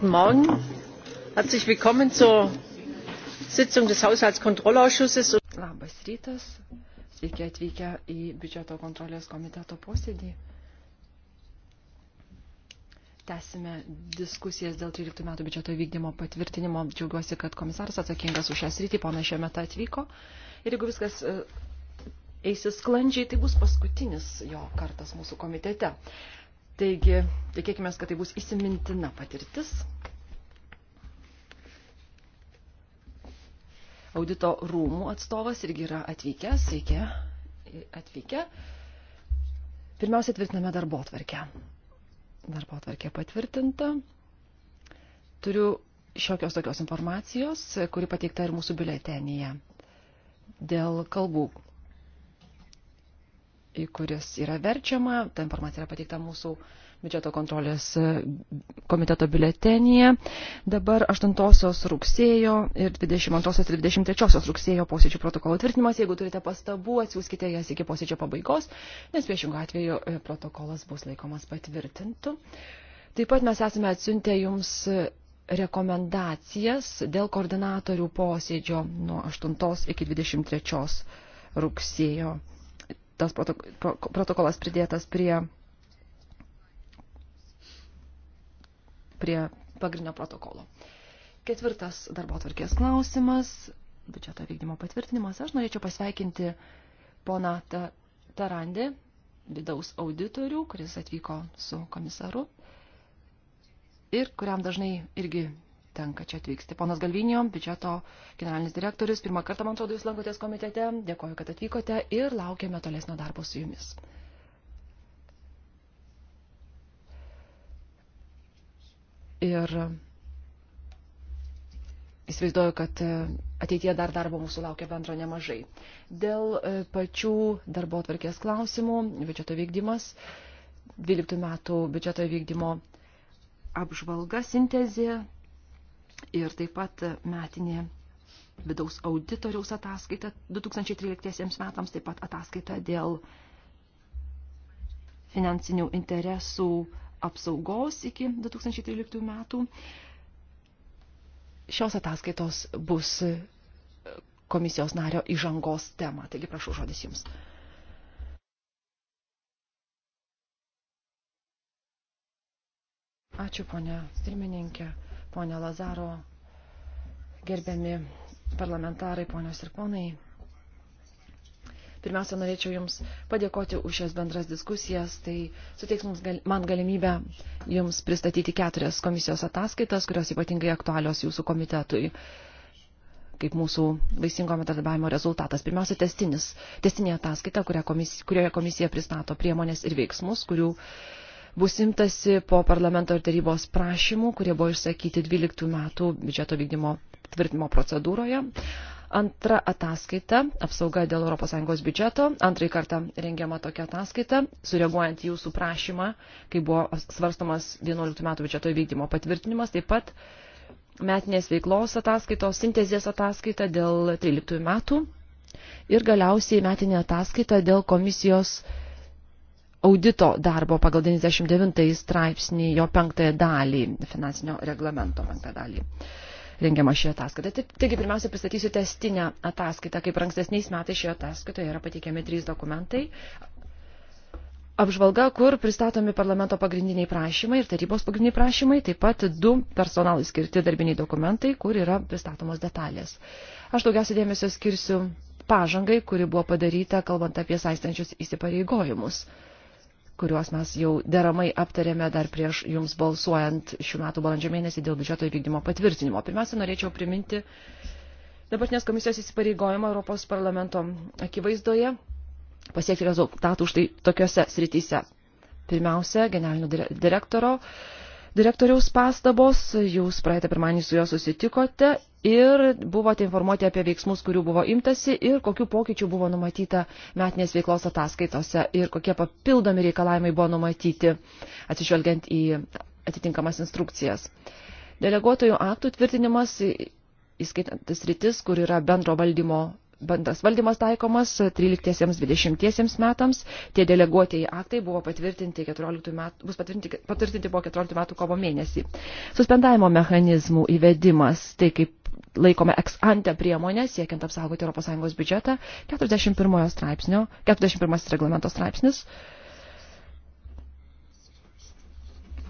guten morgen herzlich willkommen zur sitzung des haushaltskontrollausschusses. labas rytas sveiki atvykę į biudžeto kontrolės komiteto posėdį. Tęsime diskusijas dėl 13 metų biudžeto vykdymo patvirtinimo. Džiaugiuosi, kad komisaras atsakingas už šią sritį, pana Šemeta, atvyko. Ir jeigu viskas e, eisis sklandžiai, tai bus paskutinis jo kartas mūsų komitete. Taigi, tikėkime, kad tai bus įsimintina patirtis. Audito rūmų atstovas irgi yra atvykęs, sveiki atvykę. Pirmiausia, tvirtiname darbo atvarkę. Darbo atvarkė patvirtinta. Turiu šiokios tokios informacijos, kuri pateikta ir mūsų biuletenyje dėl kalbų į kuris yra verčiama. Ta informacija yra pateikta mūsų biudžeto kontrolės e, komiteto biuletenyje. Dabar 8 rugsėjo ir 22 ir 23 rugsėjo posėdžių protokolo tvirtinimas. Jeigu turite pastabų, atsiųskite jas iki posėdžio pabaigos, nes priešingų atveju e, protokolas bus laikomas patvirtintų. Taip pat mes esame atsiuntę jums e, rekomendacijas dėl koordinatorių posėdžio nuo 8 iki 23 rugsėjo tas protokolas pridėtas prie, prie pagrindinio protokolo. Ketvirtas darbo atvarkės klausimas, biudžeto vykdymo patvirtinimas. Aš norėčiau pasveikinti poną Tarandį, vidaus auditorių, kuris atvyko su komisaru ir kuriam dažnai irgi tenka čia atvykti. Ponas Galvinio, biudžeto generalinis direktorius, pirmą kartą, man atrodo, jūs lankotės komitete, dėkoju, kad atvykote ir laukiame tolesnio darbo su jumis. Ir įsivaizduoju, kad ateityje dar darbo mūsų laukia bendro nemažai. Dėl e, pačių darbo atvarkės klausimų, biudžeto vykdymas, 12 metų biudžeto vykdymo apžvalga, sintezė, ir taip pat metinė vidaus auditoriaus ataskaita 2013 metams, taip pat ataskaita dėl finansinių interesų apsaugos iki 2013 metų. Šios ataskaitos bus komisijos nario įžangos tema. Taigi prašau žodis jums. Ačiū, ponia pirmininkė ponė Lazaro, gerbiami parlamentarai, ponios ir ponai. Pirmiausia, norėčiau Jums padėkoti už šias bendras diskusijas. Tai suteiks mums gal, man galimybę Jums pristatyti keturias komisijos ataskaitas, kurios ypatingai aktualios Jūsų komitetui kaip mūsų vaisingo metadarbiavimo rezultatas. Pirmiausia, testinis, testinė ataskaita, kurioje komisija pristato priemonės ir veiksmus, kurių uh, bus imtasi po parlamento ir tarybos prašymų, kurie buvo išsakyti 12 metų biudžeto vykdymo tvirtinimo procedūroje. Antra ataskaita - apsauga dėl ES biudžeto. Antrąjį kartą rengiama tokia ataskaita, sureaguojant jūsų prašymą, kai buvo svarstomas 11 metų biudžeto įvykdymo patvirtinimas. Taip pat metinės veiklos ataskaitos, sintezės ataskaita dėl 13 metų ir galiausiai metinė ataskaita dėl komisijos audito darbo pagal 99 straipsnį jo penktąją dalį, finansinio reglamento penktąją dalį. Rengiama ši ataskaita. Taigi, pirmiausia, pristatysiu testinę ataskaitą. Kaip ankstesniais metais šioje ataskaitoje yra pateikiami trys dokumentai. Apžvalga, kur pristatomi parlamento pagrindiniai prašymai ir tarybos pagrindiniai prašymai, taip pat du personalai skirti darbiniai dokumentai, kur yra pristatomos detalės. Aš daugiausiai dėmesio skirsiu pažangai, kuri buvo padaryta, kalbant apie saistančius įsipareigojimus kuriuos mes jau deramai aptarėme dar prieš jums balsuojant šių metų balandžio mėnesį dėl biudžeto įvykdymo patvirtinimo. Pirmiausia, norėčiau priminti dabartinės komisijos įsipareigojimą Europos parlamento akivaizdoje pasiekti rezultatų štai tokiuose srityse. Pirmiausia, generalinio direktoro direktoriaus pastabos, jūs praeitą pirmanį su juo susitikote ir buvote informuoti apie veiksmus, kurių buvo imtasi ir kokių pokyčių buvo numatyta metinės veiklos ataskaitose ir kokie papildomi reikalavimai buvo numatyti atsižvelgiant į atitinkamas instrukcijas. Deleguotojų aktų tvirtinimas, įskaitantis rytis, kur yra bendro valdymo bandas valdymas taikomas 13-20 metams. Tie deleguotieji aktai buvo patvirtinti 14 metų, bus patvirtinti, patvirtinti po 14 metų kovo mėnesį. Suspendavimo mechanizmų įvedimas, tai kaip laikome ex ante priemonę siekiant apsaugoti ES biudžetą, 41 straipsnio, 41 reglamento straipsnis.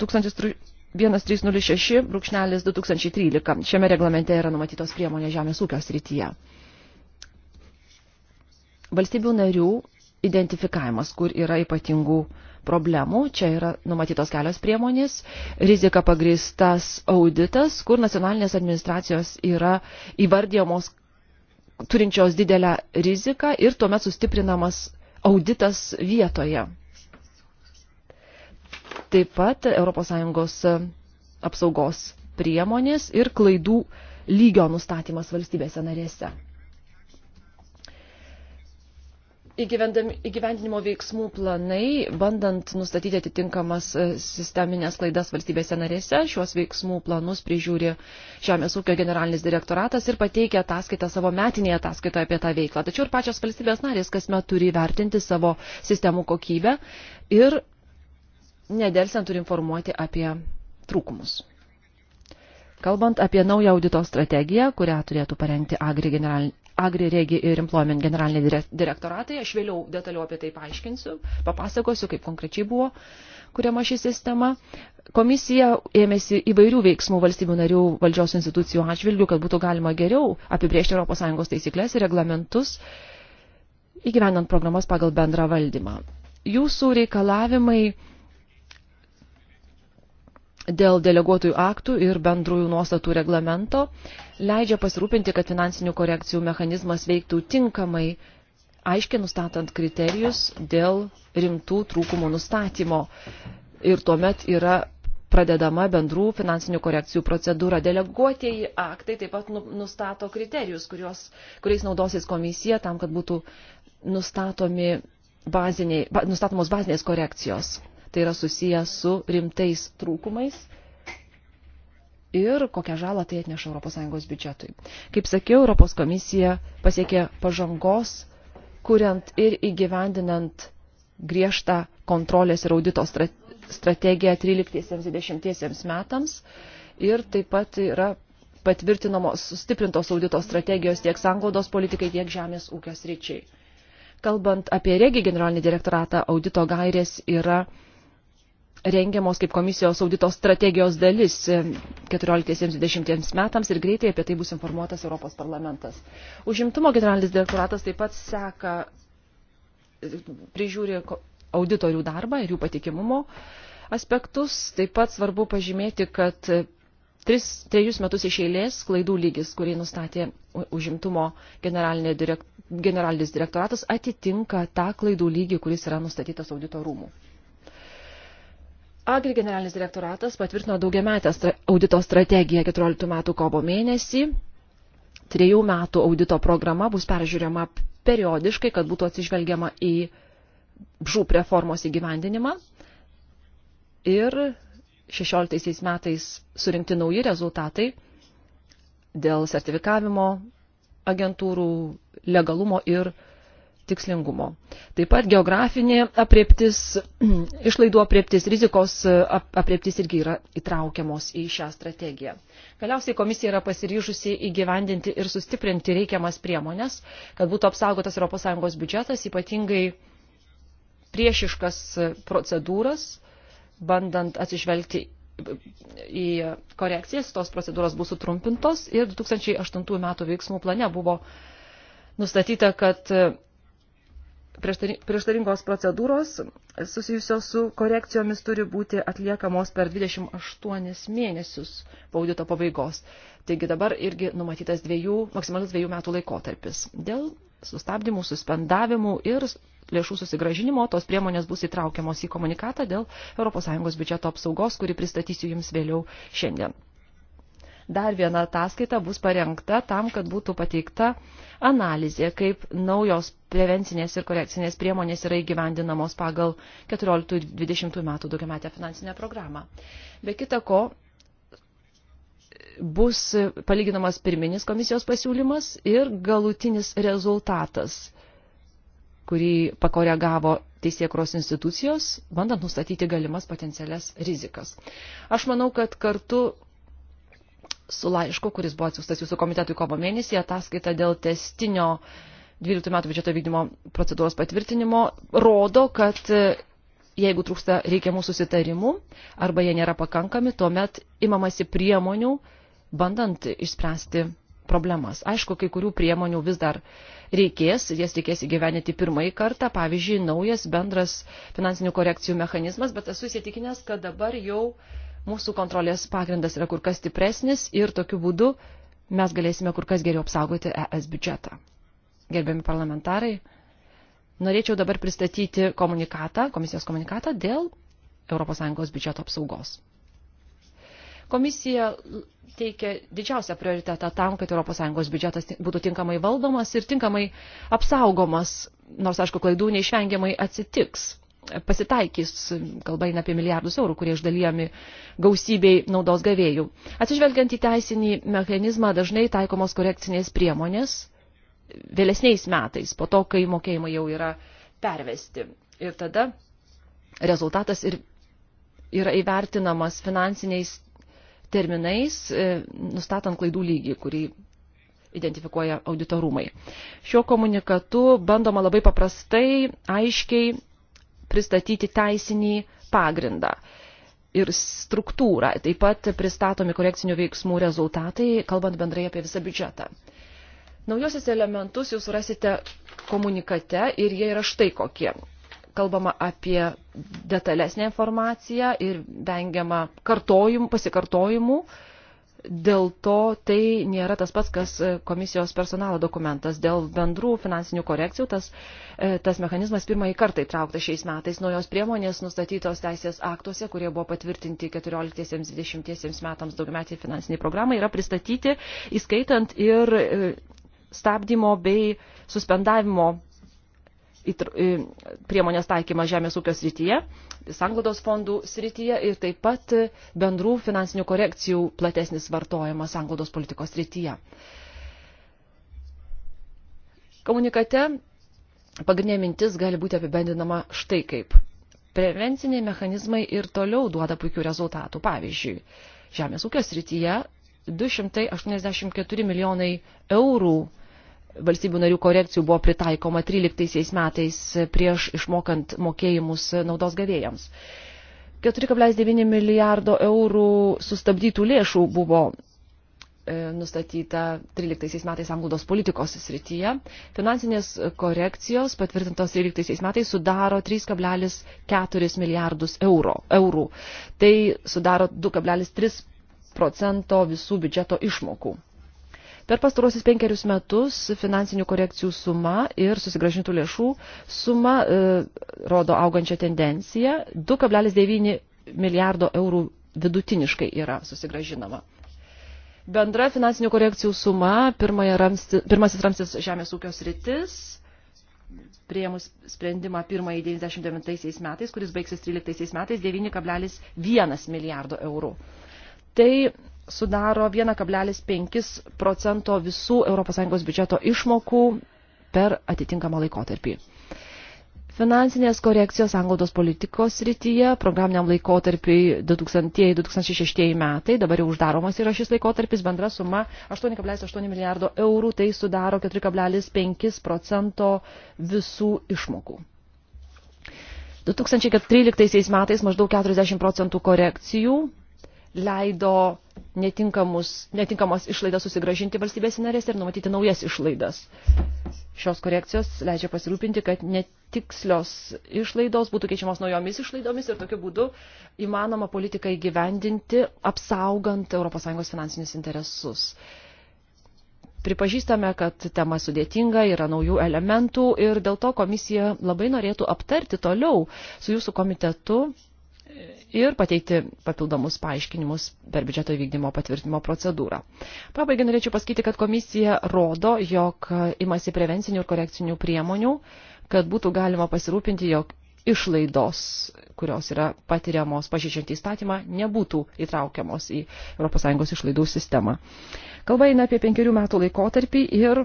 1306-2013. Šiame reglamente yra numatytos priemonės žemės ūkio srityje valstybių narių identifikavimas, kur yra ypatingų problemų. Čia yra numatytos kelios priemonės. Rizika pagristas auditas, kur nacionalinės administracijos yra įvardyjamos turinčios didelę riziką ir tuomet sustiprinamas auditas vietoje. Taip pat ES apsaugos priemonės ir klaidų lygio nustatymas valstybėse narėse įgyvendinimo veiksmų planai, bandant nustatyti atitinkamas e, sisteminės klaidas valstybėse narėse, šiuos veiksmų planus prižiūri Žemės ūkio generalinis direktoratas ir pateikia ataskaitą savo metinėje ataskaitoje apie tą veiklą. Tačiau ir pačios valstybės narės kasmet turi vertinti savo sistemų kokybę ir nedelsiant turi informuoti apie trūkumus. Kalbant apie naują audito strategiją, kurią turėtų parengti Agri general, Agri Regi ir Employment generaliniai direktoratai. Aš vėliau detaliau apie tai paaiškinsiu, papasakosiu, kaip konkrečiai buvo kuriama ši sistema. Komisija ėmėsi įvairių veiksmų valstybių narių valdžios institucijų atžvilgių, kad būtų galima geriau apibriežti ES taisyklės ir reglamentus, įgyvenant programas pagal bendrą valdymą. Jūsų reikalavimai dėl deleguotųjų aktų ir bendrųjų nuostatų reglamento leidžia pasirūpinti, kad finansinių korekcijų mechanizmas veiktų tinkamai, aiškiai nustatant kriterijus dėl rimtų trūkumų nustatymo. Ir tuomet yra pradedama bendrų finansinių korekcijų procedūra. Deleguotieji aktai taip pat nu, nustato kriterijus, kurios, kuriais naudosis komisija tam, kad būtų nustatomi baziniai, nustatomos bazinės korekcijos tai yra susiję su rimtais trūkumais ir kokią žalą tai atneša ES biudžetui. Kaip sakiau, Europos komisija pasiekė pažangos, kuriant ir įgyvendinant griežtą kontrolės ir audito strategiją 13-20 metams ir taip pat yra patvirtinamos sustiprintos audito strategijos tiek sanglaudos politikai, tiek žemės ūkio sričiai. Kalbant apie regį generalinį direktoratą, audito gairės yra rengiamos kaip komisijos audito strategijos dalis 14-20 metams ir greitai apie tai bus informuotas Europos parlamentas. Užimtumo generalinis direktoratas taip pat seka, prižiūri auditorių darbą ir jų patikimumo aspektus. Taip pat svarbu pažymėti, kad tris, trejus metus iš eilės klaidų lygis, kurį nustatė užimtumo direkt, generalinis direktoratas, atitinka tą klaidų lygį, kuris yra nustatytas audito rūmų. Agri generalinis direktoratas patvirtino daugiametę audito strategiją 14 metų kovo mėnesį. Trejų metų audito programa bus peržiūriama periodiškai, kad būtų atsižvelgiama į žūp reformos įgyvendinimą. Ir 16 metais surinkti nauji rezultatai dėl sertifikavimo agentūrų legalumo ir tikslingumo. Taip pat geografinė apreptis, išlaidų apreptis, rizikos apreptis irgi yra įtraukiamos į šią strategiją. Galiausiai komisija yra pasiryžusi įgyvendinti ir sustiprinti reikiamas priemonės, kad būtų apsaugotas ES biudžetas, ypatingai priešiškas procedūras, bandant atsižvelgti į korekcijas, tos procedūros bus sutrumpintos ir 2008 metų veiksmų plane buvo nustatyta, kad prieštaringos procedūros susijusios su korekcijomis turi būti atliekamos per 28 mėnesius po audito pabaigos. Taigi dabar irgi numatytas dviejų, maksimalus dviejų metų laikotarpis. Dėl sustabdymų, suspendavimų ir lėšų susigražinimo tos priemonės bus įtraukiamos į komunikatą dėl ES biudžeto apsaugos, kurį pristatysiu jums vėliau šiandien dar viena ataskaita bus parengta tam, kad būtų pateikta analizė, kaip naujos prevencinės ir korekcinės priemonės yra įgyvendinamos pagal 14-20 metų daugiametę finansinę programą. Be kita ko, bus palyginamas pirminis komisijos pasiūlymas ir galutinis rezultatas kurį pakoregavo teisėkros institucijos, bandant nustatyti galimas potencialias rizikas. Aš manau, kad kartu su laišku, kuris buvo atsiųstas jūsų komitetui kovo mėnesį, ataskaita dėl testinio 12 metų biudžeto vykdymo procedūros patvirtinimo rodo, kad e, jeigu trūksta reikiamų susitarimų arba jie nėra pakankami, tuomet imamasi priemonių, bandant išspręsti problemas. Aišku, kai kurių priemonių vis dar reikės, jas reikės įgyveninti pirmąjį kartą, pavyzdžiui, naujas bendras finansinių korekcijų mechanizmas, bet esu įsitikinęs, kad dabar jau mūsų kontrolės pagrindas yra kur kas stipresnis ir tokiu būdu mes galėsime kur kas geriau apsaugoti ES biudžetą. Gerbiami parlamentarai, norėčiau dabar pristatyti komunikatą, komisijos komunikatą dėl ES biudžeto apsaugos. Komisija teikia didžiausią prioritetą tam, kad ES biudžetas būtų tinkamai valdomas ir tinkamai apsaugomas, nors, aišku, klaidų neišvengiamai atsitiks pasitaikys, kalba eina apie milijardus eurų, kurie išdalyjami gausybei naudos gavėjų. Atsižvelgiant į teisinį mechanizmą, dažnai taikomos korekcinės priemonės vėlesniais metais, po to, kai mokėjimai jau yra pervesti. Ir tada rezultatas ir yra įvertinamas finansiniais terminais, e, nustatant klaidų lygį, kurį identifikuoja auditorumai. Šiuo komunikatu bandoma labai paprastai, aiškiai pristatyti teisinį pagrindą ir struktūrą. Taip pat pristatomi korekcinių veiksmų rezultatai, kalbant bendrai apie visą biudžetą. Naujosius elementus jūs rasite komunikate ir jie yra štai kokie. Kalbama apie detalesnę informaciją ir vengiama kartojimų, pasikartojimų. pasikartojimų Dėl to tai nėra tas pats, kas e, komisijos personalo dokumentas. Dėl bendrų finansinių korekcijų tas, e, tas mechanizmas pirmąjį kartą įtrauktas šiais metais. Naujos priemonės nustatytos teisės aktuose, kurie buvo patvirtinti 14-20 metams daugiametį finansinį programą, yra pristatyti, įskaitant ir e, stabdymo bei suspendavimo priemonės taikymą žemės ūkio srityje, sanglodos fondų srityje ir taip pat bendrų finansinių korekcijų platesnis vartojimas sanglodos politikos srityje. Komunikate pagrindinė mintis gali būti apibendinama štai kaip. Prevenciniai mechanizmai ir toliau duoda puikių rezultatų. Pavyzdžiui, žemės ūkio srityje 284 milijonai eurų valstybių narių korekcijų buvo pritaikoma 13 metais prieš išmokant mokėjimus naudos gavėjams. 4,9 milijardo eurų sustabdytų lėšų buvo e, nustatyta 13 metais anglodos politikos srityje. Finansinės korekcijos patvirtintos 13 metais sudaro 3,4 milijardus euro, eurų. Tai sudaro 2,3 procento visų biudžeto išmokų. Per pastarosius penkerius metus finansinių korekcijų suma ir susigražintų lėšų suma e, rodo augančią tendenciją. 2,9 milijardo eurų vidutiniškai yra susigražinama. Bendra finansinių korekcijų suma, ramsti, pirmasis ramstis žemės ūkio sritis, prieimus sprendimą pirmąjį 99 metais, kuris baigsis 13 metais 9,1 milijardo eurų. Tai sudaro 1,5 procento visų ES biudžeto išmokų per atitinkamą laikotarpį. Finansinės korekcijos anglodos politikos srityje programiniam laikotarpiai 2000-2006 metai, dabar jau uždaromas yra šis laikotarpis, bendra suma 8,8 milijardo eurų, tai sudaro 4,5 procento visų išmokų. 2013 metais maždaug 40 procentų korekcijų leido netinkamas išlaidas susigražinti valstybės narės ir numatyti naujas išlaidas. Šios korekcijos leidžia pasirūpinti, kad netikslios išlaidos būtų keičiamos naujomis išlaidomis ir tokiu būdu įmanoma politiką įgyvendinti, apsaugant ES finansinius interesus. Pripažįstame, kad tema sudėtinga, yra naujų elementų ir dėl to komisija labai norėtų aptarti toliau su jūsų komitetu ir pateikti papildomus paaiškinimus per biudžeto vykdymo patvirtinimo procedūrą. Pabaigai norėčiau pasakyti, kad komisija rodo, jog imasi prevencinių ir korekcinių priemonių, kad būtų galima pasirūpinti, jog išlaidos, kurios yra patiriamos pažeidžiant įstatymą, nebūtų įtraukiamos į ES išlaidų sistemą. Kalba eina apie penkerių metų laikotarpį ir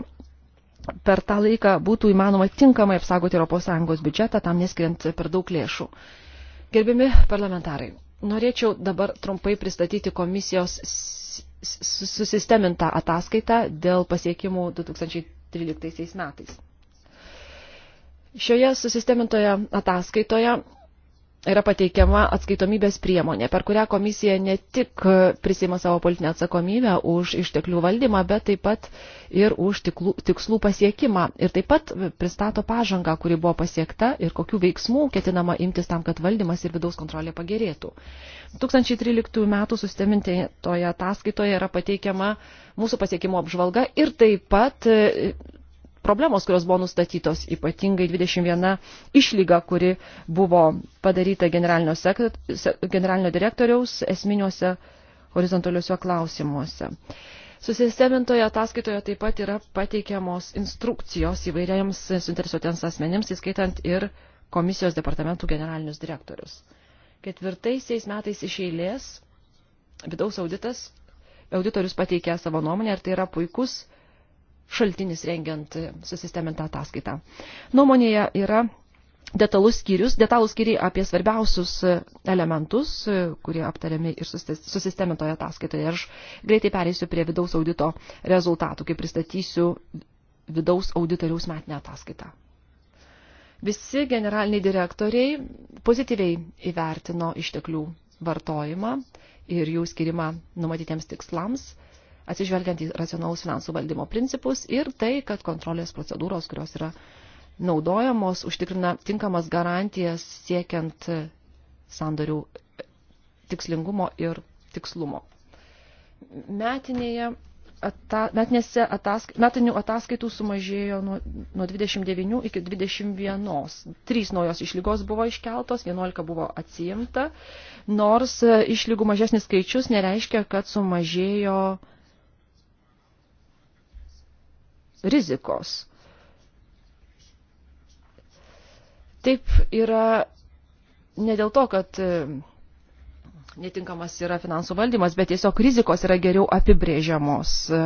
per tą laiką būtų įmanoma tinkamai apsaugoti ES biudžetą, tam neskiriant per daug lėšų. Gerbimi parlamentarai, norėčiau dabar trumpai pristatyti komisijos susistemintą ataskaitą dėl pasiekimų 2013 metais. Šioje susistemintoje ataskaitoje yra pateikiama atskaitomybės priemonė, per kurią komisija ne tik prisima savo politinę atsakomybę už išteklių valdymą, bet taip pat ir už tiklų, tikslų pasiekimą. Ir taip pat pristato pažangą, kuri buvo pasiekta ir kokių veiksmų ketinama imtis tam, kad valdymas ir vidaus kontrolė pagerėtų. 2013 m. sustemintoje ataskaitoje yra pateikiama mūsų pasiekimo apžvalga ir taip pat problemos, kurios buvo nustatytos, ypatingai 21 išlyga, kuri buvo padaryta generalinio, sekret, generalinio direktoriaus esminiuose horizontaliuose klausimuose. Susistemintoje ataskaitoje taip pat yra pateikiamos instrukcijos įvairiams suinteresuotiems asmenims, įskaitant ir komisijos departamentų generalinius direktorius. Ketvirtaisiais metais iš eilės vidaus auditas, auditorius pateikė savo nuomonę ir tai yra puikus šaltinis rengiant susistemintą ataskaitą. Nuomonėje yra detalus skyrius, detalus skyriai apie svarbiausius elementus, kurie aptariami ir susistemintoje ataskaitoje. Aš greitai pereisiu prie vidaus audito rezultatų, kai pristatysiu vidaus auditoriaus metinę ataskaitą. Visi generaliniai direktoriai pozityviai įvertino išteklių vartojimą ir jų skirimą numatytiems tikslams atsižvelgiant į racionalaus finansų valdymo principus ir tai, kad kontrolės procedūros, kurios yra naudojamos, užtikrina tinkamas garantijas siekiant sandorių e, tikslingumo ir tikslumo. Metinėje ata, metinėse atask, metinių ataskaitų sumažėjo nuo, nuo 29 iki 21. Trys naujos išlygos buvo iškeltos, 11 buvo atsiimta, nors e, išlygų mažesnis skaičius nereiškia, kad sumažėjo uh, rizikos. Taip yra ne dėl to, kad e, netinkamas yra finansų valdymas, bet tiesiog rizikos yra geriau apibrėžiamos e,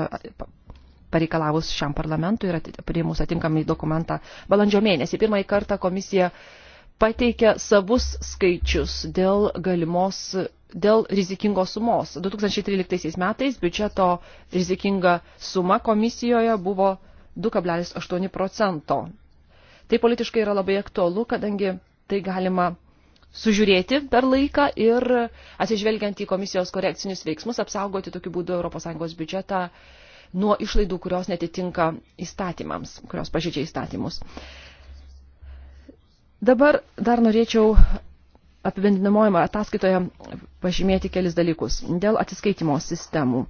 pareikalavus šiam parlamentui ir priimus atinkamai dokumentą balandžio mėnesį. Pirmąjį kartą komisija pateikė savus skaičius dėl galimos, dėl rizikingos sumos. 2013 metais biudžeto rizikinga suma komisijoje buvo 2,8 procento. Tai politiškai yra labai aktualu, kadangi tai galima sužiūrėti per laiką ir atsižvelgiant į komisijos korekcinius veiksmus apsaugoti tokiu būdu ES biudžetą nuo išlaidų, kurios netitinka įstatymams, kurios pažydžia įstatymus. Dabar dar norėčiau apibendinamojimą ataskaitoje pažymėti kelis dalykus. Dėl atsiskaitimo sistemų.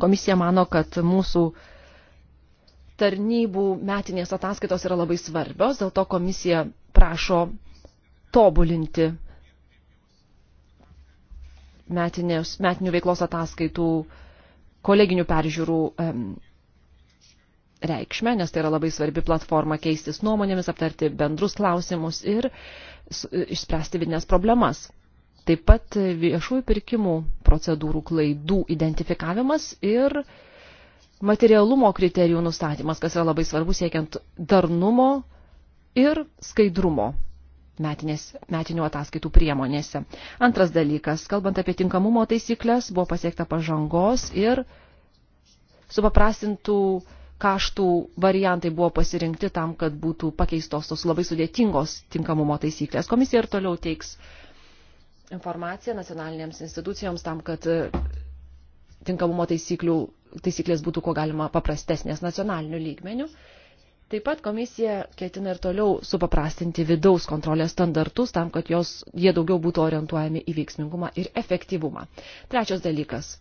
Komisija mano, kad mūsų tarnybų metinės ataskaitos yra labai svarbios, dėl to komisija prašo tobulinti metinės, metinių veiklos ataskaitų koleginių peržiūrų um, reikšmę, nes tai yra labai svarbi platforma keistis nuomonėmis, aptarti bendrus klausimus ir išspręsti vidinės problemas. Taip pat viešųjų pirkimų procedūrų klaidų identifikavimas ir uh, materialumo kriterijų nustatymas, kas yra labai svarbu siekiant darnumo ir skaidrumo metinės, metinių ataskaitų priemonėse. Antras dalykas, kalbant apie tinkamumo taisyklės, buvo pasiekta pažangos ir supaprastintų kaštų variantai buvo pasirinkti tam, kad būtų pakeistos tos labai sudėtingos tinkamumo taisyklės. Komisija ir toliau teiks informaciją nacionalinėms institucijoms tam, kad tinkamumo taisyklių, taisyklės būtų kuo galima paprastesnės nacionalinių lygmenių. Taip pat komisija ketina ir toliau supaprastinti vidaus kontrolės standartus tam, kad jos, jie daugiau būtų orientuojami į veiksmingumą ir efektyvumą. Trečias dalykas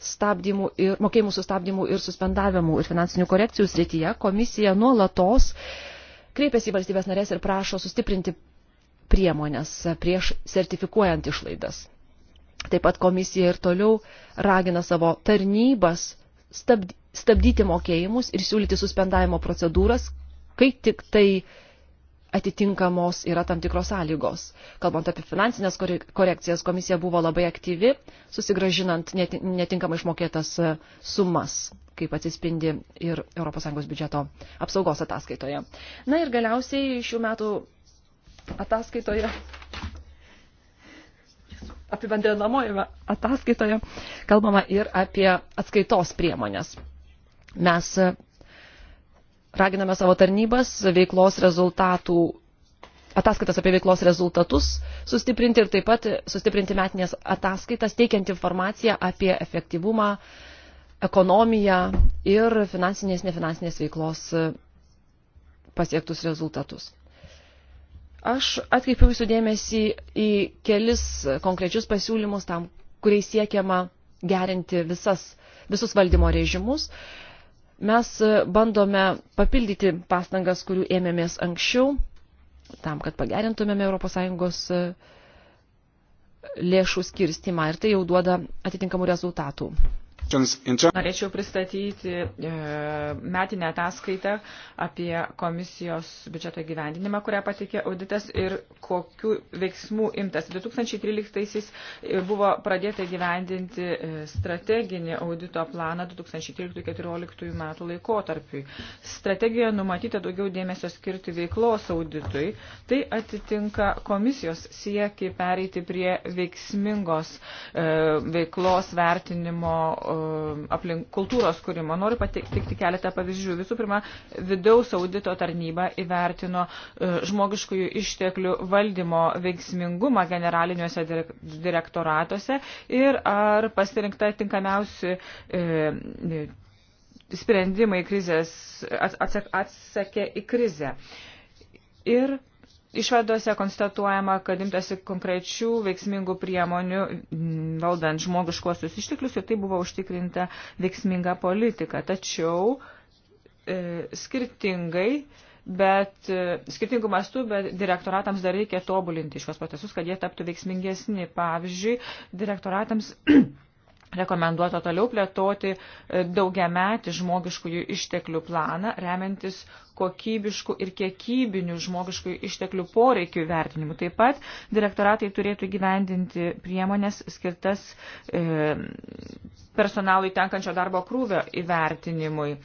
stabdymų ir mokėjimų sustabdymų ir suspendavimų ir finansinių korekcijų srityje komisija nuolatos kreipiasi į valstybės narės ir prašo sustiprinti priemonės prieš sertifikuojant išlaidas. Taip pat komisija ir toliau ragina savo tarnybas stabdyti mokėjimus ir siūlyti suspendavimo procedūras, kai tik tai atitinkamos yra tam tikros sąlygos. Kalbant apie finansinės korekcijas, komisija buvo labai aktyvi, susigražinant netinkamai išmokėtas e, sumas, kaip atsispindi ir ES biudžeto apsaugos ataskaitoje. Na ir galiausiai šių metų ataskaitoje apibendrinamoje ataskaitoje kalbama ir apie atskaitos priemonės. Mes raginame savo tarnybas veiklos rezultatų ataskaitas apie veiklos rezultatus sustiprinti ir taip pat sustiprinti metinės ataskaitas, teikiant informaciją apie efektyvumą, ekonomiją ir finansinės, nefinansinės veiklos pasiektus rezultatus. Aš atkreipiau jūsų dėmesį į kelis konkrečius pasiūlymus tam, kuriais siekiama gerinti visas, visus valdymo režimus. Mes bandome papildyti pastangas, kurių ėmėmės anksčiau, tam, kad pagerintumėme ES e, lėšų skirstimą ir tai jau duoda atitinkamų rezultatų. Norėčiau pristatyti e, metinę ataskaitą apie komisijos biudžeto gyvendinimą, kurią patikė auditas ir kokiu veiksmų imtas. 2013 e, buvo pradėta gyvendinti e, strateginį audito planą 2013-2014 metų laikotarpiui. Strategija numatyta daugiau dėmesio skirti veiklos auditui. Tai atitinka komisijos sieki pereiti prie veiksmingos veiklos vertinimo aplink, kultūros kūrimo. Noriu patikti keletą pavyzdžių. Visų pirma, vidaus audito tarnyba įvertino e, žmogiškųjų išteklių valdymo veiksmingumą generaliniuose direktoratuose ir ar pasirinkta tinkamiausi e, sprendimai krizės atsakė į krizę. Ir Išvadose konstatuojama, kad imtasi konkrečių veiksmingų priemonių valdant žmogiškuosius išteklius ir tai buvo užtikrinta veiksminga politika. Tačiau e, skirtingai, bet e, skirtingų mastų, bet direktoratams dar reikia tobulinti šios procesus, kad jie taptų veiksmingesni. Pavyzdžiui, direktoratams rekomenduota toliau plėtoti e, daugiametį žmogiškųjų išteklių planą, remiantis kokybiškų ir kiekybinių žmogiškųjų išteklių poreikių vertinimų. Taip pat direktoratai turėtų gyvendinti priemonės skirtas e, personalui tenkančio darbo krūvio įvertinimui.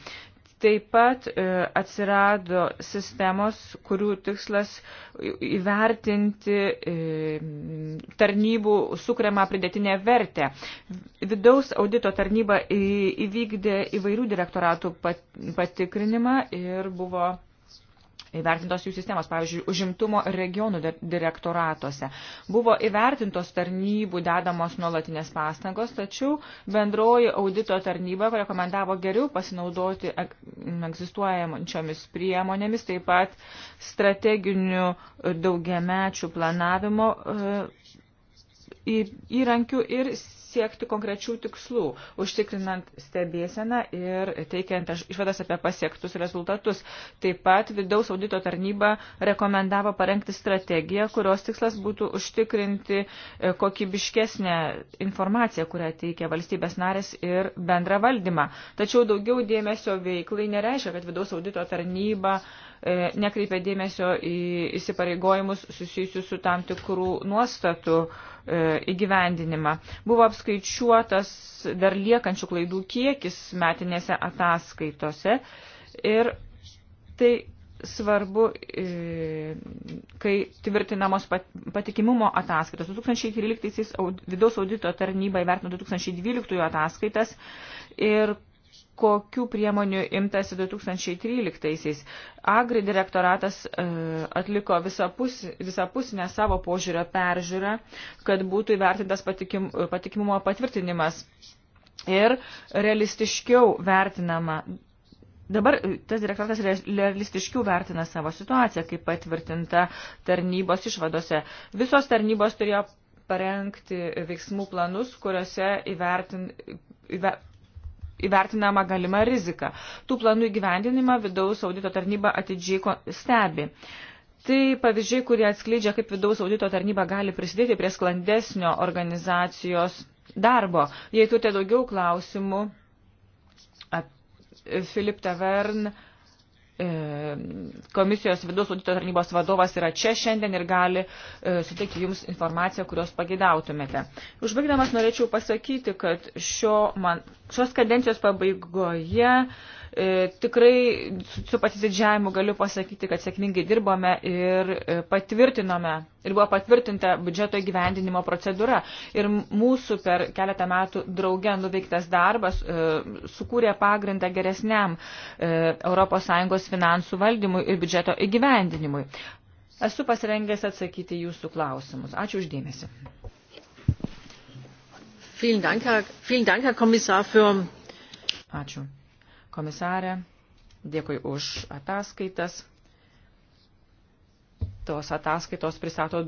Taip pat e, atsirado sistemos, kurių tikslas įvertinti e, tarnybų sukuriamą pridėtinę vertę. Vidaus audito tarnyba įvykdė įvairių direktoratų patikrinimą ir buvo įvertintos jų sistemos, pavyzdžiui, užimtumo regionų direktoratuose. Buvo įvertintos tarnybų dedamos nuolatinės pastangos, tačiau bendroji audito tarnyba rekomendavo geriau pasinaudoti egzistuojančiomis priemonėmis, taip pat strateginių daugiamečių planavimo e, įrankių ir siekti konkrečių tikslų, užtikrinant stebėseną ir teikiant išvadas apie pasiektus rezultatus. Taip pat vidaus audito tarnyba rekomendavo parengti strategiją, kurios tikslas būtų užtikrinti e, kokybiškesnę informaciją, kurią teikia valstybės narės ir bendrą valdymą. Tačiau daugiau dėmesio veiklai nereiškia, kad vidaus audito tarnyba E, nekreipia dėmesio į įsipareigojimus susijusius su tam tikrų nuostatų e, įgyvendinimą. Buvo apskaičiuotas dar liekančių klaidų kiekis metinėse ataskaitose ir tai svarbu, e, kai tvirtinamos patikimumo ataskaitos. 2013 vidaus audito tarnyba įvertino 2012 ataskaitas ir kokių priemonių imtasi 2013-aisiais. Agri direktoratas e, atliko visapus, visapusinę savo požiūrio peržiūrą, kad būtų įvertintas patikim, patikimumo patvirtinimas ir realistiškiau vertinama. Dabar e, tas direktoratas realistiškiau vertina savo situaciją, kaip patvirtinta tarnybos išvadose. Visos tarnybos turėjo parengti veiksmų planus, kuriuose įvertin, įver, įvertinama galima rizika. Tų planų įgyvendinimą vidaus audito tarnyba atidžiai stebi. Tai pavyzdžiai, kurie atskleidžia, kaip vidaus audito tarnyba gali prisidėti prie sklandesnio organizacijos darbo. Jei turite daugiau klausimų, Filip Tavern, uh, E, komisijos vidaus audito tarnybos vadovas yra čia šiandien ir gali e, suteikti jums informaciją, kurios pagidautumėte. Užbaigdamas norėčiau pasakyti, kad šio man, šios kadencijos pabaigoje E, tikrai su pasididžiavimu galiu pasakyti, kad sėkmingai dirbome ir e, patvirtinome, ir buvo patvirtinta biudžeto įgyvendinimo procedūra. Ir mūsų per keletą metų drauge nuveiktas darbas e, sukūrė pagrindą geresniam ES finansų valdymui ir biudžeto įgyvendinimui. Esu pasirengęs atsakyti jūsų klausimus. Ačiū uždėmesi. Ačiū komisarė. Dėkui už ataskaitas. Tos ataskaitos pristato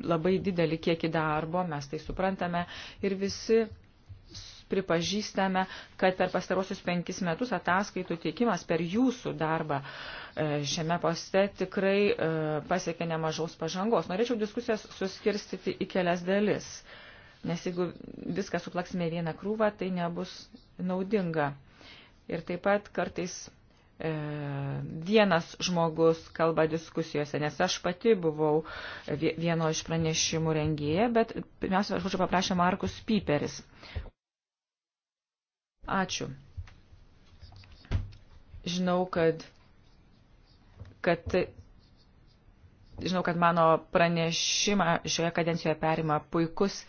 labai didelį kiekį darbo, mes tai suprantame ir visi pripažįstame, kad per pastarosius penkis metus ataskaitų teikimas per jūsų darbą e, šiame poste tikrai e, pasiekė nemažaus pažangos. Norėčiau diskusijas suskirstyti į kelias dalis, nes jeigu viską suplaksime į vieną krūvą, tai nebus naudinga. Ir taip pat kartais e, vienas žmogus kalba diskusijose, nes aš pati buvau vieno iš pranešimų rengėja, bet pirmiausia, aš būčiau paprašę Markus Piperis. Ačiū. Žinau, kad, kad žinau, kad mano pranešimą šioje kadencijoje perima puikus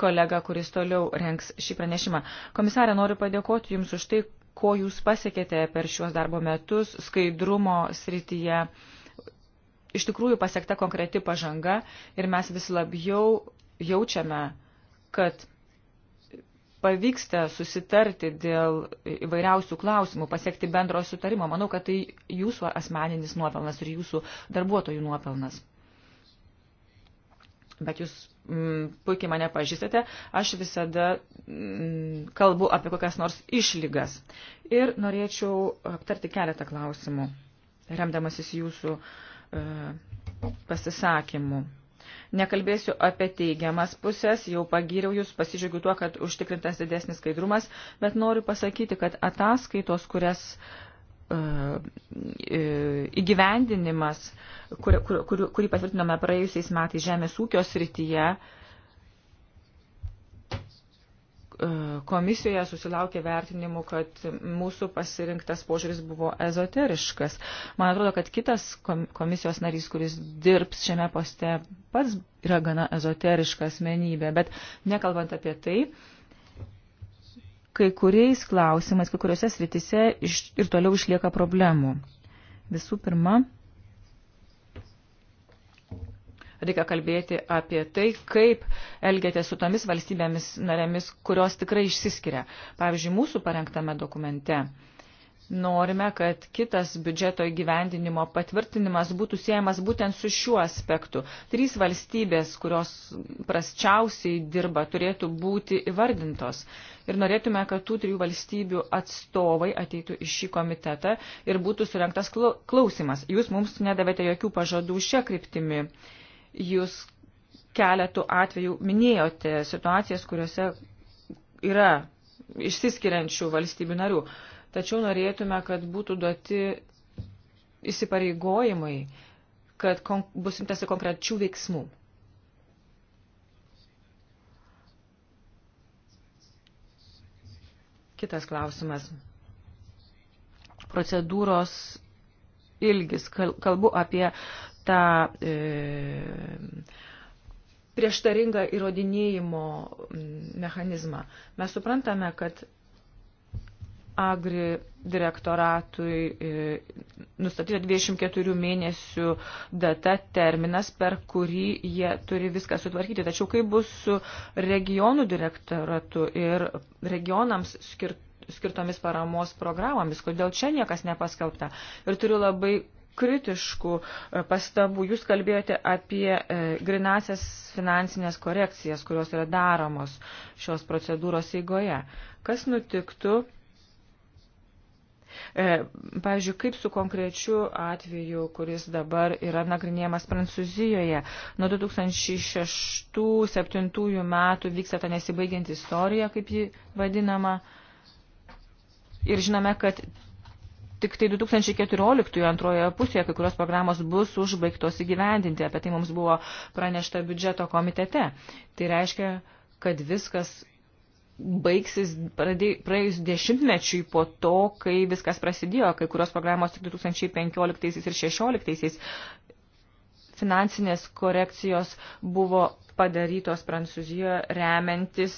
kolega, kuris toliau renks šį pranešimą. Komisarė, noriu padėkoti Jums už tai, ko jūs pasiekėte per šiuos darbo metus skaidrumo srityje. Iš tikrųjų pasiekta konkreti pažanga ir mes vis labiau jaučiame, kad pavyksta susitarti dėl įvairiausių klausimų, pasiekti bendro sutarimo. Manau, kad tai jūsų asmeninis nuopelnas ir jūsų darbuotojų nuopelnas. Bet jūs Mm, puikiai mane pažįstate, aš visada mm, kalbu apie kokias nors išlygas. Ir norėčiau aptarti keletą klausimų, remdamasis jūsų e, pasisakymų. Nekalbėsiu apie teigiamas pusės, jau pagyriau jūs, pasižiūrėjau tuo, kad užtikrintas didesnis skaidrumas, bet noriu pasakyti, kad ataskaitos, kurias uh, E, įgyvendinimas, kur, kur, kur, kurį patvirtinome praėjusiais metais žemės ūkio srityje, e, komisijoje susilaukė vertinimų, kad mūsų pasirinktas požiūris buvo ezoteriškas. Man atrodo, kad kitas komisijos narys, kuris dirbs šiame poste, pats yra gana ezoteriška asmenybė, bet nekalbant apie tai, kai kuriais klausimais, kai kuriuose sritise iš, ir toliau išlieka problemų. Visų pirma, reikia kalbėti apie tai, kaip elgėte su tomis valstybėmis narėmis, kurios tikrai išsiskiria. Pavyzdžiui, mūsų parengtame dokumente norime, kad kitas biudžeto įgyvendinimo patvirtinimas būtų siejamas būtent su šiuo aspektu. Trys valstybės, kurios prasčiausiai dirba, turėtų būti įvardintos. Ir norėtume, kad tų trijų valstybių atstovai ateitų į šį komitetą ir būtų surinktas klausimas. Jūs mums nedavėte jokių pažadų šią kryptimį. Jūs keletų atvejų minėjote situacijas, kuriuose yra išsiskiriančių valstybių narių. Uh, tačiau norėtume, kad būtų duoti įsipareigojimai, kad kon bus imtasi konkrečių veiksmų. Kitas klausimas. Procedūros ilgis. Kalbu apie tą e, prieštaringą įrodinėjimo mechanizmą. Mes suprantame, kad Agri direktoratui e, nustatyta 24 mėnesių data terminas, per kurį jie turi viską sutvarkyti. Tačiau kaip bus su regionų direktoratu ir regionams skir skirtomis paramos programomis, kodėl čia niekas nepaskelbta. Ir turiu labai kritiškų e, pastabų. Jūs kalbėjote apie e, grinasias finansinės korekcijas, kurios yra daromos šios procedūros eigoje. Kas nutiktų, E, pavyzdžiui, kaip su konkrečiu atveju, kuris dabar yra nagrinėjamas Prancūzijoje. Nuo 2006-2007 metų vyksta ta nesibaigianti istorija, kaip ji vadinama. Ir žinome, kad tik tai 2014 antrojoje pusėje kai kurios programos bus užbaigtos įgyvendinti. Apie tai mums buvo pranešta biudžeto komitete. Tai reiškia, kad viskas baigsis praėjus dešimtmečiui po to, kai viskas prasidėjo, kai kurios programos tik 2015 ir 2016 finansinės korekcijos buvo padarytos Prancūzijoje remiantis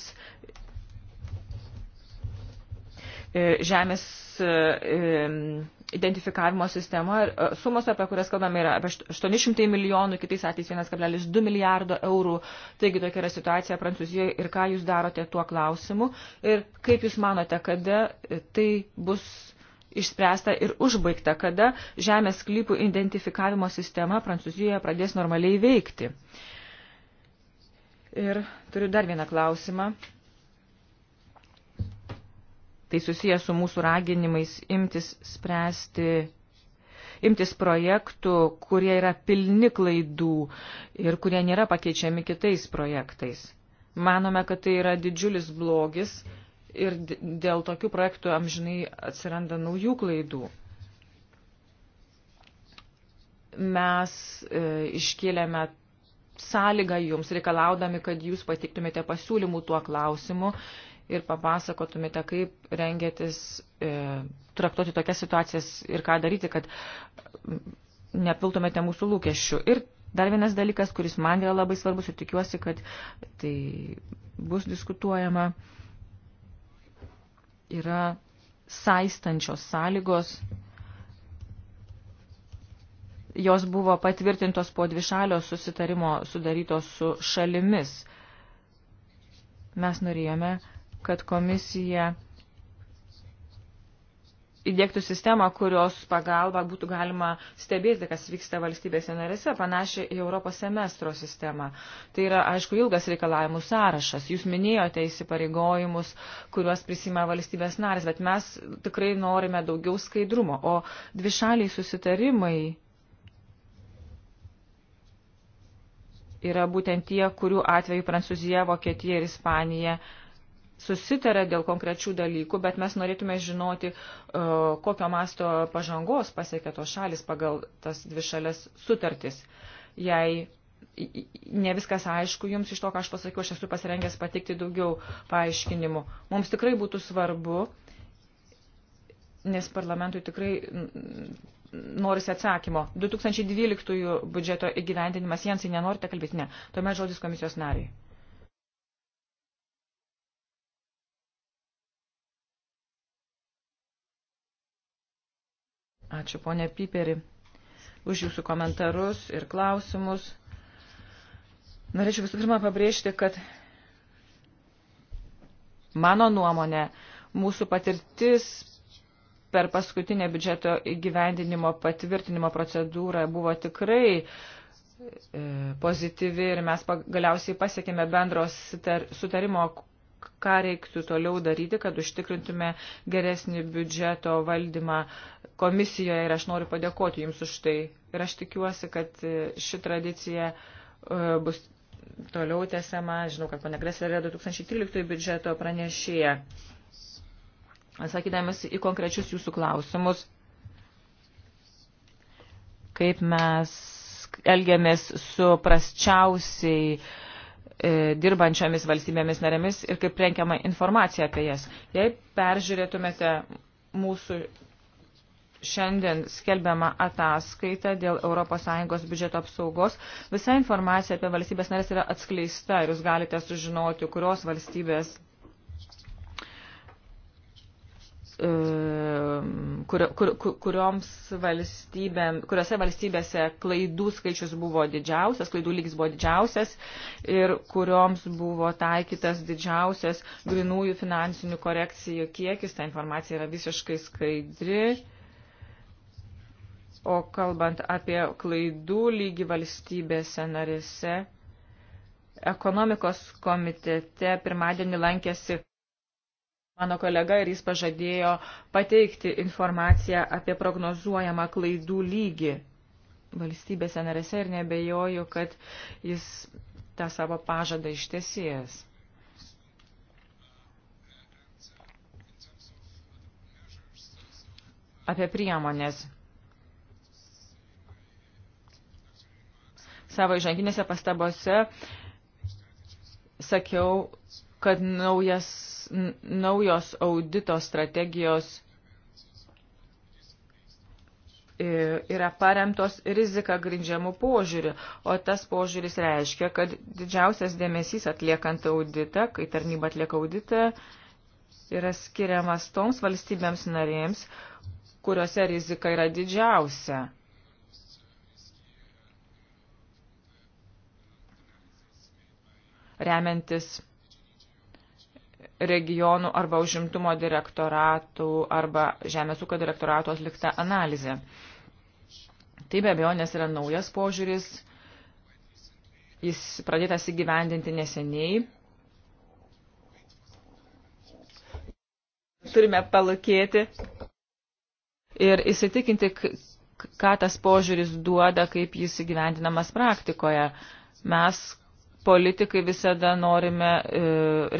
E, žemės e, e, identifikavimo sistema. Sumos, apie kurias kalbame, yra apie 800 milijonų, kitais atvejais 1,2 milijardo eurų. Taigi tokia yra situacija Prancūzijoje ir ką jūs darote tuo klausimu ir kaip jūs manote, kada tai bus išspręsta ir užbaigta, kada žemės sklypų identifikavimo sistema Prancūzijoje pradės normaliai veikti. Ir turiu dar vieną klausimą Tai susijęs su mūsų raginimais imtis spręsti, imtis projektų, kurie yra pilni klaidų ir kurie nėra pakeičiami kitais projektais. Manome, kad tai yra didžiulis blogis ir dėl tokių projektų amžinai atsiranda naujų klaidų mes e, iškėlėme sąlygą jums, reikalaudami, kad jūs patiktumėte pasiūlymų tuo klausimu ir papasakotumėte, kaip rengėtis e, traktuoti tokias situacijas ir ką daryti, kad nepiltumėte mūsų lūkesčių. Ir dar vienas dalykas, kuris man yra labai svarbus ir tikiuosi, kad tai bus diskutuojama, yra saistančios sąlygos. Jos buvo patvirtintos po dvišalio susitarimo sudarytos su šalimis. Mes norėjome kad komisija įdėktų sistemą, kurios pagalba būtų galima stebėti, kas vyksta valstybėse narėse, panašią į Europos semestro sistemą. Tai yra, aišku, ilgas reikalavimų sąrašas. Jūs minėjote įsipareigojimus, kuriuos prisima valstybės narės, bet mes tikrai norime daugiau skaidrumo. O dvišaliai susitarimai yra būtent tie, kurių atveju Prancūzija, Vokietija ir Ispanija susitarė dėl konkrečių dalykų, bet mes norėtume žinoti, e, kokio masto pažangos pasiekė tos šalis pagal tas dvi šalės sutartis. Jei ne viskas aišku jums iš to, ką aš pasakiau, aš esu pasirengęs patikti daugiau paaiškinimų. Mums tikrai būtų svarbu, nes parlamentui tikrai norisi atsakymo. 2012 biudžeto įgyvendinimas, Jensai, nenorite kalbėti? Ne. Tuomet žodis komisijos nariai. Ačiū, ponė Piperi, už jūsų komentarus ir klausimus. Norėčiau visų pirma pabrėžti, kad mano nuomonė, mūsų patirtis per paskutinę biudžeto įgyvendinimo patvirtinimo procedūrą buvo tikrai e, pozityvi ir mes galiausiai pasiekėme bendro sutarimo, ką reiktų toliau daryti, kad užtikrintume geresnį biudžeto valdymą komisijoje ir aš noriu padėkoti Jums už tai. Ir aš tikiuosi, kad e, ši tradicija e, bus toliau tęsiama. Žinau, kad pana Greslė yra 2013 biudžeto pranešėja. Sakydamas į konkrečius Jūsų klausimus, kaip mes elgiamės su prasčiausiai e, dirbančiomis valstybėmis narėmis ir kaip renkiama informacija apie jas. Jei peržiūrėtumėte mūsų šiandien skelbiama ataskaita dėl ES biudžeto apsaugos. Visa informacija apie valstybės narės yra atskleista ir jūs galite sužinoti, kurios valstybės e, kur, kur, kurioms valstybėm, kuriuose valstybėse klaidų skaičius buvo didžiausias, klaidų lygis buvo didžiausias ir kurioms buvo taikytas didžiausias grinųjų finansinių korekcijų kiekis. Ta informacija yra visiškai skaidri. O kalbant apie klaidų lygį valstybėse narėse, ekonomikos komitete pirmadienį lankėsi mano kolega ir jis pažadėjo pateikti informaciją apie prognozuojamą klaidų lygį valstybėse narėse ir nebejoju, kad jis tą savo pažadą ištesėjęs. Apie priemonės. savo įžanginėse pastabose sakiau, kad naujas, naujos audito strategijos yra paremtos rizika grindžiamų požiūrių, o tas požiūris reiškia, kad didžiausias dėmesys atliekant auditą, kai tarnyba atlieka auditą, yra skiriamas toms valstybėms narėms, kuriuose rizika yra didžiausia. remiantis regionų arba užimtumo direktoratų arba žemės ūkio direktoratų atlikta analizė. Tai be abejonės yra naujas požiūris, jis pradėtas įgyvendinti neseniai. Turime palūkėti ir įsitikinti, ką tas požiūris duoda, kaip jis įgyvendinamas praktikoje. Mes politikai visada norime e,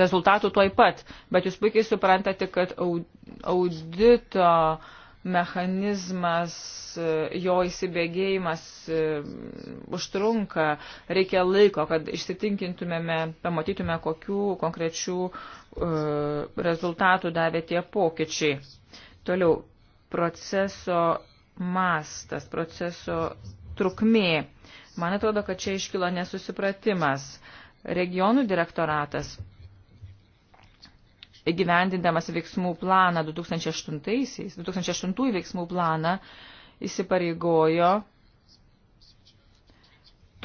rezultatų tuoj pat, bet jūs puikiai suprantate, kad audito mechanizmas, e, jo įsibėgėjimas e, užtrunka, reikia laiko, kad išsitinkintumėme, pamatytume, kokių konkrečių e, rezultatų davė tie pokyčiai. Toliau, proceso mastas, proceso trukmė. E, Man atrodo, kad čia iškilo nesusipratimas. Regionų direktoratas įgyvendindamas veiksmų planą 2008, 2008 veiksmų planą įsipareigojo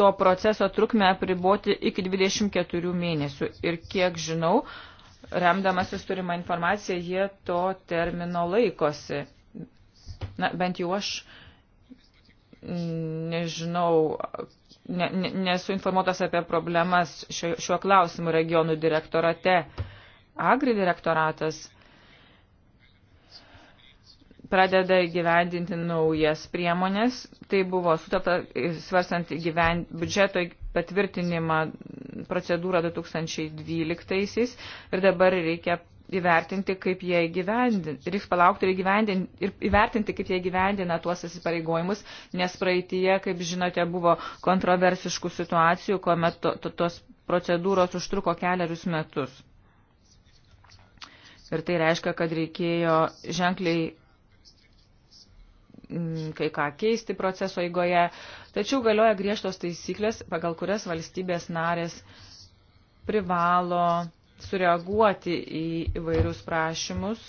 to proceso trukmę apriboti iki 24 mėnesių. Ir kiek žinau, remdamasis turimą informaciją, jie to termino laikosi. Na, bent jau aš nežinau, ne, ne, nesu informuotas apie problemas šio, šiuo klausimu regionų direktorate. Agri direktoratas pradeda įgyvendinti naujas priemonės. Tai buvo sutapta svarstant gyvent, biudžeto patvirtinimą procedūrą 2012 ir dabar reikia įvertinti, kaip jie įgyvendina, reiks palaukti ir, ir įvertinti, kaip jie įgyvendina tuos įsipareigojimus, nes praeitie, kaip žinote, buvo kontroversiškų situacijų, kuomet to, to, tos procedūros užtruko keliarius metus. Ir tai reiškia, kad reikėjo ženkliai mm, kai ką keisti proceso įgoje, tačiau galioja griežtos taisyklės, pagal kurias valstybės narės privalo sureaguoti į įvairius prašymus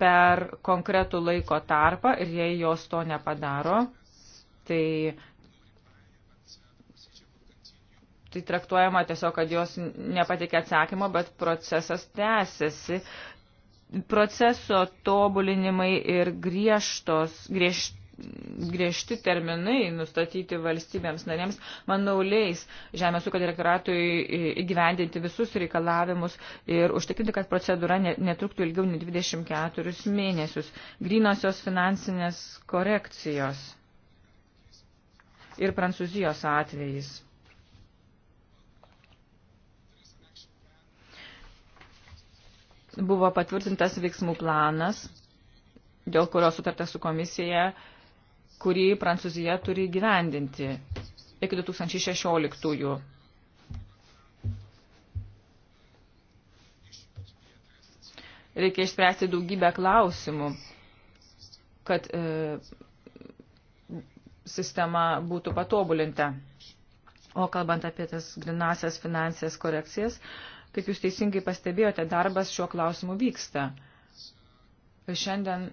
per konkretų laiko tarpą ir jei jos to nepadaro, tai, tai traktuojama tiesiog, kad jos nepatikė atsakymo, bet procesas tęsiasi. Proceso tobulinimai ir griežtos, griežtos griežti terminai nustatyti valstybėms narėms, manau, leis Žemės ūkio direktoratui įgyvendinti visus reikalavimus ir užtikrinti, kad procedūra netruktų ilgiau nei 24 mėnesius. Grynosios finansinės korekcijos ir Prancūzijos atvejais. Buvo patvirtintas veiksmų planas, dėl kurio sutarta su komisija kurį Prancūzija turi gyvendinti iki 2016-ųjų. Reikia išspręsti daugybę klausimų, kad e, sistema būtų patobulinta. O kalbant apie tas grinasias finansės korekcijas, kaip jūs teisingai pastebėjote, darbas šiuo klausimu vyksta. Ir šiandien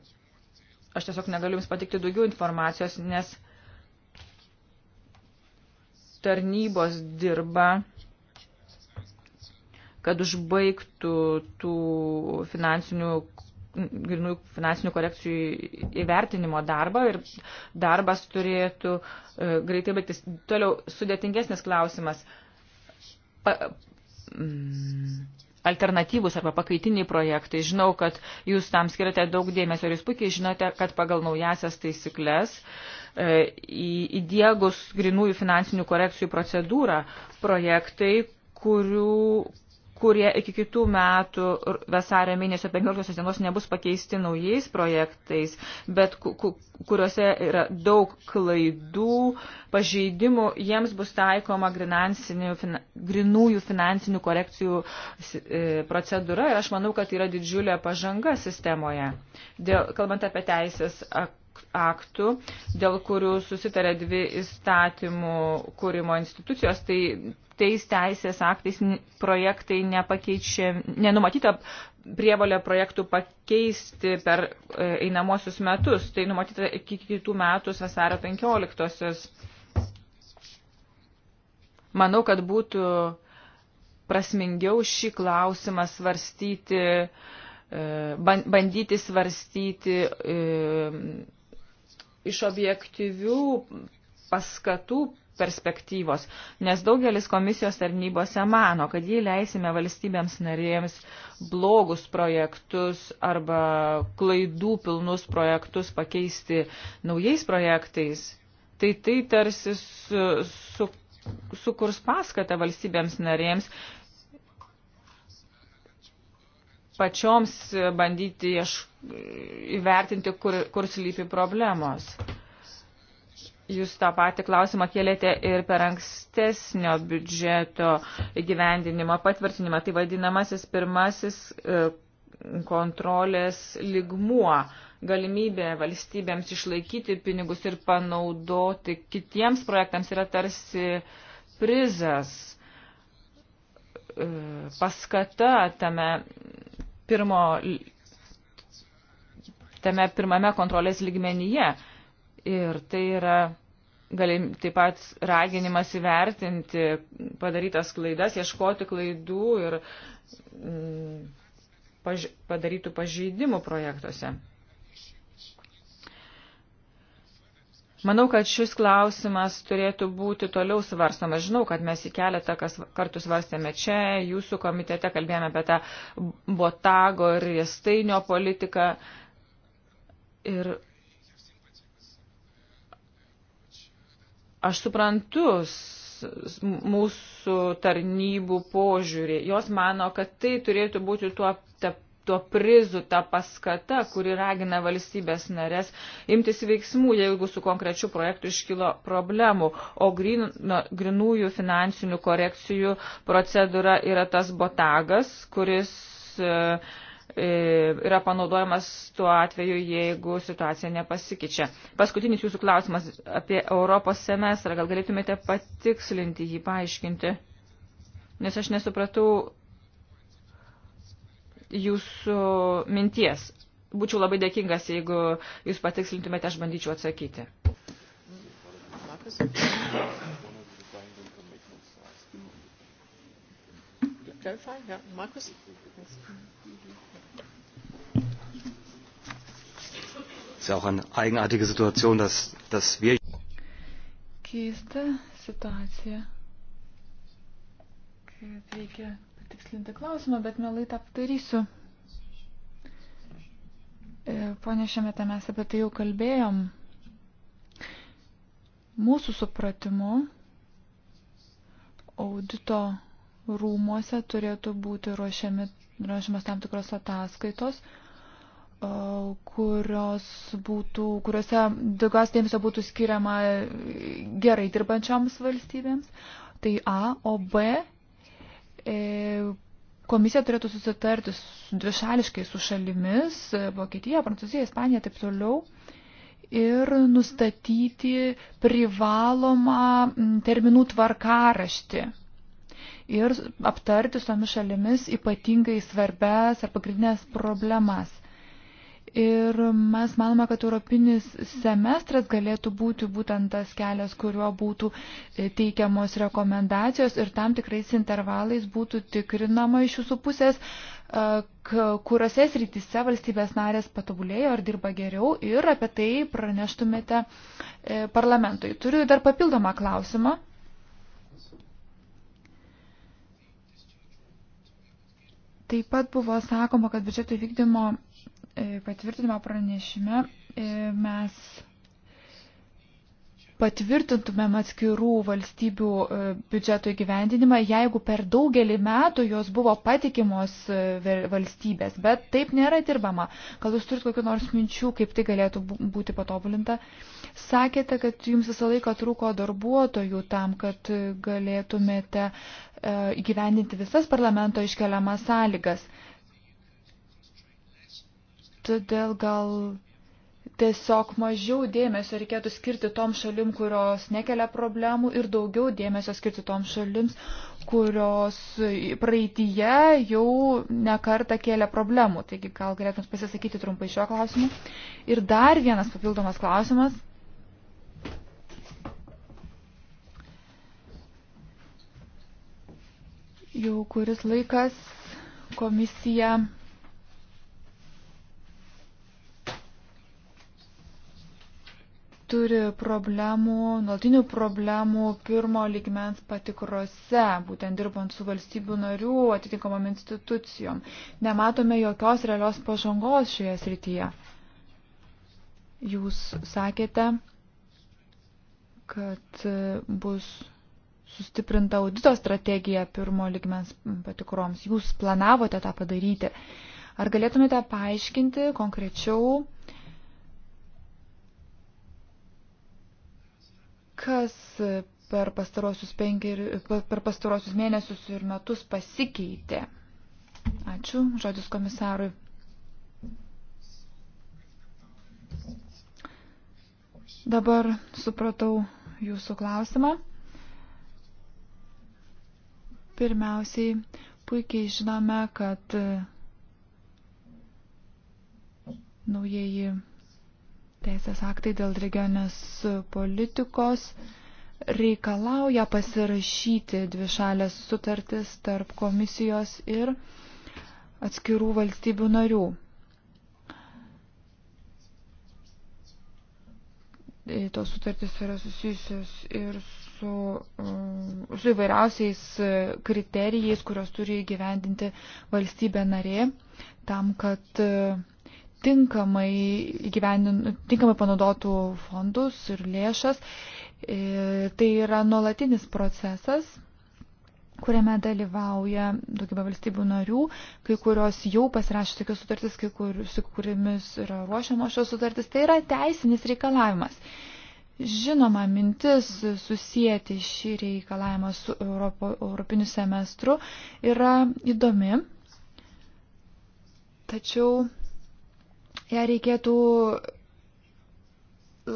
aš tiesiog negaliu Jums patikti daugiau informacijos, nes tarnybos dirba, kad užbaigtų tų finansinių grinųjų finansinių korekcijų įvertinimo darbą ir darbas turėtų e, greitai baigtis. Toliau sudėtingesnis klausimas. Pa, mm, alternatyvus arba pakaitiniai projektai. Žinau, kad jūs tam skiriate daug dėmesio ir jūs puikiai žinote, kad pagal naujasias taisyklės e, įdiegus grinųjų finansinių korekcijų procedūrą projektai, kurių, kurie iki kitų metų vasario mėnesio 15 dienos nebus pakeisti naujais projektais, bet ku, ku, kuriuose yra daug klaidų, pažeidimų, jiems bus taikoma fin, grinųjų finansinių korekcijų e, procedūra ir aš manau, kad tai yra didžiulė pažanga sistemoje. Dėl, kalbant apie teisės aktus aktų, dėl kurių susitarė dvi įstatymų kūrimo institucijos, tai tais teisės aktais projektai nepakeičia, nenumatyta prievalė projektų pakeisti per e, einamosius metus, tai numatyta iki kitų metų vasario 15-osios. Manau, kad būtų prasmingiau šį klausimą svarstyti e, bandyti svarstyti e, iš objektyvių paskatų perspektyvos, nes daugelis komisijos tarnybose mano, kad jei leisime valstybėms narėms blogus projektus arba klaidų pilnus projektus pakeisti naujais projektais, tai tai tarsi su, su, sukurs paskatą valstybėms narėms pačioms bandyti ieš, įvertinti, kur, kur slypi problemos. Jūs tą patį klausimą kėlėte ir per ankstesnio biudžeto gyvendinimo patvirtinimą, tai vadinamasis pirmasis e, kontrolės ligmuo, galimybė valstybėms išlaikyti pinigus ir panaudoti kitiems projektams yra tarsi prizas, e, paskata tame pirmo, tame pirmame kontrolės lygmenyje. Ir tai yra galim, taip pat raginimas įvertinti padarytas klaidas, ieškoti klaidų ir mm, paž, padarytų pažeidimų projektuose. Manau, kad šis klausimas turėtų būti toliau svarstamas. Žinau, kad mes į keletą kartų svarstėme čia, jūsų komitete kalbėjome apie tą botago ir riestainio politiką. Ir aš suprantu mūsų tarnybų požiūrį. Jos mano, kad tai turėtų būti tuo ta tuo prizu, ta paskata, kuri ragina valstybės narės imtis veiksmų, jeigu su konkrečiu projektu iškilo problemų. O grin, na, grinųjų finansinių korekcijų procedūra yra tas botagas, kuris e, e, yra panaudojamas tuo atveju, jeigu situacija nepasikeičia. Paskutinis jūsų klausimas apie Europos semestrą. Gal galėtumėte patikslinti jį, paaiškinti? Nes aš nesupratau jūsų minties. Būčiau labai dėkingas, jeigu jūs patikslintumėte, aš bandyčiau atsakyti. Ist ja auch eine eigenartige Situation, dass, dass wir. Keista situacija, kad reikia patikslinti klausimą, bet mielai tą padarysiu. E, Pone Šemete, mes apie tai jau kalbėjom. Mūsų supratimu audito rūmuose turėtų būti ruošiami, ruošiamas tam tikros ataskaitos, e, kurios būtų, kuriuose daugiausiai dėmesio būtų skiriama gerai dirbančioms valstybėms. Tai A, o B E, komisija turėtų susitarti dvišališkai su šalimis e, - Vokietija, Prancūzija, Ispanija ir taip toliau ir nustatyti privalomą terminų tvarkaraštį. Ir aptarti su tomis šalimis ypatingai svarbes ar pagrindinės problemas. Ir mes manome, kad europinis semestras galėtų būti būtent tas kelias, kuriuo būtų e, teikiamos rekomendacijos ir tam tikrais intervalais būtų tikrinama iš jūsų pusės, e, kuriuose srityse valstybės narės patobulėjo ar dirba geriau ir apie tai praneštumėte e, parlamentui. Turiu dar papildomą klausimą. Taip pat buvo sakoma, kad biudžeto vykdymo E, patvirtinimo pranešime e, mes patvirtintumėm atskirų valstybių e, biudžeto įgyvendinimą, jeigu per daugelį metų jos buvo patikimos valstybės, bet taip nėra dirbama. Gal jūs turite kokiu nors minčių, kaip tai galėtų būti patobulinta? Sakėte, kad jums visą laiką trūko darbuotojų tam, kad galėtumėte įgyvendinti visas parlamento iškeliamas sąlygas. Todėl gal tiesiog mažiau dėmesio reikėtų skirti tom šalim, kurios nekelia problemų ir daugiau dėmesio skirti tom šalims, kurios praeitįje jau nekarta kėlė problemų. Taigi gal galėtum pasisakyti trumpai šiuo klausimu. Ir dar vienas papildomas klausimas. Jau kuris laikas komisija turi problemų, nuolatinių problemų pirmo ligmens patikrose, būtent dirbant su valstybių narių atitinkamom institucijom. Nematome jokios realios pažangos šioje srityje. Jūs sakėte, kad bus sustiprinta audito strategija pirmo ligmens patikroms. Jūs planavote tą padaryti. Ar galėtumėte paaiškinti konkrečiau, kas per pastarosius, penkeri, per pastarosius mėnesius ir metus pasikeitė. Ačiū, žodis komisarui. Dabar supratau jūsų klausimą. Pirmiausiai, puikiai žinome, kad naujieji teisės aktai dėl regionės politikos reikalauja pasirašyti dvišalės sutartis tarp komisijos ir atskirų valstybių narių. E, tos sutartys yra susijusios ir su, um, su įvairiausiais kriterijais, kurios turi įgyvendinti valstybė narė, tam, kad uh, tinkamai, tinkamai panaudotų fondus ir lėšas. E, tai yra nuolatinis procesas kuriame dalyvauja daugybė valstybių narių, kai kurios jau pasirašė tokias sutartis, kai kur, su kuriamis yra ruošiamos šios sutartis. Tai yra teisinis reikalavimas. Žinoma, mintis susijęti šį reikalavimą su Europo, Europiniu semestru yra įdomi, tačiau ją reikėtų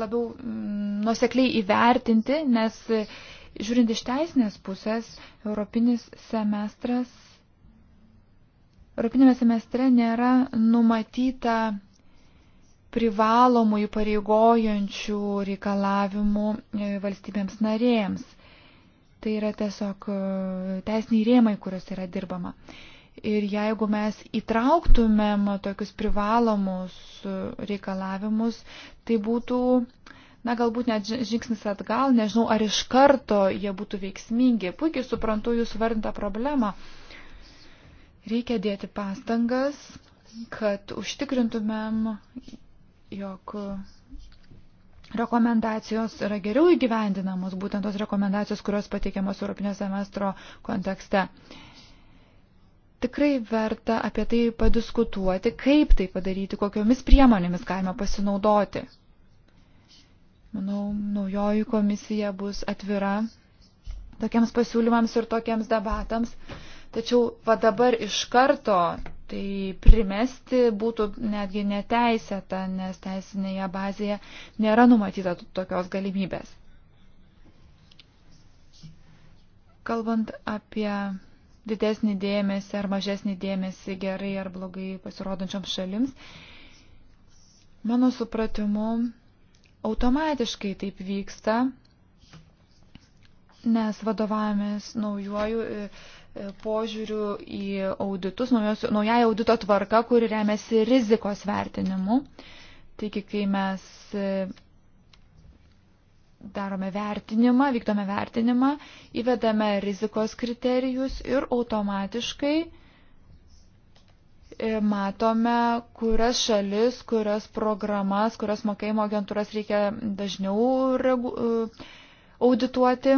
labiau mm, nusekliai įvertinti, nes žiūrint iš teisinės pusės, europinis semestras, europinėme semestre nėra numatyta privalomų įpareigojančių reikalavimų e, valstybėms narėms. Tai yra tiesiog e, teisiniai rėmai, kuriuose yra dirbama. Ir jeigu mes įtrauktumėm tokius privalomus reikalavimus, tai būtų, na galbūt net žingsnis atgal, nežinau, ar iš karto jie būtų veiksmingi. Puikiai suprantu jūsų vardintą problemą. Reikia dėti pastangas, kad užtikrintumėm, jog rekomendacijos yra geriau įgyvendinamos, būtent tos rekomendacijos, kurios pateikiamos Europinės semestro kontekste. Uh, tikrai verta apie tai padiskutuoti, kaip tai padaryti, kokiomis priemonėmis galime pasinaudoti. Manau, naujoji komisija bus atvira tokiems pasiūlymams ir tokiems debatams, tačiau va dabar iš karto tai primesti būtų netgi neteisėta, nes teisinėje bazėje nėra numatyta tokios galimybės. Kalbant apie didesnį dėmesį ar mažesnį dėmesį gerai ar blogai pasirodančioms šalims. Mano supratimu, automatiškai taip vyksta, nes vadovavomės naujuoju e, e, požiūriu į auditus, naujos, naujai audito tvarka, kuri remiasi rizikos vertinimu. Taigi, kai mes e, darome vertinimą, vykdome vertinimą, įvedame rizikos kriterijus ir automatiškai e, matome, kurias šalis, kurias programas, kurias mokėjimo agentūras reikia dažniau regu, e, audituoti.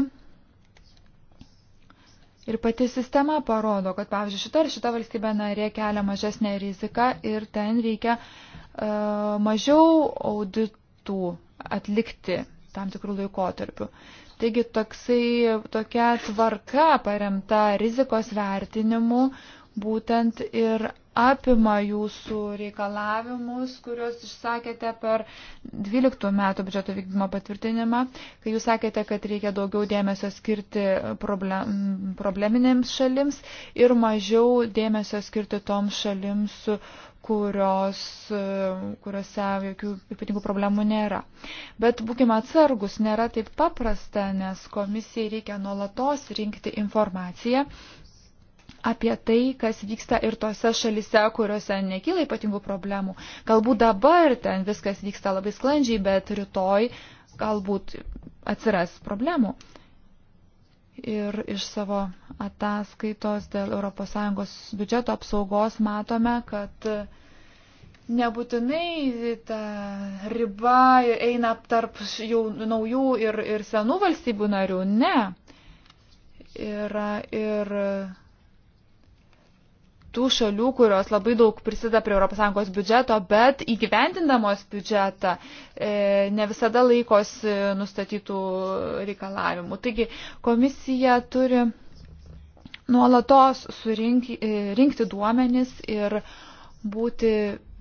Ir pati sistema parodo, kad pavyzdžiui šita ir šita valstybė narė kelia mažesnę riziką ir ten reikia uh, mažiau auditų atlikti tam tikrų laikotarpių. Taigi toksai, tokia tvarka paremta rizikos vertinimu būtent ir apima jūsų reikalavimus, kuriuos išsakėte per 12 metų biudžeto vykdymo patvirtinimą, kai jūs sakėte, kad reikia daugiau dėmesio skirti problem, probleminėms šalims ir mažiau dėmesio skirti toms šalims, kurios, e, kuriuose jokių ypatingų problemų nėra. Bet būkime atsargus, nėra taip paprasta, nes komisijai reikia nuolatos rinkti informaciją apie tai, kas vyksta ir tose šalise, kuriuose nekyla ypatingų problemų. Galbūt dabar ten viskas vyksta labai sklandžiai, bet rytoj galbūt atsiras problemų ir iš savo ataskaitos dėl ES biudžeto apsaugos matome, kad nebūtinai ta riba eina tarp jau naujų ir, ir senų valstybių narių. Ne. Yra ir, ir tų šalių, kurios labai daug prisideda prie ES biudžeto, bet įgyvendindamos biudžetą e, ne visada laikosi nustatytų reikalavimų. Taigi komisija turi nuolatos surinkti, e, rinkti duomenis ir būti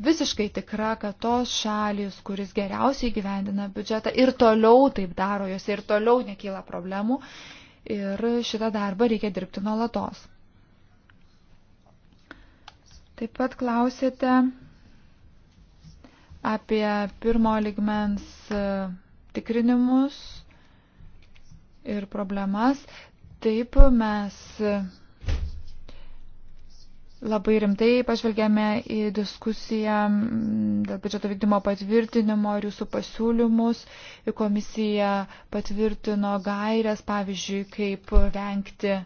visiškai tikra, kad tos šalis, kuris geriausiai gyvendina biudžetą ir toliau taip daro, jos ir toliau nekyla problemų ir šitą darbą reikia dirbti nuolatos. Taip pat klausėte apie pirmo ligmens e, tikrinimus ir problemas. Taip mes e, labai rimtai pažvelgėme į diskusiją dėl biudžeto vykdymo patvirtinimo ir jūsų pasiūlymus. Komisija patvirtino gairias, pavyzdžiui, kaip vengti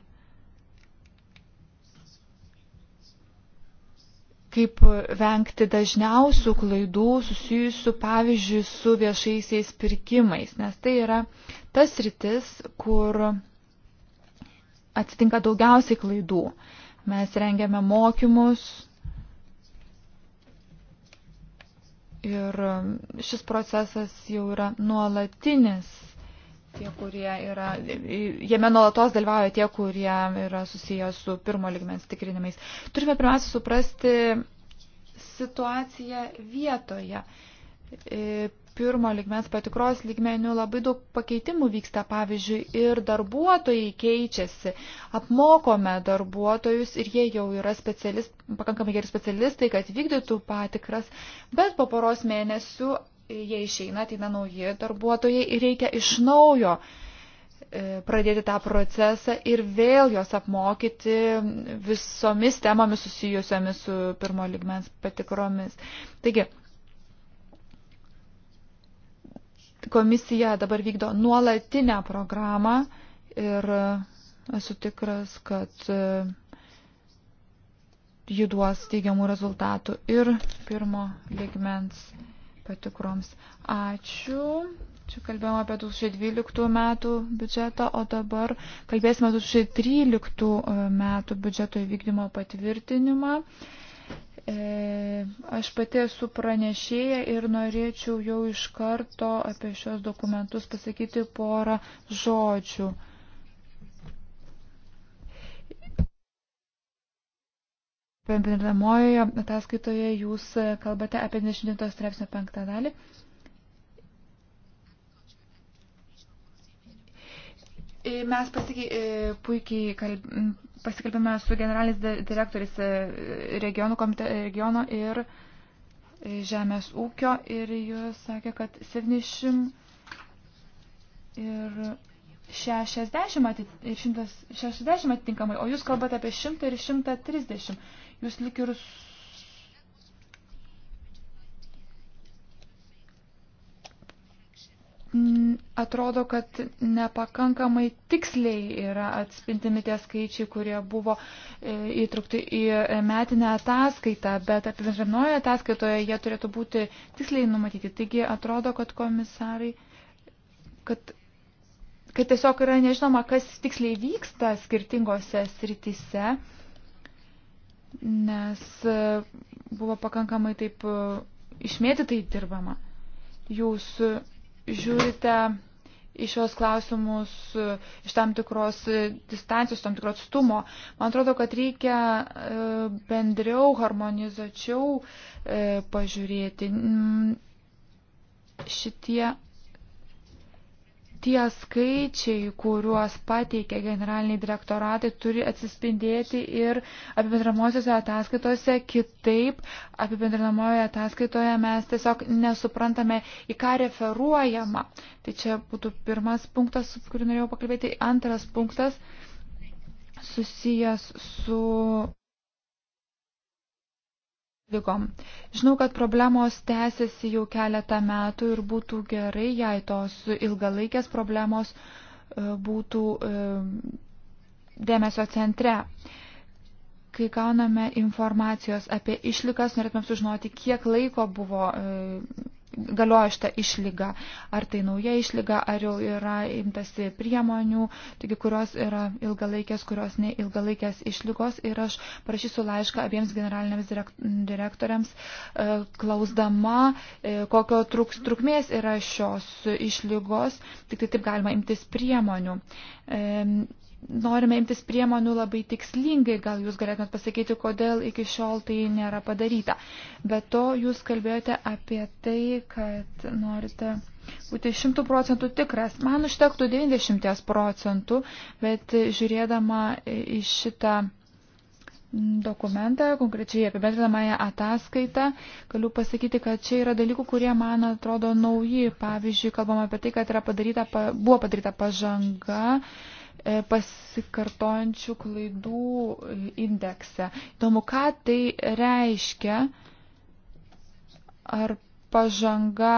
kaip vengti dažniausių klaidų susijusių, pavyzdžiui, su viešaisiais pirkimais, nes tai yra tas rytis, kur atsitinka daugiausiai klaidų. Mes rengiame mokymus ir šis procesas jau yra nuolatinis tie, kurie yra, jame nuolatos dalyvauja tie, kurie yra susiję su pirmo ligmens tikrinimais. Turime pirmiausia suprasti situaciją vietoje. E, pirmo ligmens patikros ligmenių labai daug pakeitimų vyksta, pavyzdžiui, ir darbuotojai keičiasi. Apmokome darbuotojus ir jie jau yra specialist, pakankamai geri specialistai, kad vykdytų patikras, bet po poros mėnesių jie išeina, ateina nauji darbuotojai ir reikia iš naujo e, pradėti tą procesą ir vėl jos apmokyti visomis temomis susijusiamis su pirmo ligmens patikromis. Taigi, komisija dabar vykdo nuolatinę programą ir esu tikras, kad e, jį duos teigiamų rezultatų ir pirmo ligmens patikroms. Ačiū. Čia kalbėjome apie 2012 metų biudžetą, o dabar kalbėsime 2013 e, metų biudžeto įvykdymo patvirtinimą. E, aš pati esu pranešėja ir norėčiau jau iš karto apie šios dokumentus pasakyti porą žodžių. E, Pempindamojoje ataskaitoje jūs e, kalbate apie 20 straipsnio penktą dalį. E, mes pasikei, e, puikiai kalb, pasikalbėme su generalinis direktoris regionų komite, regiono ir žemės ūkio ir jūs sakė, kad 70 ir 60, ir 160 atitinkamai, o jūs kalbate apie 100 ir 130 jūs lik ir atrodo, kad nepakankamai tiksliai yra atspintimi tie skaičiai, kurie buvo e, įtrukti į metinę ataskaitą, bet apibendrinoje ataskaitoje jie turėtų būti tiksliai numatyti. Taigi atrodo, kad komisarai, kad, kad tiesiog yra nežinoma, kas tiksliai vyksta skirtingose srityse nes e, buvo pakankamai taip e, išmėtytai dirbama. Jūs žiūrite į šios klausimus e, iš tam tikros distancijos, tam tikro atstumo. Man atrodo, kad reikia bendriau, harmonizačiau pažiūrėti. Mm, šitie tie skaičiai, kuriuos pateikia generaliniai direktoratai, turi atsispindėti ir apibendramosiose ataskaitose. Kitaip, apibendrinamoje ataskaitoje mes tiesiog nesuprantame, į ką referuojama. Tai čia būtų pirmas punktas, su kuriuo norėjau pakalbėti. Antras punktas susijęs su lygom. Žinau, kad problemos tęsiasi jau keletą metų ir būtų gerai, jei tos ilgalaikės problemos e, būtų e, dėmesio centre. Kai gauname informacijos apie išlikas, norėtume sužinoti, kiek laiko buvo e, galioja šitą išlygą. Ar tai nauja išlyga, ar jau yra imtasi priemonių, taigi kurios yra ilgalaikės, kurios neilgalaikės išlygos. Ir aš parašysiu laišką abiems generaliniams direktoriams, e, klausdama, e, kokio truks, trukmės yra šios išlygos, tik tai taip galima imtis priemonių norime imtis priemonių labai tikslingai, gal jūs galėtumėt pasakyti, kodėl iki šiol tai nėra padaryta. Be to, jūs kalbėjote apie tai, kad norite būti 100 procentų tikras. Man užtektų 90 procentų, bet žiūrėdama į šitą dokumentą, konkrečiai apibendrinamąją ataskaitą, galiu pasakyti, kad čia yra dalykų, kurie man atrodo nauji. Pavyzdžiui, kalbama apie tai, kad padaryta, buvo padaryta pažanga E, pasikartojančių klaidų e, indeksą. Įdomu, ką tai reiškia, ar pažanga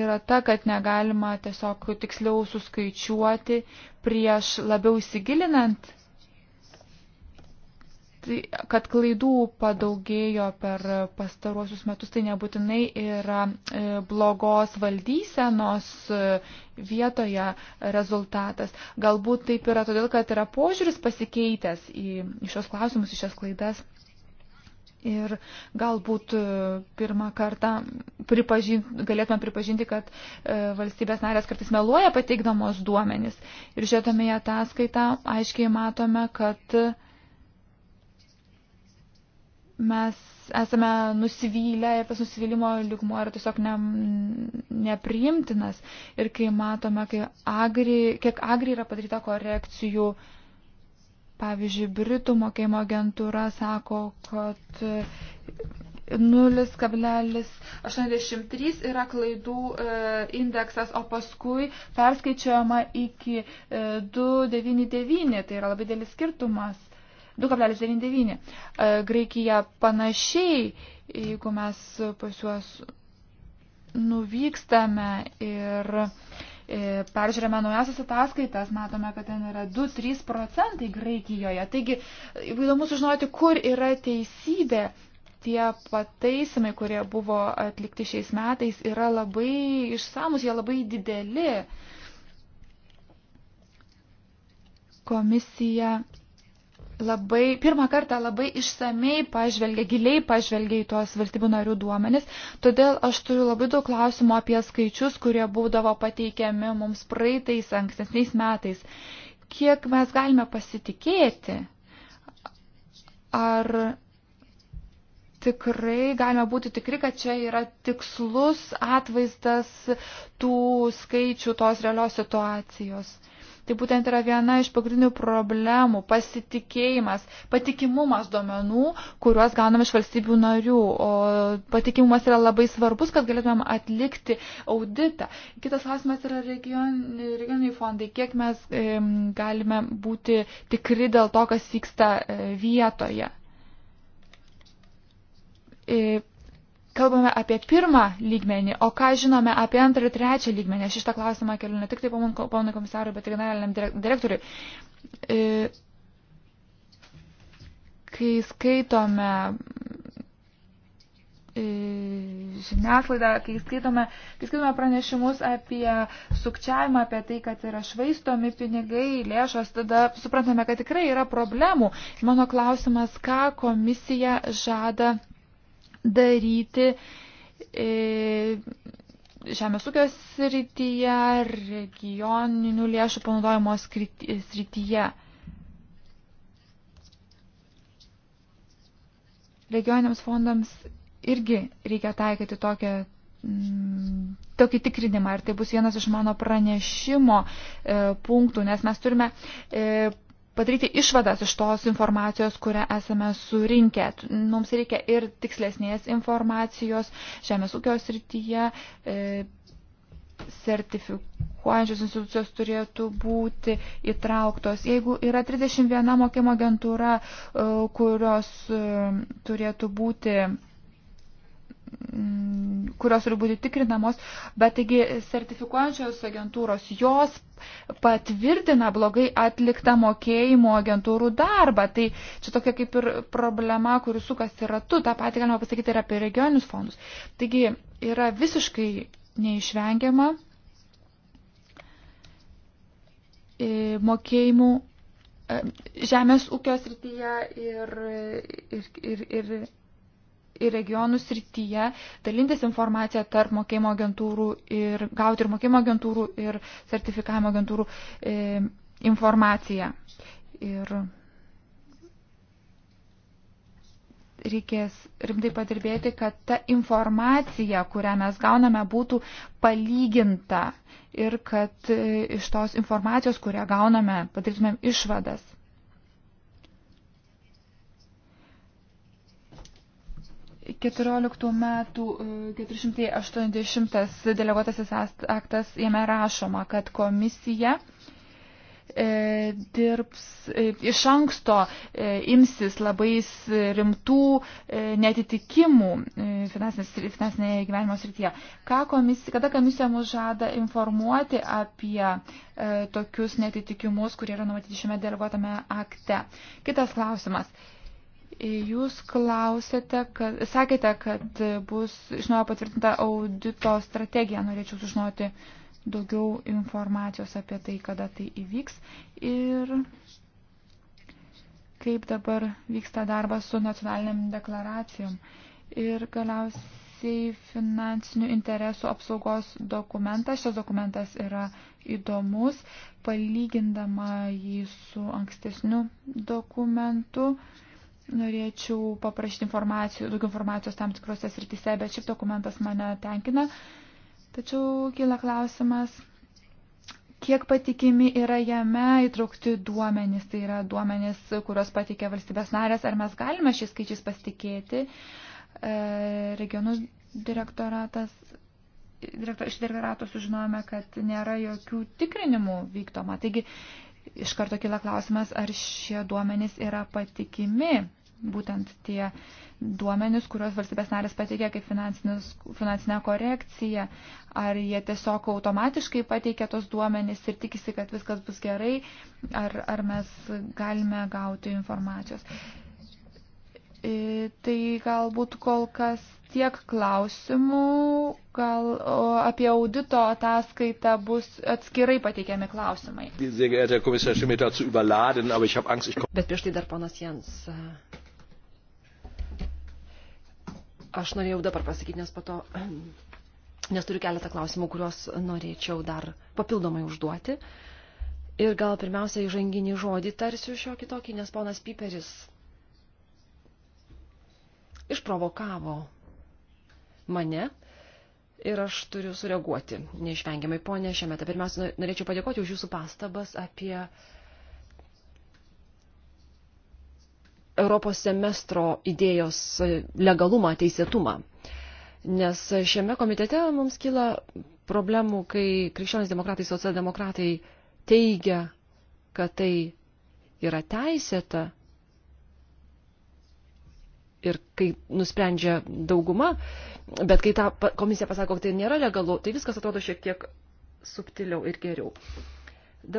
yra ta, kad negalima tiesiog tiksliau suskaičiuoti prieš labiau įsigilinant Tai, kad klaidų padaugėjo per pastaruosius metus, tai nebūtinai yra e, blogos valdysenos e, vietoje rezultatas. Galbūt taip yra todėl, kad yra požiūris pasikeitęs į, į šios klausimus, į šias klaidas. Ir galbūt e, pirmą kartą pripažin, galėtume pripažinti, kad valstybės narės kartais meluoja pateikdamos duomenis. Ir žiūrėdami į ataskaitą, aiškiai matome, kad mes esame nusivylę ir tas nusivylimo lygmuo yra tiesiog ne, nepriimtinas. Ir kai matome, kai agri, kiek agri yra padaryta korekcijų, pavyzdžiui, Britų mokėjimo agentūra sako, kad 0,83 yra klaidų e, indeksas, o paskui perskaičiuojama iki 2,99, e, tai yra labai dėlis skirtumas. 2,99. E, Graikija panašiai, jeigu mes pas juos nuvykstame ir e, peržiūrėme naujasias ataskaitas, matome, kad ten yra 2-3 procentai Graikijoje. Taigi, įdomu sužinoti, kur yra teisybė. Tie pataisimai, kurie buvo atlikti šiais metais, yra labai išsamus, jie labai dideli. Komisija labai, pirmą kartą labai išsamei pažvelgia, giliai pažvelgia į tuos valstybių narių duomenis. Todėl aš turiu labai daug klausimų apie skaičius, kurie būdavo pateikiami mums praeitais, ankstesniais metais. Kiek mes galime pasitikėti? Ar tikrai galime būti tikri, kad čia yra tikslus atvaizdas tų skaičių, tos realios situacijos? Tai būtent yra viena iš pagrindinių problemų - pasitikėjimas, patikimumas duomenų, kuriuos gaunam iš valstybių narių. O patikimumas yra labai svarbus, kad galėtumėm atlikti auditą. Kitas klausimas yra region, regioniniai fondai. Kiek mes e, galime būti tikri dėl to, kas vyksta e, vietoje? E, kalbame apie pirmą lygmenį, o ką žinome apie antrą ir trečią lygmenį. Aš šitą klausimą keliu ne tik tai ponui komisarui, bet ir generaliniam direktoriui. E, kai skaitome e, žiniasklaidą, kai skaitome, kai skaitome pranešimus apie sukčiavimą, apie tai, kad yra švaistomi pinigai, lėšos, tada suprantame, kad tikrai yra problemų. Mano klausimas, ką komisija žada daryti e, žemės ūkio srityje, regioninių lėšų panaudojimo srityje. Regioniniams fondams irgi reikia taikyti tokią, mm, tokį tikrinimą ir tai bus vienas iš mano pranešimo e, punktų, nes mes turime e, padaryti išvadas iš tos informacijos, kurią esame surinkę. Mums reikia ir tikslesnės informacijos žemės ūkio srityje. E, sertifikuojančios institucijos turėtų būti įtrauktos. Jeigu yra 31 mokymo agentūra, e, kurios e, turėtų būti Mm, kurios turi būti tikrinamos, bet taigi sertifikuojančios agentūros jos patvirtina blogai atliktą mokėjimo agentūrų darbą. Tai čia tokia kaip ir problema, kuris sukasi ratu, tą patį galima pasakyti ir apie regioninius fondus. Taigi yra visiškai neišvengiama e, mokėjimų e, žemės ūkio srityje ir, ir, ir, ir ir regionų srityje dalintis informaciją tarp mokėjimo agentūrų ir gauti ir mokėjimo agentūrų ir sertifikavimo agentūrų e, informaciją. Ir reikės rimtai padirbėti, kad ta informacija, kurią mes gauname, būtų palyginta ir kad e, iš tos informacijos, kurią gauname, padarytumėm išvadas. 14 metų 480 e, deleguotasis aktas jame rašoma, kad komisija e, dirbs e, iš anksto, imsis labai rimtų netitikimų finansinėje gyvenimo srityje. Ką komisija, kada komisija mus žada informuoti apie tokius netitikimus, kurie yra numatyti šiame deleguotame akte? Kitas klausimas Jūs klausėte, kad, sakėte, kad bus iš naujo patvirtinta audito strategija. Norėčiau sužinoti daugiau informacijos apie tai, kada tai įvyks ir kaip dabar vyksta darbas su nacionaliniam deklaracijom. Ir galiausiai finansinių interesų apsaugos dokumentas. Šis dokumentas yra įdomus, palygindama jį su ankstesniu dokumentu. Uh, norėčiau paprašyti informacijų, daugiau informacijos tam tikrose srityse, bet šis dokumentas mane tenkina. Tačiau kyla klausimas, kiek patikimi yra jame įtraukti duomenys, tai yra duomenys, kurios patikė valstybės narės, ar mes galime šiais skaičiais pasitikėti. E, Regionų direktoratas, direktor, iš direktorato sužinojome, kad nėra jokių tikrinimų vykdoma. Taigi, iš karto kila klausimas, ar šie duomenys yra patikimi būtent tie duomenys, kuriuos valstybės narės pateikė kaip finansinę korekciją, ar jie tiesiog automatiškai pateikė tos duomenys ir tikisi, kad viskas bus gerai, ar, ar mes galime gauti informacijos. E, tai galbūt kol kas tiek klausimų, gal apie audito ataskaitą bus atskirai pateikiami klausimai. Bet prieš tai dar ponas Jens Aš norėjau dabar pasakyti, nes po to, nes turiu keletą klausimų, kuriuos norėčiau dar papildomai užduoti. Ir gal pirmiausia įžanginį žodį tarsiu šio kitokį, nes ponas Piperis išprovokavo mane ir aš turiu sureaguoti neišvengiamai, ponė Šemeta. Pirmiausia, norėčiau padėkoti už jūsų pastabas apie uh, Europos semestro idėjos e, legalumą, teisėtumą. Nes šiame komitete mums kyla problemų, kai krikščionis demokratai, socialdemokratai teigia, kad tai yra teisėta ir kai nusprendžia dauguma, bet kai ta komisija pasako, kad tai nėra legalu, tai viskas atrodo šiek tiek subtiliau ir geriau.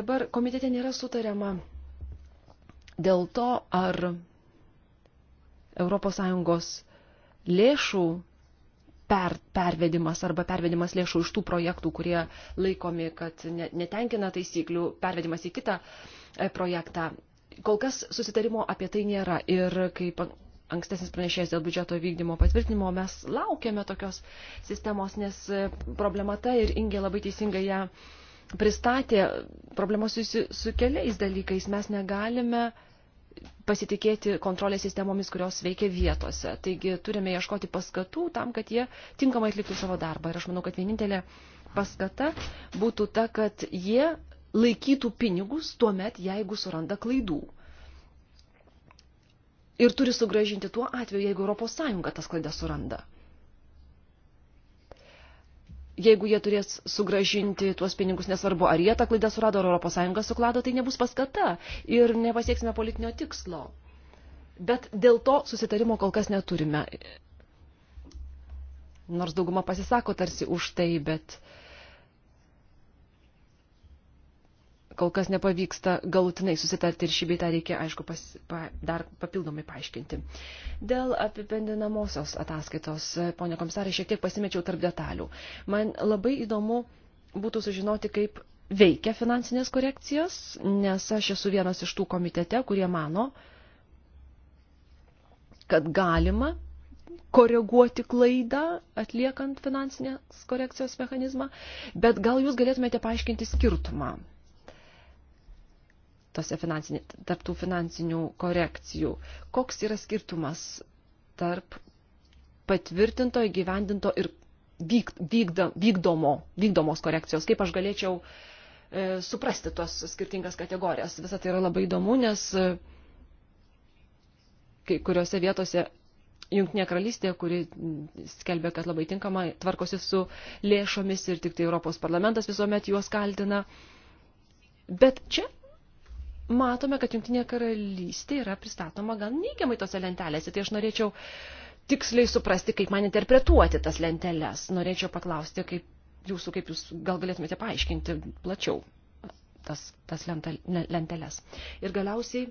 Dabar komitete nėra sutariama dėl to, ar ES lėšų per, pervedimas arba pervedimas lėšų iš tų projektų, kurie laikomi, kad ne, netenkina taisyklių, pervedimas į kitą e, projektą. Kol kas susitarimo apie tai nėra ir kaip ankstesnis pranešėjas dėl biudžeto vykdymo patvirtinimo, mes laukiame tokios sistemos, nes e, problema ta ir Ingė labai teisingai ją pristatė, problema su, su keliais dalykais. Mes negalime uh, pasitikėti kontrolės sistemomis, kurios veikia vietose. Taigi turime ieškoti paskatų tam, kad jie tinkamai atliktų savo darbą. Ir aš manau, kad vienintelė paskata būtų ta, kad jie laikytų pinigus tuo met, jeigu suranda klaidų. Ir turi sugražinti tuo atveju, jeigu ES tas klaidas suranda jeigu jie turės sugražinti tuos pinigus, nesvarbu, ar jie tą klaidą surado, ar ES suklado, tai nebus paskata ir nepasieksime politinio tikslo. Bet dėl to susitarimo kol kas neturime. Nors dauguma pasisako tarsi už tai, bet uh, kol kas nepavyksta galutinai susitarti ir šį beitą reikia, aišku, pas, pa, dar papildomai paaiškinti. Dėl apipendinamosios ataskaitos, ponė komisarė, šiek tiek pasimečiau tarp detalių. Man labai įdomu būtų sužinoti, kaip veikia finansinės korekcijos, nes aš esu vienas iš tų komitete, kurie mano, kad galima koreguoti klaidą atliekant finansinės korekcijos mechanizmą, bet gal jūs galėtumėte paaiškinti skirtumą tose finansinė, tarptų finansinių korekcijų. Koks yra skirtumas tarp patvirtinto, įgyvendinto ir vyk, vykda, vykdomo, vykdomos korekcijos? Kaip aš galėčiau e, suprasti tos skirtingas kategorijas? Visą tai yra labai įdomu, nes e, kai kuriuose vietose Junktinė karalystė, kuri skelbia, kad labai tinkama, tvarkosi su lėšomis ir tik tai Europos parlamentas visuomet juos kaltina. Bet čia matome, kad Junktinė karalystė yra pristatoma gan neigiamai tose lentelėse. Tai aš norėčiau tiksliai suprasti, kaip man interpretuoti tas lenteles. Norėčiau paklausti, kaip jūsų, kaip jūs gal galėtumėte paaiškinti plačiau tas, tas lenteles. Ir galiausiai.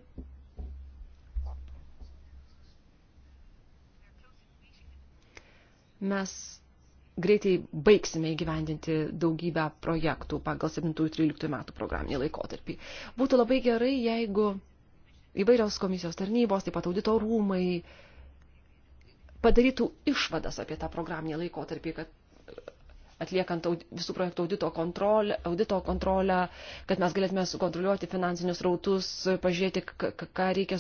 Mes greitai baigsime įgyvendinti daugybę projektų pagal 7-13 metų programinį laikotarpį. Būtų labai gerai, jeigu įvairios komisijos tarnybos, taip pat audito rūmai padarytų išvadas apie tą programinį laikotarpį, kad e, atliekant visų projektų audito kontrolę, audito kontrolę, kad mes galėtume sukontroliuoti finansinius rautus, pažiūrėti, ką reikia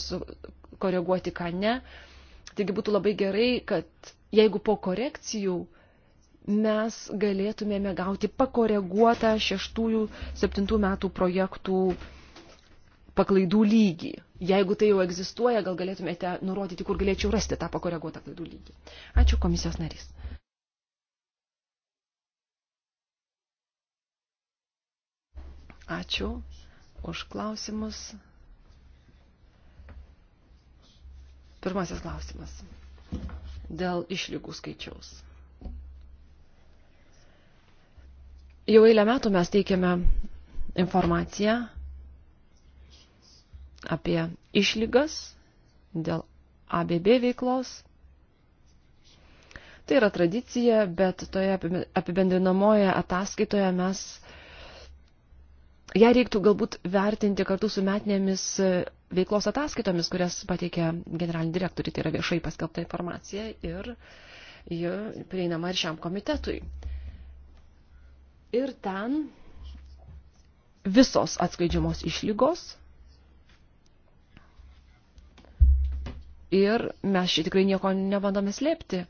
koreguoti, ką ne. Taigi būtų labai gerai, kad jeigu po korekcijų uh, mes galėtumėme gauti pakoreguotą šeštųjų, septintų metų projektų paklaidų lygį. Jeigu tai jau egzistuoja, gal galėtumėte nurodyti, kur galėčiau rasti tą pakoreguotą klaidų lygį. Ačiū komisijos narys. Ačiū už klausimus. Pirmasis klausimas. Dėl išlygų skaičiaus. Jau eilę metų mes teikiame informaciją apie išlygas dėl ABB veiklos. Tai yra tradicija, bet toje apibendrinamoje ataskaitoje mes ją reiktų galbūt vertinti kartu su metinėmis veiklos ataskaitomis, kurias pateikia generalinį direktorių, tai yra viešai paskelbta informacija ir ji prieinama ir šiam komitetui. Uh, Ir ten visos atskleidžiamos išlygos. Ir mes čia tikrai nieko nebandome slėpti.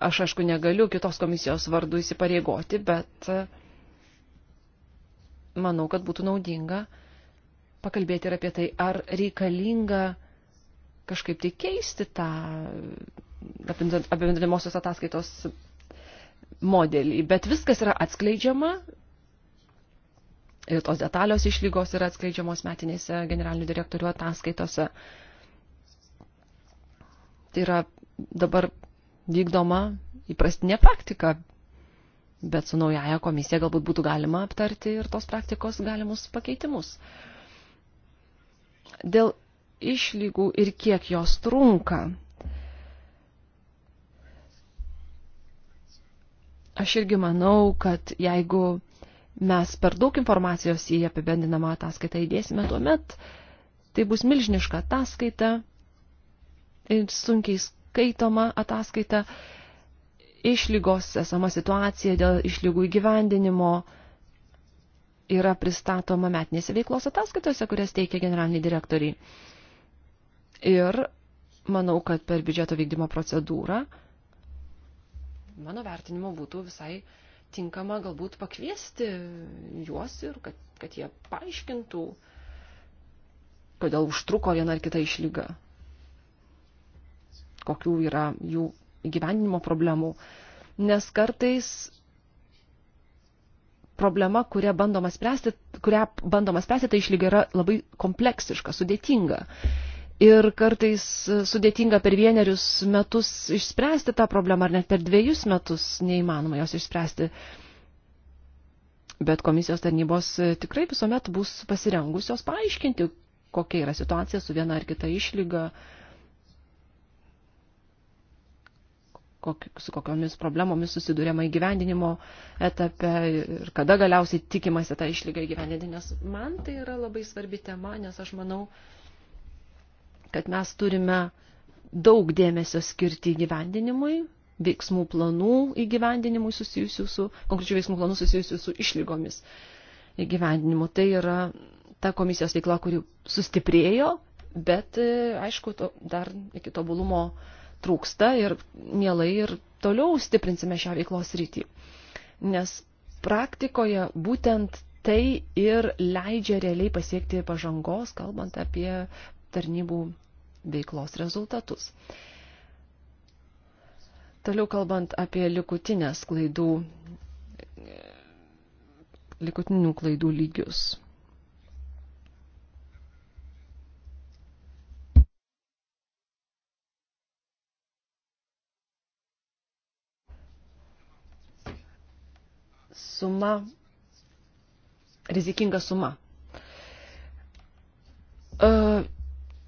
Aš aišku negaliu kitos komisijos vardu įsipareigoti, bet e, manau, kad būtų naudinga pakalbėti ir apie tai, ar reikalinga kažkaip tai keisti tą e, apibendrinamosios ataskaitos modelį, bet viskas yra atskleidžiama ir tos detalios išlygos yra atskleidžiamos metinėse generalinių direktorių ataskaitose. Tai yra dabar vykdoma įprastinė praktika, bet su naujaja komisija galbūt būtų galima aptarti ir tos praktikos galimus pakeitimus. Dėl išlygų ir kiek jos trunka, Aš irgi manau, kad jeigu mes per daug informacijos į apibendinamą ataskaitą įdėsime, tuomet tai bus milžiniška ataskaita ir sunkiai skaitoma ataskaita, išlygos esama situacija dėl išlygų įgyvendinimo yra pristatoma metinėse veiklos ataskaitose, kurias teikia generaliniai direktoriai. Ir manau, kad per biudžeto vykdymo procedūrą mano vertinimu būtų visai tinkama galbūt pakviesti juos ir kad, kad jie paaiškintų, kodėl užtruko viena ar kita išlyga, kokių yra jų gyvenimo problemų. Nes kartais problema, kurią bandoma spręsti, kurią bandoma spręsti, tai išlyga yra labai kompleksiška, sudėtinga ir kartais sudėtinga per vienerius metus išspręsti tą problemą, ar net per dviejus metus neįmanoma jos išspręsti. Bet komisijos tarnybos tikrai visuomet bus pasirengusios paaiškinti, kokia yra situacija su viena ar kita išlyga, kok, su kokiomis problemomis susidurėma įgyvendinimo etape ir kada galiausiai tikimasi tą išlygą įgyvendinti, nes man tai yra labai svarbi tema, nes aš manau, kad mes turime daug dėmesio skirti gyvendinimui, veiksmų planų įgyvendinimui susijusių su, konkrečių veiksmų planų susijusių su išlygomis įgyvendinimu. Tai yra ta komisijos veikla, kuri sustiprėjo, bet e, aišku, to, dar iki tobulumo trūksta ir mielai ir toliau stiprinsime šią veiklos rytį. Nes praktikoje būtent tai ir leidžia realiai pasiekti pažangos, kalbant apie tarnybų veiklos rezultatus. Toliau kalbant apie likutinės klaidų, likutinių klaidų lygius. Suma, rizikinga suma. Uh,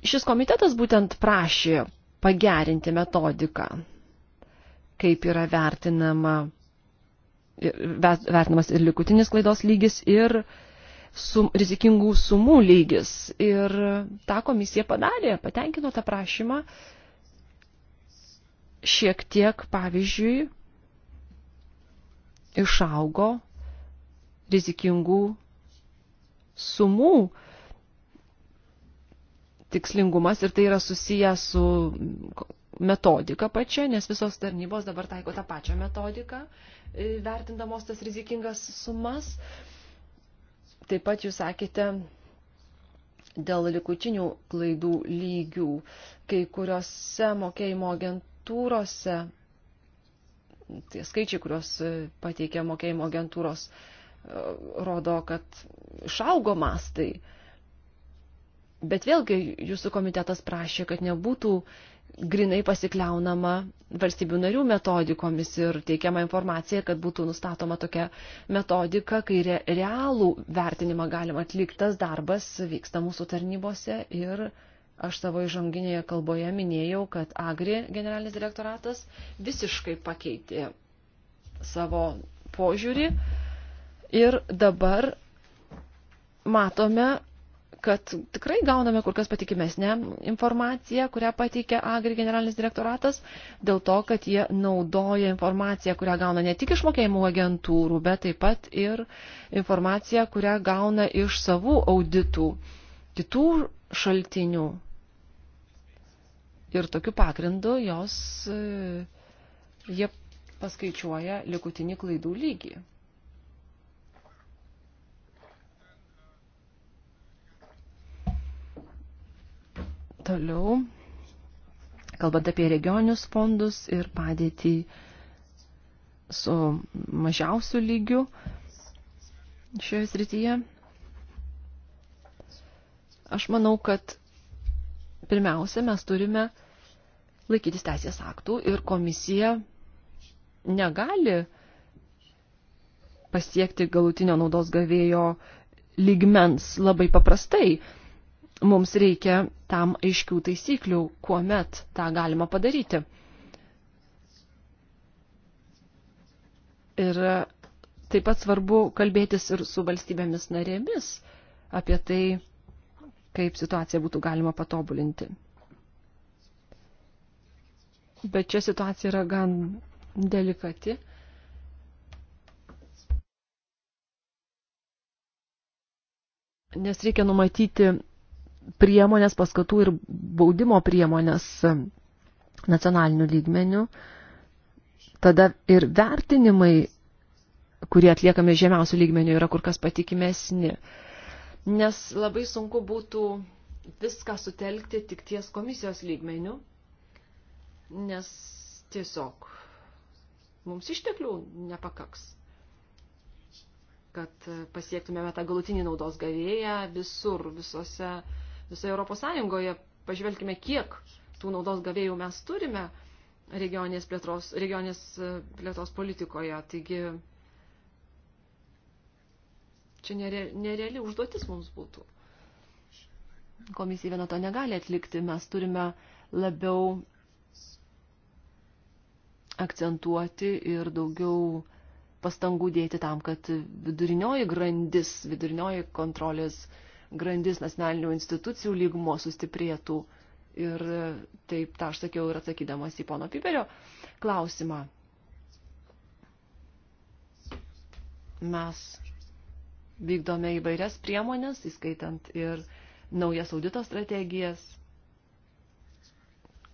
Šis komitetas būtent prašė pagerinti metodiką, kaip yra vertinama, vertinamas ir likutinis klaidos lygis, ir sum, rizikingų sumų lygis. Ir tą komisija padarė, patenkino tą prašymą šiek tiek, pavyzdžiui, išaugo rizikingų sumų tikslingumas ir tai yra susiję su metodika pačia, nes visos tarnybos dabar taiko tą pačią metodiką, e, vertindamos tas rizikingas sumas. Taip pat jūs sakėte dėl likučinių klaidų lygių, kai kuriuose mokėjimo agentūrose, tie skaičiai, kuriuos pateikė mokėjimo agentūros, e, rodo, kad išaugo mastai. Tai Bet vėlgi jūsų komitetas prašė, kad nebūtų grinai pasikliaunama valstybių narių metodikomis ir teikiama informacija, kad būtų nustatoma tokia metodika, kai re, realų vertinimą galima atlikti. Tas darbas vyksta mūsų tarnybose ir aš savo įžanginėje kalboje minėjau, kad Agri generalinis direktoratas visiškai pakeitė savo požiūrį ir dabar matome kad tikrai gauname kur kas patikimesnę informaciją, kurią pateikia Agri generalinis direktoratas, dėl to, kad jie naudoja informaciją, kurią gauna ne tik iš mokėjimų agentūrų, bet taip pat ir informaciją, kurią gauna iš savų auditų, kitų šaltinių. Ir tokiu pagrindu jos, e, jie paskaičiuoja likutinį klaidų lygį. Toliau, kalbant apie regionius fondus ir padėtį su mažiausių lygių šioje srityje, aš manau, kad pirmiausia, mes turime laikytis teisės aktų ir komisija negali pasiekti galutinio naudos gavėjo lygmens labai paprastai. Mums reikia tam aiškių taisyklių, kuomet tą galima padaryti. Ir taip pat svarbu kalbėtis ir su valstybėmis narėmis apie tai, kaip situaciją būtų galima patobulinti. Bet čia situacija yra gan delikati. Nes reikia numatyti priemonės, paskatų ir baudimo priemonės nacionalinių lygmenių, tada ir vertinimai, kurie atliekami žemiausių lygmenių, yra kur kas patikimesni. Nes labai sunku būtų viską sutelkti tik ties komisijos lygmenių, nes tiesiog mums išteklių nepakaks, kad pasiektumėme tą galutinį naudos gavėją visur, visose uh, visoje Europos Sąjungoje. Pažvelkime, kiek tų naudos gavėjų mes turime regionės plėtros, regionės e, plėtros politikoje. Taigi čia nere, nereali užduotis mums būtų. Komisija viena to negali atlikti. Mes turime labiau akcentuoti ir daugiau pastangų dėti tam, kad vidurinioji grandis, vidurinioji kontrolės uh, grandis nacionalinių institucijų lygmo sustiprėtų. Ir taip tą aš sakiau ir atsakydamas į pono Piperio klausimą. Mes vykdome įvairias priemonės, įskaitant ir naujas audito strategijas,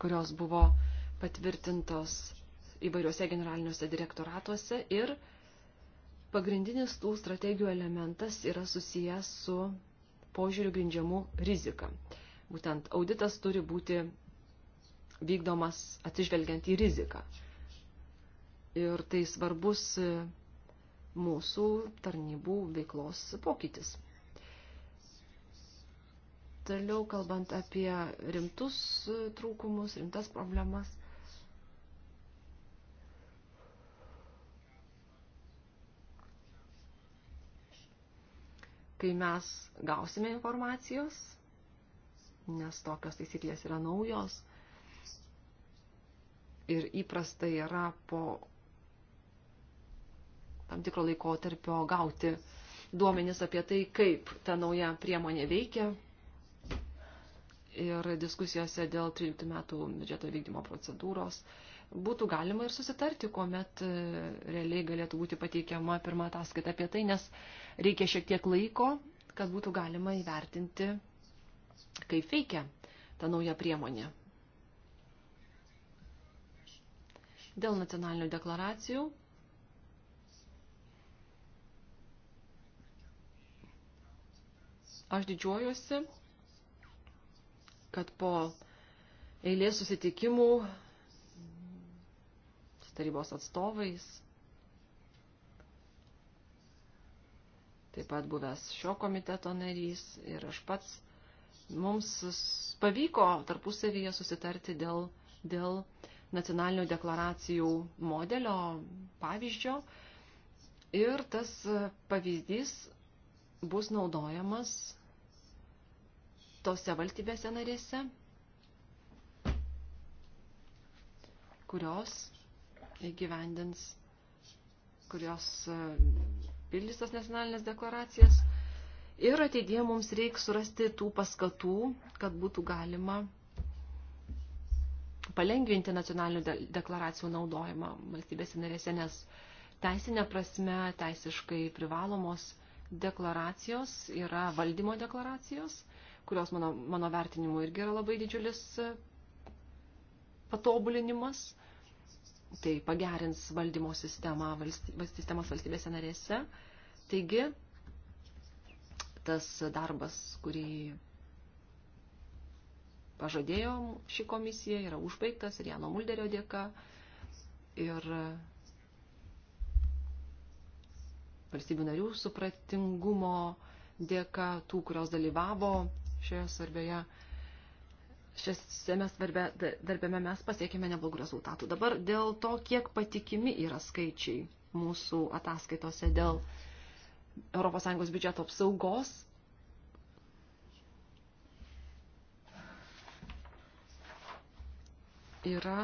kurios buvo patvirtintos įvairiuose generaliniuose direktoratuose ir pagrindinis tų strategijų elementas yra susijęs su požiūrių grindžiamų riziką. Būtent auditas turi būti vykdomas atsižvelgiant į riziką. Ir tai svarbus mūsų tarnybų veiklos pokytis. Toliau kalbant apie rimtus trūkumus, rimtas problemas – kai mes gausime informacijos, nes tokios taisyklės yra naujos ir įprasta yra po tam tikro laikotarpio gauti duomenis apie tai, kaip ta nauja priemonė veikia. Ir diskusijose dėl 13 metų biudžeto vykdymo procedūros būtų galima ir susitarti, kuomet e, realiai galėtų būti pateikiama pirma ataskaita apie tai, nes reikia šiek tiek laiko, kad būtų galima įvertinti, kaip veikia ta nauja priemonė. Dėl nacionalinių deklaracijų aš didžiuojuosi, kad po eilės susitikimų tarybos atstovais, taip pat buvęs šio komiteto narys ir aš pats, mums pavyko tarpusavyje susitarti dėl, dėl nacionalinių deklaracijų modelio pavyzdžio ir tas pavyzdys bus naudojamas tose valstybėse narėse, kurios įgyvendins, kurios e, pildys tas nacionalinės deklaracijas. Ir ateidėje mums reikia surasti tų paskatų, kad būtų galima palengvinti nacionalinių deklaracijų naudojimą valstybės narėse, nes teisinė prasme teisiškai privalomos deklaracijos yra valdymo deklaracijos, kurios mano, mano vertinimu irgi yra labai didžiulis e, patobulinimas tai pagerins valdymo sistemą, valstybės, sistemas valstybėse narėse. Taigi, tas darbas, kurį pažadėjo ši komisija, yra užbaigtas ir Jano Mulderio dėka. Ir valstybių narių supratingumo dėka tų, kurios dalyvavo šioje svarbioje šiame svarbia darbėme mes pasiekime neblogų rezultatų. Dabar dėl to, kiek patikimi yra skaičiai mūsų ataskaitose dėl ES biudžeto apsaugos. Yra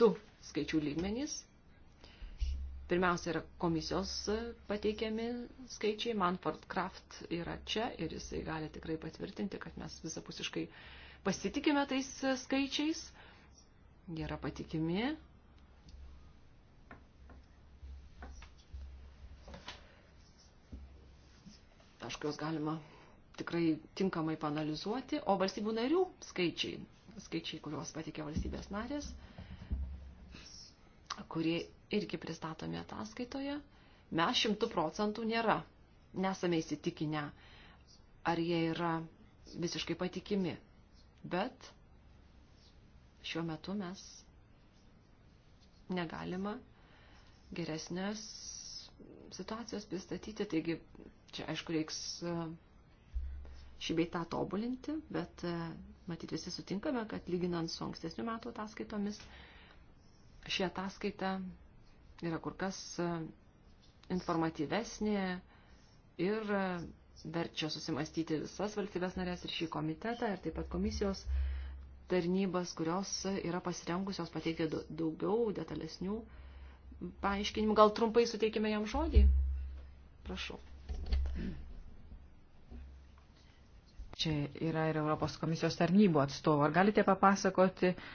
du skaičių lygmenys Pirmiausia yra komisijos pateikiami skaičiai. Manford Kraft yra čia ir jisai gali tikrai patvirtinti, kad mes visapusiškai pasitikime tais skaičiais. Jie yra patikimi. Aišku, juos galima tikrai tinkamai panalizuoti. O valstybių narių skaičiai, skaičiai, kuriuos patikė valstybės narės, kurį irgi pristatome ataskaitoje, mes šimtų procentų nėra. Nesame įsitikinę, ar jie yra visiškai patikimi. Bet šiuo metu mes negalima geresnės situacijos pristatyti, taigi čia aišku reiks e, šį beitą tobulinti, bet e, matyt visi sutinkame, kad lyginant su ankstesnių metų ataskaitomis, Ši ataskaita yra kur kas e, informatyvesnė ir e, verčia susimastyti visas valstybės narės ir šį komitetą ir taip pat komisijos tarnybas, kurios yra pasirengusios pateikti daugiau detalesnių paaiškinimų. Gal trumpai suteikime jam žodį? Prašau. Čia yra ir Europos komisijos tarnybų atstovų. Ar galite papasakoti, uh,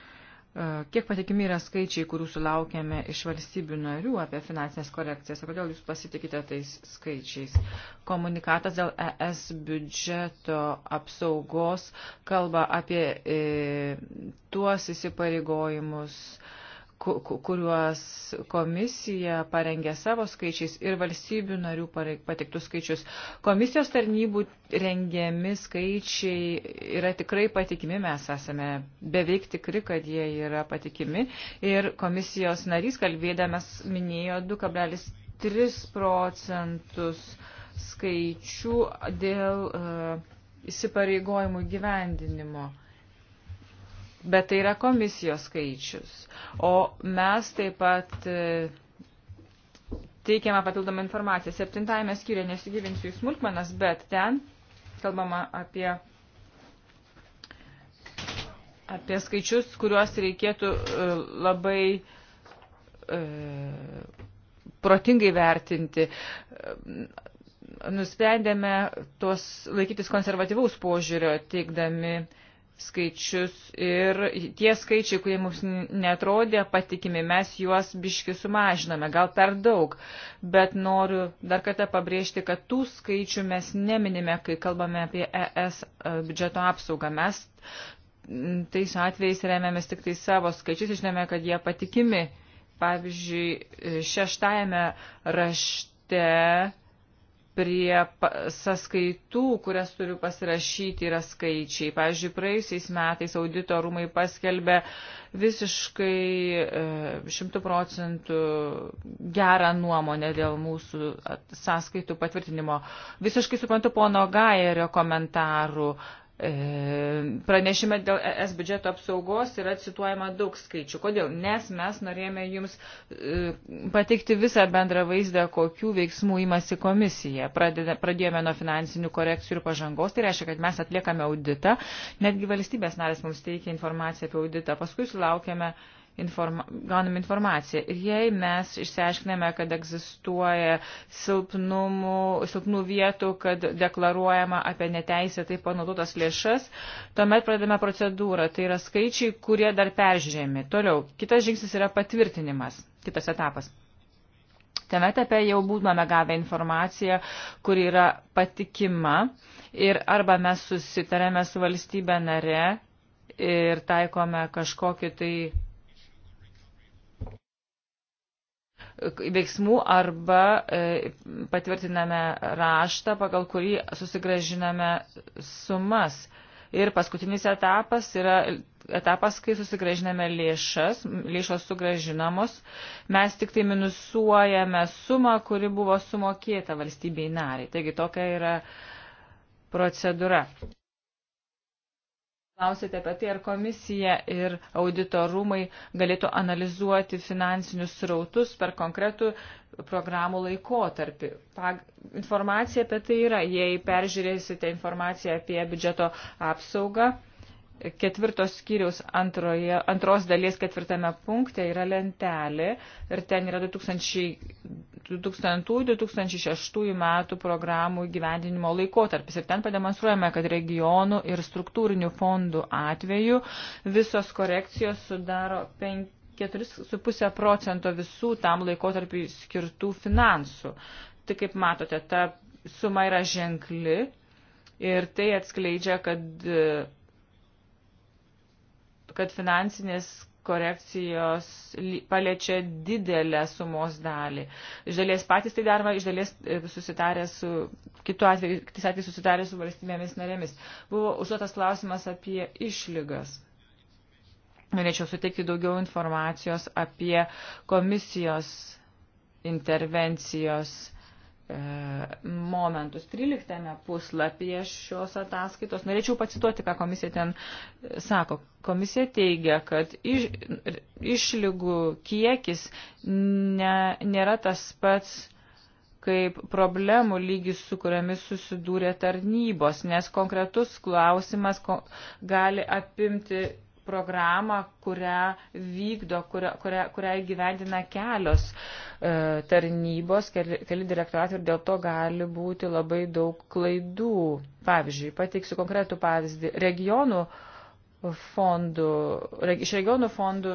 E, kiek patikimi yra skaičiai, kurių sulaukėme iš valstybių narių apie finansinės korekcijas? Kodėl jūs pasitikite tais skaičiais? Komunikatas dėl ES biudžeto apsaugos kalba apie e, tuos įsipareigojimus, e, kuriuos komisija parengė savo skaičiais ir valstybių narių pateiktus skaičius. Komisijos tarnybų rengiami skaičiai yra tikrai patikimi, mes esame beveik tikri, kad jie yra patikimi. Ir komisijos narys kalbėdamas minėjo 2,3 procentus skaičių dėl uh, įsipareigojimų gyvendinimo. Uh, bet tai yra komisijos skaičius. O mes taip pat e, teikiame papildomą informaciją. Septintajame skyriuje nesigilinsiu į smulkmenas, bet ten kalbama apie, apie skaičius, kuriuos reikėtų e, labai e, protingai vertinti. Nusprendėme tuos laikytis konservatyvaus požiūrio, teikdami e, skaičius ir tie skaičiai, kurie mums netrodė patikimi, mes juos biški sumažiname, gal per daug, bet noriu dar kartą pabrėžti, kad tų skaičių mes neminime, kai kalbame apie ES e, biudžeto apsaugą. Mes tais atvejais remiamės tik tai savo skaičius, žinome, kad jie patikimi. Pavyzdžiui, šeštajame rašte prie sąskaitų, kurias turiu pasirašyti, yra skaičiai. Pavyzdžiui, praėjusiais metais audito rūmai paskelbė visiškai e, šimtų procentų gerą nuomonę dėl mūsų sąskaitų patvirtinimo. Visiškai suprantu pono Gaerio komentarų E, pranešime dėl ES biudžeto apsaugos yra cituojama daug skaičių. Kodėl? Nes mes norėjome jums e, pateikti visą bendrą vaizdą, kokių veiksmų imasi komisija. Pradėjome nuo finansinių korekcijų ir pažangos, tai reiškia, kad mes atliekame auditą, netgi valstybės narės mums teikia informaciją apie auditą, paskui sulaukėme informa gauname informaciją. Ir jei mes išsiaiškiname, kad egzistuoja silpnumų, silpnų vietų, kad deklaruojama apie neteisėtai panaudotas lėšas, tuomet pradedame procedūrą. Tai yra skaičiai, kurie dar peržiūrėjami. Toliau, kitas žingsnis yra patvirtinimas, kitas etapas. Tame etape jau būtume gavę informaciją, kur yra patikima ir arba mes susitarėme su valstybė nare ir taikome kažkokį tai veiksmų arba e, patvirtiname raštą, pagal kurį susigražiname sumas. Ir paskutinis etapas yra etapas, kai susigražiname lėšas, lėšos sugražinamos, mes tik tai minusuojame sumą, kuri buvo sumokėta valstybei nariai. Taigi tokia yra procedūra klausėte apie tai, ar komisija ir auditorumai galėtų analizuoti finansinius srautus per konkretų programų laikotarpį. Pag... Informacija apie tai yra, jei peržiūrėsite informaciją apie biudžeto apsaugą ketvirtos skyriaus antroje, antros dalies ketvirtame punkte yra lentelė ir ten yra 2000-2006 metų programų gyvendinimo laikotarpis. Ir ten pademonstruojame, kad regionų ir struktūrinių fondų atveju visos korekcijos sudaro 4,5 procento visų tam laikotarpiu skirtų finansų. Tai kaip matote, ta suma yra ženkli ir tai atskleidžia, kad kad finansinės korekcijos paliečia didelę sumos dalį. Iš dalies patys tai daroma, iš dalies e, susitarė su, kitu atveju, kitais atvejais susitarė su valstybėmis narėmis. Buvo užduotas klausimas apie išlygas. Norėčiau suteikti daugiau informacijos apie komisijos intervencijos E, momentus 13 puslapyje šios ataskaitos. Norėčiau pacituoti, ką komisija ten sako. Komisija teigia, kad iš, išlygų kiekis ne, nėra tas pats kaip problemų lygis, su kuriamis susidūrė tarnybos, nes konkretus klausimas gali apimti programą, kurią vykdo, kurią, kurią, kurią įgyvendina kelios e, tarnybos, keli, keli direktoratai ir dėl to gali būti labai daug klaidų. Pavyzdžiui, pateiksiu konkretų pavyzdį. Regionų fondų, reg, iš regionų fondų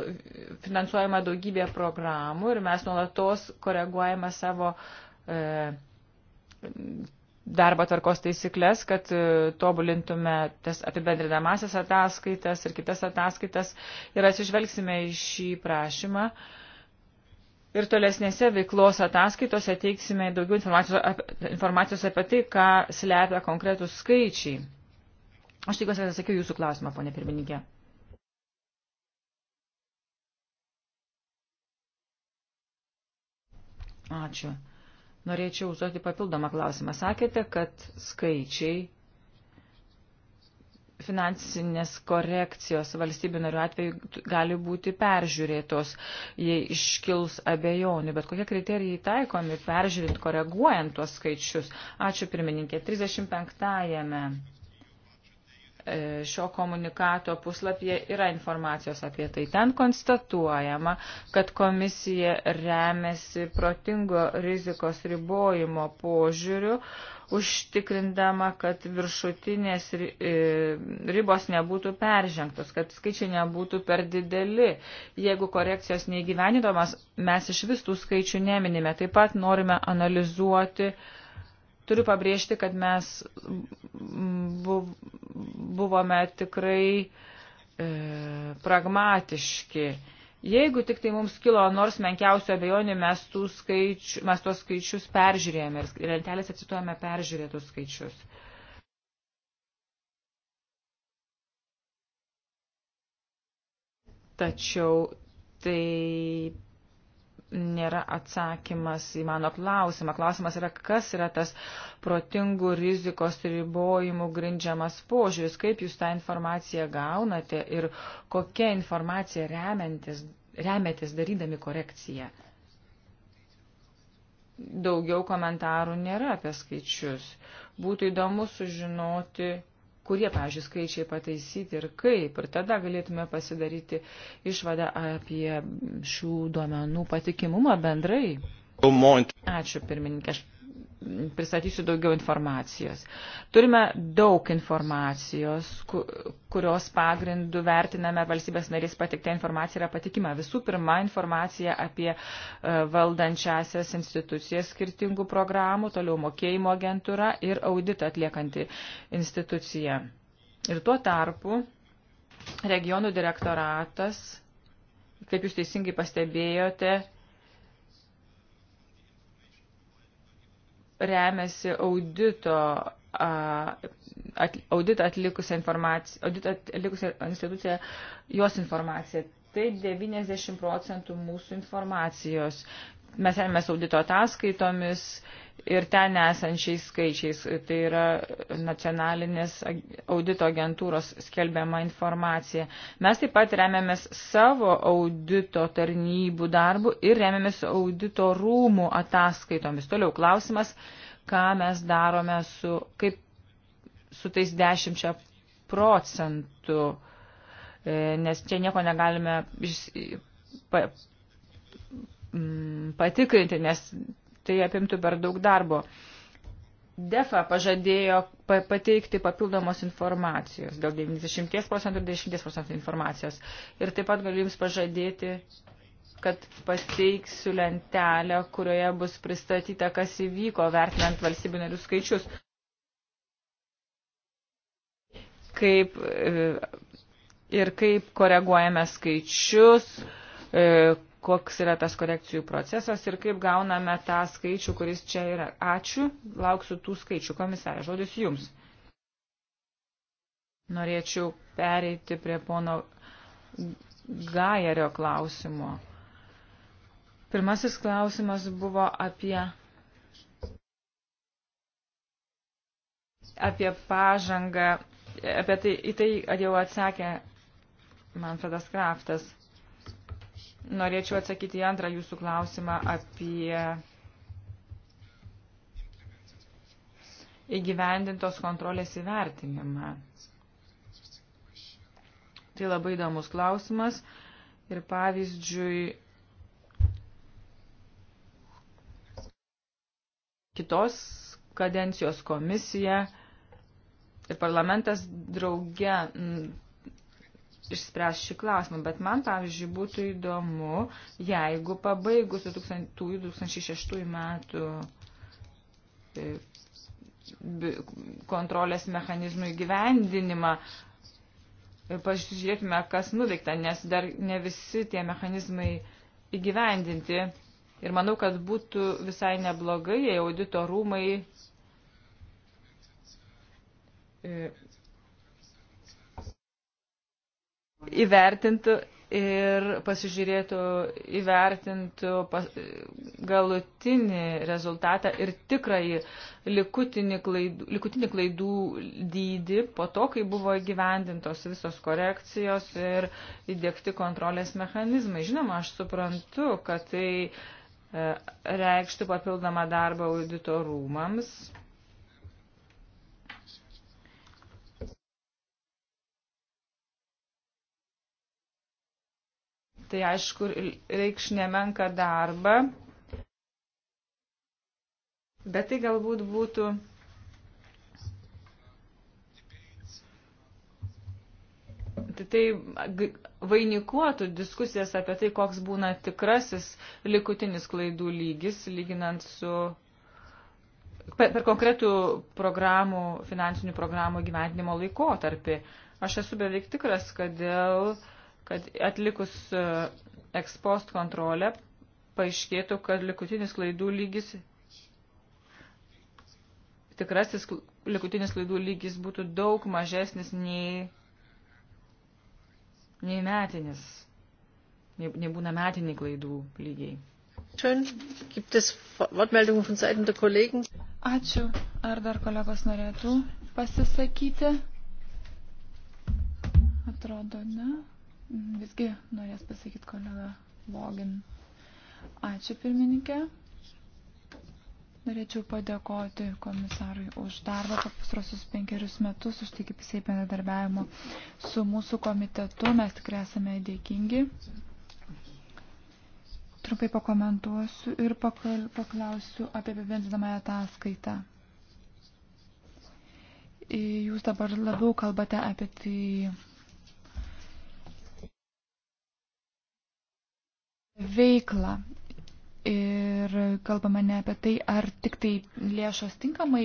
finansuojama daugybė programų ir mes nuolatos koreguojame savo e, darbo tarkos taisyklės, kad e, tobulintume tas apibendrinamasias ataskaitas ir kitas ataskaitas ir atsižvelgsime į šį prašymą. Ir tolesnėse veiklos ataskaitose teiksime daugiau informacijos apie, informacijos apie tai, ką slepia konkretus skaičiai. Aš tikiuosi, kad atsakiau jūsų klausimą, ponė pirmininkė. Ačiū. Norėčiau užduoti papildomą klausimą. Sakėte, kad skaičiai finansinės korekcijos valstybių narių atveju gali būti peržiūrėtos, jei iškils abejonių, bet kokie kriterijai taikomi peržiūrint, koreguojant tuos skaičius. Ačiū pirmininkė. 35-ąjame E, šio komunikato puslapyje yra informacijos apie tai. Ten konstatuojama, kad komisija remiasi protingo rizikos ribojimo požiūriu, užtikrindama, kad viršutinės e, ribos nebūtų peržengtos, kad skaičiai nebūtų per dideli. Jeigu korekcijos neįgyvenydamas, mes iš vis tų skaičių neminime. Taip pat norime analizuoti uh, Turiu pabrėžti, kad mes buvome tikrai e, pragmatiški. Jeigu tik tai mums kilo nors menkiausio abejonių, mes, skaičių, mes tuos skaičius peržiūrėjome ir lentelės atsituojame peržiūrėtus skaičius. Tačiau tai nėra atsakymas į mano klausimą. Klausimas yra, kas yra tas protingų rizikos ribojimų grindžiamas požiūris, kaip jūs tą informaciją gaunate ir kokia informacija remiantis, remiantis darydami korekciją. Daugiau komentarų nėra apie skaičius. Būtų įdomu sužinoti kurie, pavyzdžiui, skaičiai pataisyti ir kaip. Ir tada galėtume pasidaryti išvadą apie šių duomenų patikimumą bendrai. Ačiū pirmininkė. Aš pristatysiu daugiau informacijos. Turime daug informacijos, kurios pagrindų vertiname valstybės narės patikta informacija yra patikima. Visų pirma, informacija apie e, valdančiasias institucijas skirtingų programų, toliau mokėjimo agentūra ir auditą atliekanti institucija. Ir tuo tarpu regionų direktoratas, kaip jūs teisingai pastebėjote, remiasi audito, at, audito atlikusią informaciją, audito atlikusią instituciją, jos informaciją. Tai 90 procentų mūsų informacijos mes ėmėmės audito ataskaitomis ir ten esančiais skaičiais, tai yra nacionalinės audito agentūros skelbiama informacija. Mes taip pat remiamės savo audito tarnybų darbu ir remiamės audito rūmų ataskaitomis. Toliau klausimas, ką mes darome su, kaip, su tais dešimčia procentų, e, nes čia nieko negalime Mm, patikrinti, nes tai apimtų per daug darbo. DEFA pažadėjo pateikti papildomos informacijos dėl 90 procentų ir 10 procentų informacijos. Ir taip pat galiu Jums pažadėti, kad pateiksiu lentelę, kurioje bus pristatyta, kas įvyko vertinant valstybių narių skaičius. Kaip e, ir kaip koreguojame skaičius, e, koks yra tas korekcijų procesas ir kaip gauname tą skaičių, kuris čia yra. Ačiū, lauksiu tų skaičių. Komisarė, žodis jums. Norėčiau pereiti prie pono Gajerio klausimo. Pirmasis klausimas buvo apie, apie pažangą, apie tai, į tai jau atsakė Manfredas Kraftas. Norėčiau atsakyti į antrą jūsų klausimą apie įgyvendintos kontrolės įvertinimą. Tai labai įdomus klausimas ir pavyzdžiui kitos kadencijos komisija ir parlamentas drauge išspręs šį klausimą, bet man, pavyzdžiui, būtų įdomu, jeigu pabaigus 2006 metų e, kontrolės mechanizmų įgyvendinimą, e, pažiūrėtume, kas nuveikta, nes dar ne visi tie mechanizmai įgyvendinti. Ir manau, kad būtų visai neblogai, jei audito rūmai e, įvertintų ir pasižiūrėtų, įvertintų pas, galutinį rezultatą ir tikrąjį likutinį klaidų, likutinį klaidų dydį po to, kai buvo įgyvendintos visos korekcijos ir įdėkti kontrolės mechanizmai. Žinoma, aš suprantu, kad tai e, reikštų papildomą darbą auditorumams. rūmams Tai aišku, reikš nemenka darbą. Bet tai galbūt būtų tai, tai vainikuotų diskusijas apie tai, koks būna tikrasis likutinis klaidų lygis, lyginant su per, per konkretų programų, finansinių programų gyventinimo laikotarpį. Aš esu beveik tikras, kad dėl uh, kad atlikus ekspost kontrolę paaiškėtų, kad likutinis klaidų lygis, tikrasis likutinis klaidų lygis būtų daug mažesnis nei, nei metinis, nei, nei būna metiniai klaidų lygiai. Ačiū. Ar dar kolegos norėtų pasisakyti? Atrodo, ne. Visgi norės pasakyti kolega Login. Ačiū pirmininkė. Norėčiau padėkoti komisarui už darbą papustrosius penkerius metus, už tai kaip jisai bendradarbiavimo su mūsų komitetu. Mes tikrai esame dėkingi. Trumpai pakomentuosiu ir paklausiu apie apibendrinamąją ataskaitą. Jūs dabar labiau kalbate apie tai veiklą. Ir kalbame ne apie tai, ar tik tai lėšos tinkamai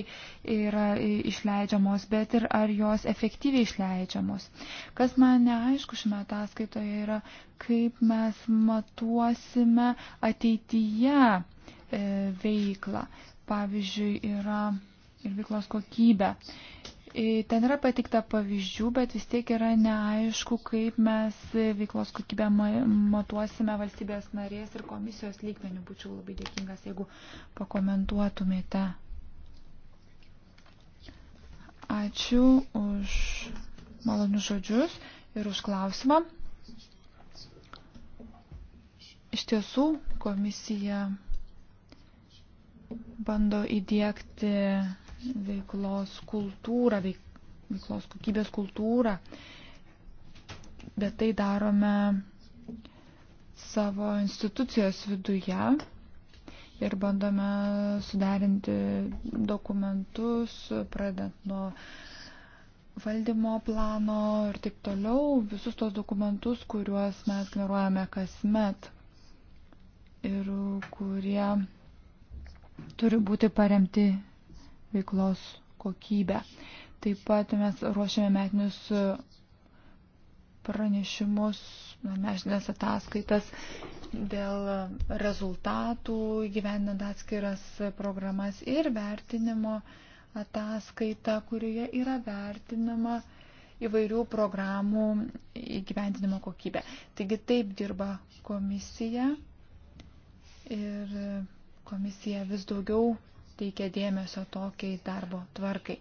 yra išleidžiamos, bet ir ar jos efektyviai išleidžiamos. Kas man neaišku šiame ataskaitoje yra, kaip mes matuosime ateityje e, veiklą. Pavyzdžiui, yra ir veiklos kokybė. Ten yra patikta pavyzdžių, bet vis tiek yra neaišku, kaip mes veiklos kokybę matuosime valstybės narės ir komisijos lygmenių. Būčiau labai dėkingas, jeigu pakomentuotumėte. Ačiū už malonius žodžius ir už klausimą. Iš tiesų, komisija bando įdėkti veiklos kultūrą, veiklos kokybės kultūrą, bet tai darome savo institucijos viduje ir bandome suderinti dokumentus, pradedant nuo valdymo plano ir taip toliau, visus tos dokumentus, kuriuos mes generuojame kasmet ir kurie turi būti paremti veiklos kokybę. Taip pat mes ruošiame metinius pranešimus, mežinės ataskaitas dėl rezultatų įgyvendinant atskiras programas ir vertinimo ataskaita, kurioje yra vertinama įvairių programų įgyvendinimo kokybė. Taigi taip dirba komisija ir komisija vis daugiau teikia dėmesio tokiai darbo tvarkai.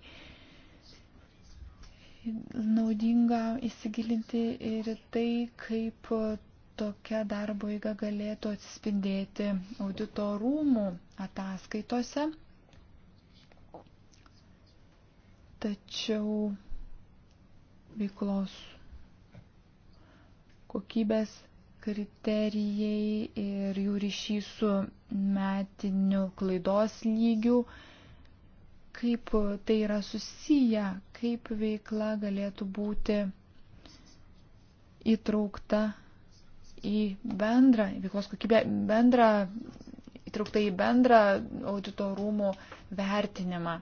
Naudinga įsigilinti ir tai, kaip tokia darbo įga galėtų atsispindėti auditorumų ataskaitose. Tačiau veiklos kokybės kriterijai ir jų ryšys su metiniu klaidos lygiu, kaip tai yra susiję, kaip veikla galėtų būti įtraukta į bendrą, veiklos kokybę, bendrą, įtraukta į bendrą auditorumų vertinimą.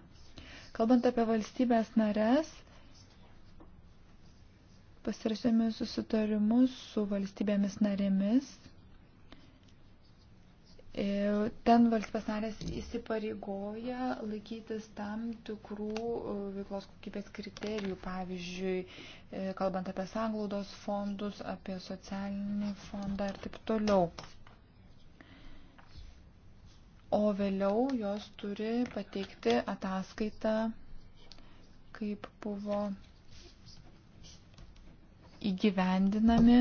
Kalbant apie valstybės nares, pasirašėme susitarimus su valstybėmis narėmis. Ten valstybės narės įsipareigoja laikytis tam tikrų e, veiklos kokybės kriterijų, pavyzdžiui, e, kalbant apie sanglaudos fondus, apie socialinį fondą ir taip toliau o vėliau jos turi pateikti ataskaitą, kaip buvo įgyvendinami,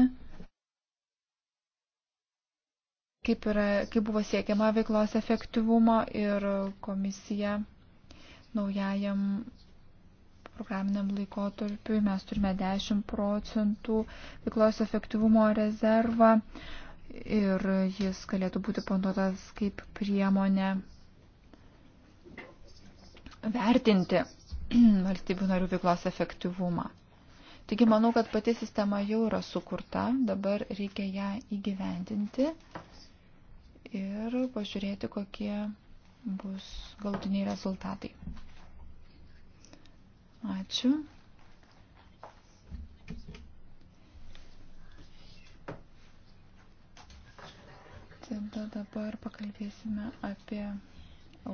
kaip, yra, kaip buvo siekiama veiklos efektyvumo ir komisija naujajam programiniam laikotarpiui mes turime 10 procentų veiklos efektyvumo rezervą ir jis galėtų būti panaudotas kaip priemonė vertinti valstybių narių veiklos efektyvumą. Taigi manau, kad pati sistema jau yra sukurta, dabar reikia ją įgyvendinti ir pažiūrėti, kokie bus galutiniai rezultatai. Ačiū. Tada dabar pakalbėsime apie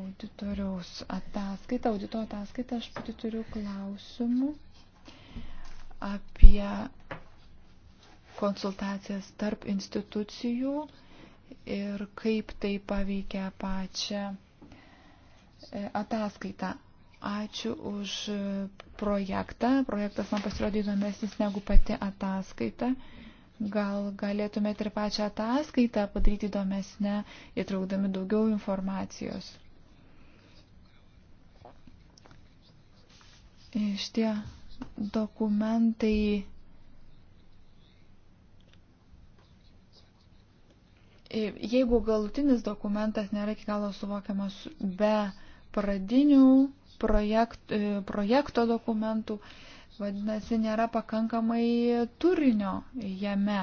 auditoriaus ataskaitą. Audito ataskaitą aš pati turiu klausimų apie konsultacijas tarp institucijų ir kaip tai paveikia pačią e, ataskaitą. Ačiū už projektą. Projektas man pasirodė įdomesnis negu pati ataskaita. Gal galėtumėte ir pačią ataskaitą padaryti įdomesnę, įtraukdami daugiau informacijos. Iš tie dokumentai jeigu galutinis dokumentas nėra iki galo suvokiamas be pradinių projekt, e, projekto dokumentų, vadinasi, nėra pakankamai turinio jame.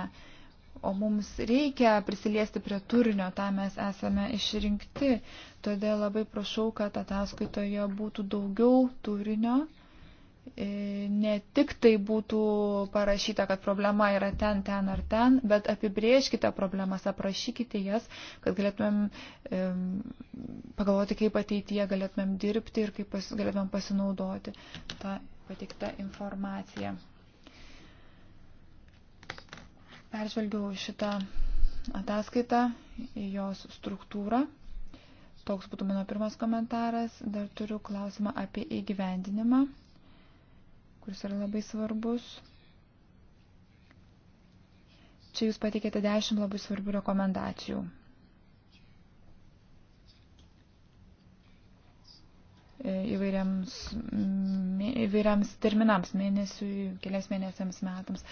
O mums reikia prisiliesti prie turinio, tą mes esame išrinkti. Todėl labai prašau, kad ataskaitoje būtų daugiau turinio E, ne tik tai būtų parašyta, kad problema yra ten, ten ar ten, bet apibrieškite problemas, aprašykite jas, kad galėtumėm pagalvoti, kaip ateityje galėtumėm dirbti ir kaip pas, galėtumėm pasinaudoti tą pateiktą informaciją. Peržvelgiau šitą ataskaitą, jos struktūrą. Toks būtų mano pirmas komentaras. Dar turiu klausimą apie įgyvendinimą kuris yra labai svarbus. Čia jūs pateikėte dešimt labai svarbių rekomendacijų. E, įvairiams, įvairiams terminams, mėnesiui, kelias mėnesiams metams.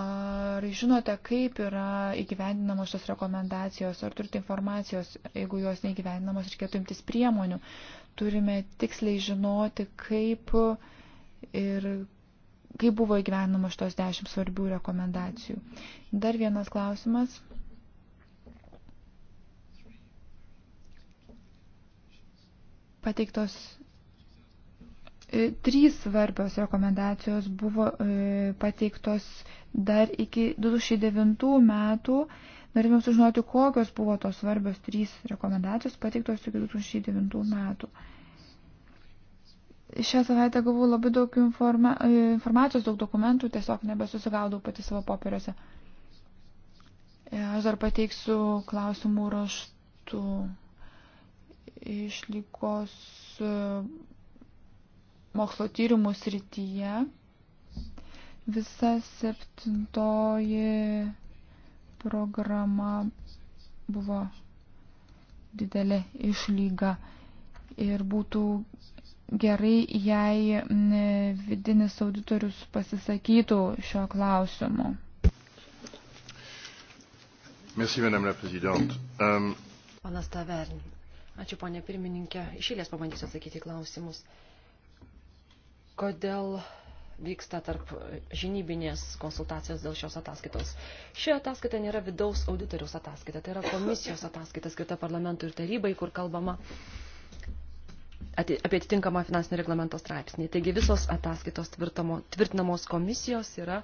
Ar žinote, kaip yra įgyvendinamos šios rekomendacijos, ar turite informacijos, jeigu jos neįgyvendinamos, reikėtų imtis priemonių. Turime tiksliai žinoti, kaip uh, ir kaip buvo įgyvenama šitos dešimt svarbių rekomendacijų. Dar vienas klausimas. Pateiktos e, trys svarbios rekomendacijos buvo e, pateiktos dar iki 2009 metų. Norime sužinoti, kokios buvo tos svarbios trys rekomendacijos pateiktos iki 2009 metų šią savaitę gavau labai daug informa informacijos, daug dokumentų, tiesiog nebesusigaudau pati savo popieriuose. E, aš dar pateiksiu klausimų raštų išlikos e, mokslo tyrimų srityje. Visa septintoji programa buvo didelė išlyga ir būtų gerai, jei vidinis auditorius pasisakytų šio klausimu. Merci, Madame la Présidente. Um... Panas Tavern. Ačiū, ponė pirmininkė. Išėlės pabandysiu atsakyti klausimus. Kodėl vyksta tarp žinybinės konsultacijos dėl šios ataskaitos. Ši ataskaita nėra vidaus auditoriaus ataskaita, tai yra komisijos ataskaita skirta parlamentui ir tarybai, kur kalbama apie atitinkamą finansinio reglamento straipsnį. Taigi visos ataskaitos tvirtinamos komisijos yra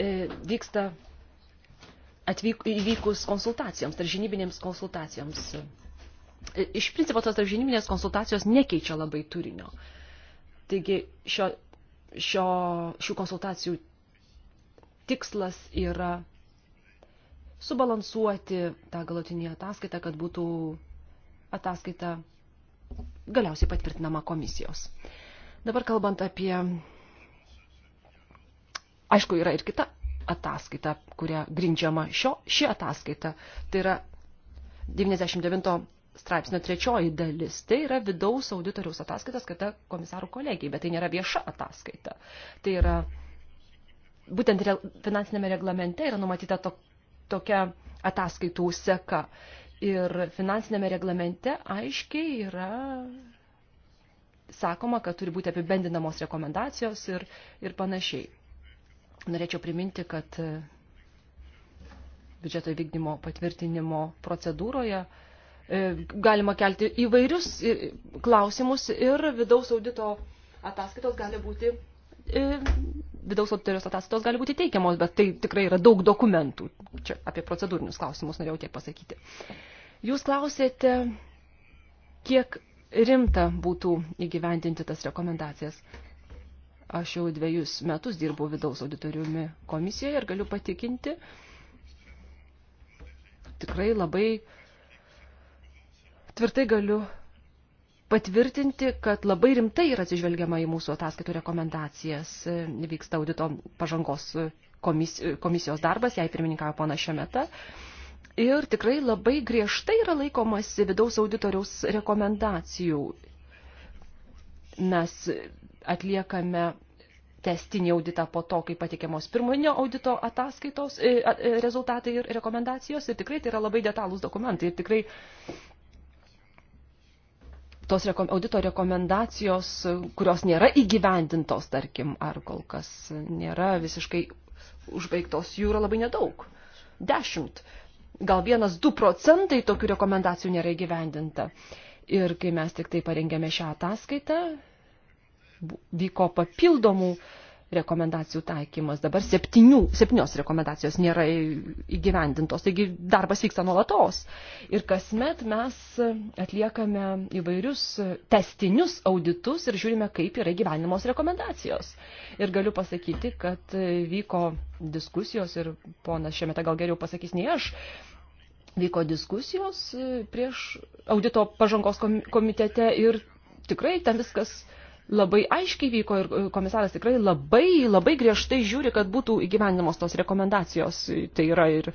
e, vyksta atvyk, įvykus konsultacijoms, taržinybinėms konsultacijoms. E, iš principo tos taržinybinės konsultacijos nekeičia labai turinio. Taigi šio, šio, šių konsultacijų tikslas yra subalansuoti tą galutinį ataskaitą, kad būtų ataskaita galiausiai patvirtinama komisijos. Dabar kalbant apie, aišku, yra ir kita ataskaita, kuria grindžiama šio, ši ataskaita, tai yra 99 straipsnio trečioji dalis, tai yra vidaus auditoriaus ataskaitas, kada komisarų kolegijai, bet tai nėra vieša ataskaita. Tai yra, būtent finansinėme reglamente yra numatyta to, tokia ataskaitų seka. Ir finansinėme reglamente aiškiai yra sakoma, kad turi būti apibendinamos rekomendacijos ir, ir panašiai. Norėčiau priminti, kad e, biudžeto įvykdymo patvirtinimo procedūroje e, galima kelti įvairius e, klausimus ir vidaus audito ataskaitos gali būti vidaus auditorijos ataskaitos gali būti teikiamos, bet tai tikrai yra daug dokumentų. Čia apie procedūrinius klausimus norėjau tiek pasakyti. Jūs klausėte, kiek rimta būtų įgyvendinti tas rekomendacijas. Aš jau dviejus metus dirbau vidaus auditoriumi komisijoje ir galiu patikinti, tikrai labai tvirtai galiu patvirtinti, kad labai rimtai yra atsižvelgiama į mūsų ataskaitų rekomendacijas. Vyksta audito pažangos komisijos darbas, jai pirmininkavo pana Šemeta. meta ir tikrai labai griežtai yra laikomasi vidaus auditoriaus rekomendacijų. Mes atliekame testinį auditą po to, kai patikiamos pirmojo audito ataskaitos e, e, rezultatai ir rekomendacijos. Ir tikrai tai yra labai detalūs dokumentai. Ir tikrai tos rekom, audito rekomendacijos, kurios nėra įgyvendintos, tarkim, ar kol kas nėra visiškai užbaigtos, jų yra labai nedaug. Dešimt gal 1-2 procentai tokių rekomendacijų nėra įgyvendinta. Ir kai mes tik tai parengėme šią ataskaitą, vyko papildomų uh, rekomendacijų taikymas. Dabar septynių, septynios rekomendacijos nėra įgyvendintos, taigi darbas vyksta nuolatos. Ir kasmet mes atliekame įvairius testinius auditus ir žiūrime, kaip yra gyvenimos rekomendacijos. Ir galiu pasakyti, kad vyko diskusijos ir ponas Šemeta gal geriau pasakys nei aš, vyko diskusijos prieš audito pažangos komitete ir tikrai ten viskas labai aiškiai vyko ir e, komisaras tikrai labai, labai griežtai žiūri, kad būtų įgyvendinamos tos rekomendacijos. Tai yra ir e,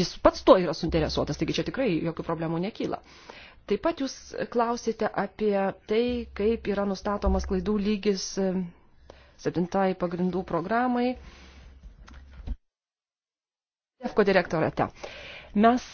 jis pats tuo yra suinteresuotas, taigi čia tikrai jokių problemų nekyla. Taip pat jūs klausite apie tai, kaip yra nustatomas klaidų lygis e, septintai pagrindų programai. EFKO direktorate. Mes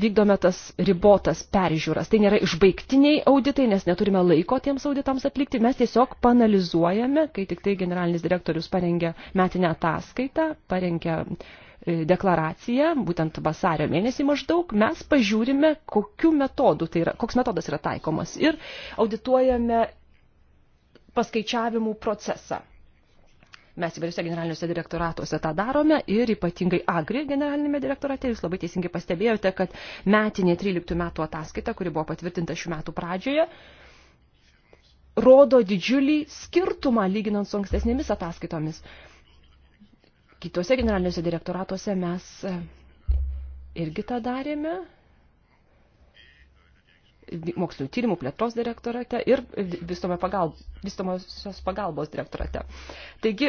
vykdome tas ribotas peržiūras. Tai nėra išbaigtiniai auditai, nes neturime laiko tiems auditams atlikti. Mes tiesiog panalizuojame, kai tik tai generalinis direktorius parengia metinę ataskaitą, parengia e, deklaraciją, būtent vasario mėnesį maždaug, mes pažiūrime, kokiu metodu, tai yra, koks metodas yra taikomas ir audituojame paskaičiavimų procesą Mes įvairiuose generaliniuose direktoratuose tą darome ir ypatingai Agri generalinėme direktorate jūs labai teisingai pastebėjote, kad metinė 13 metų ataskaita, kuri buvo patvirtinta šių metų pradžioje, rodo didžiulį skirtumą lyginant su ankstesnėmis ataskaitomis. Kitose generaliniuose direktoratuose mes e, irgi tą darėme mokslinio tyrimų plėtros direktorate ir vystomosios pagalbos direktorate. Taigi,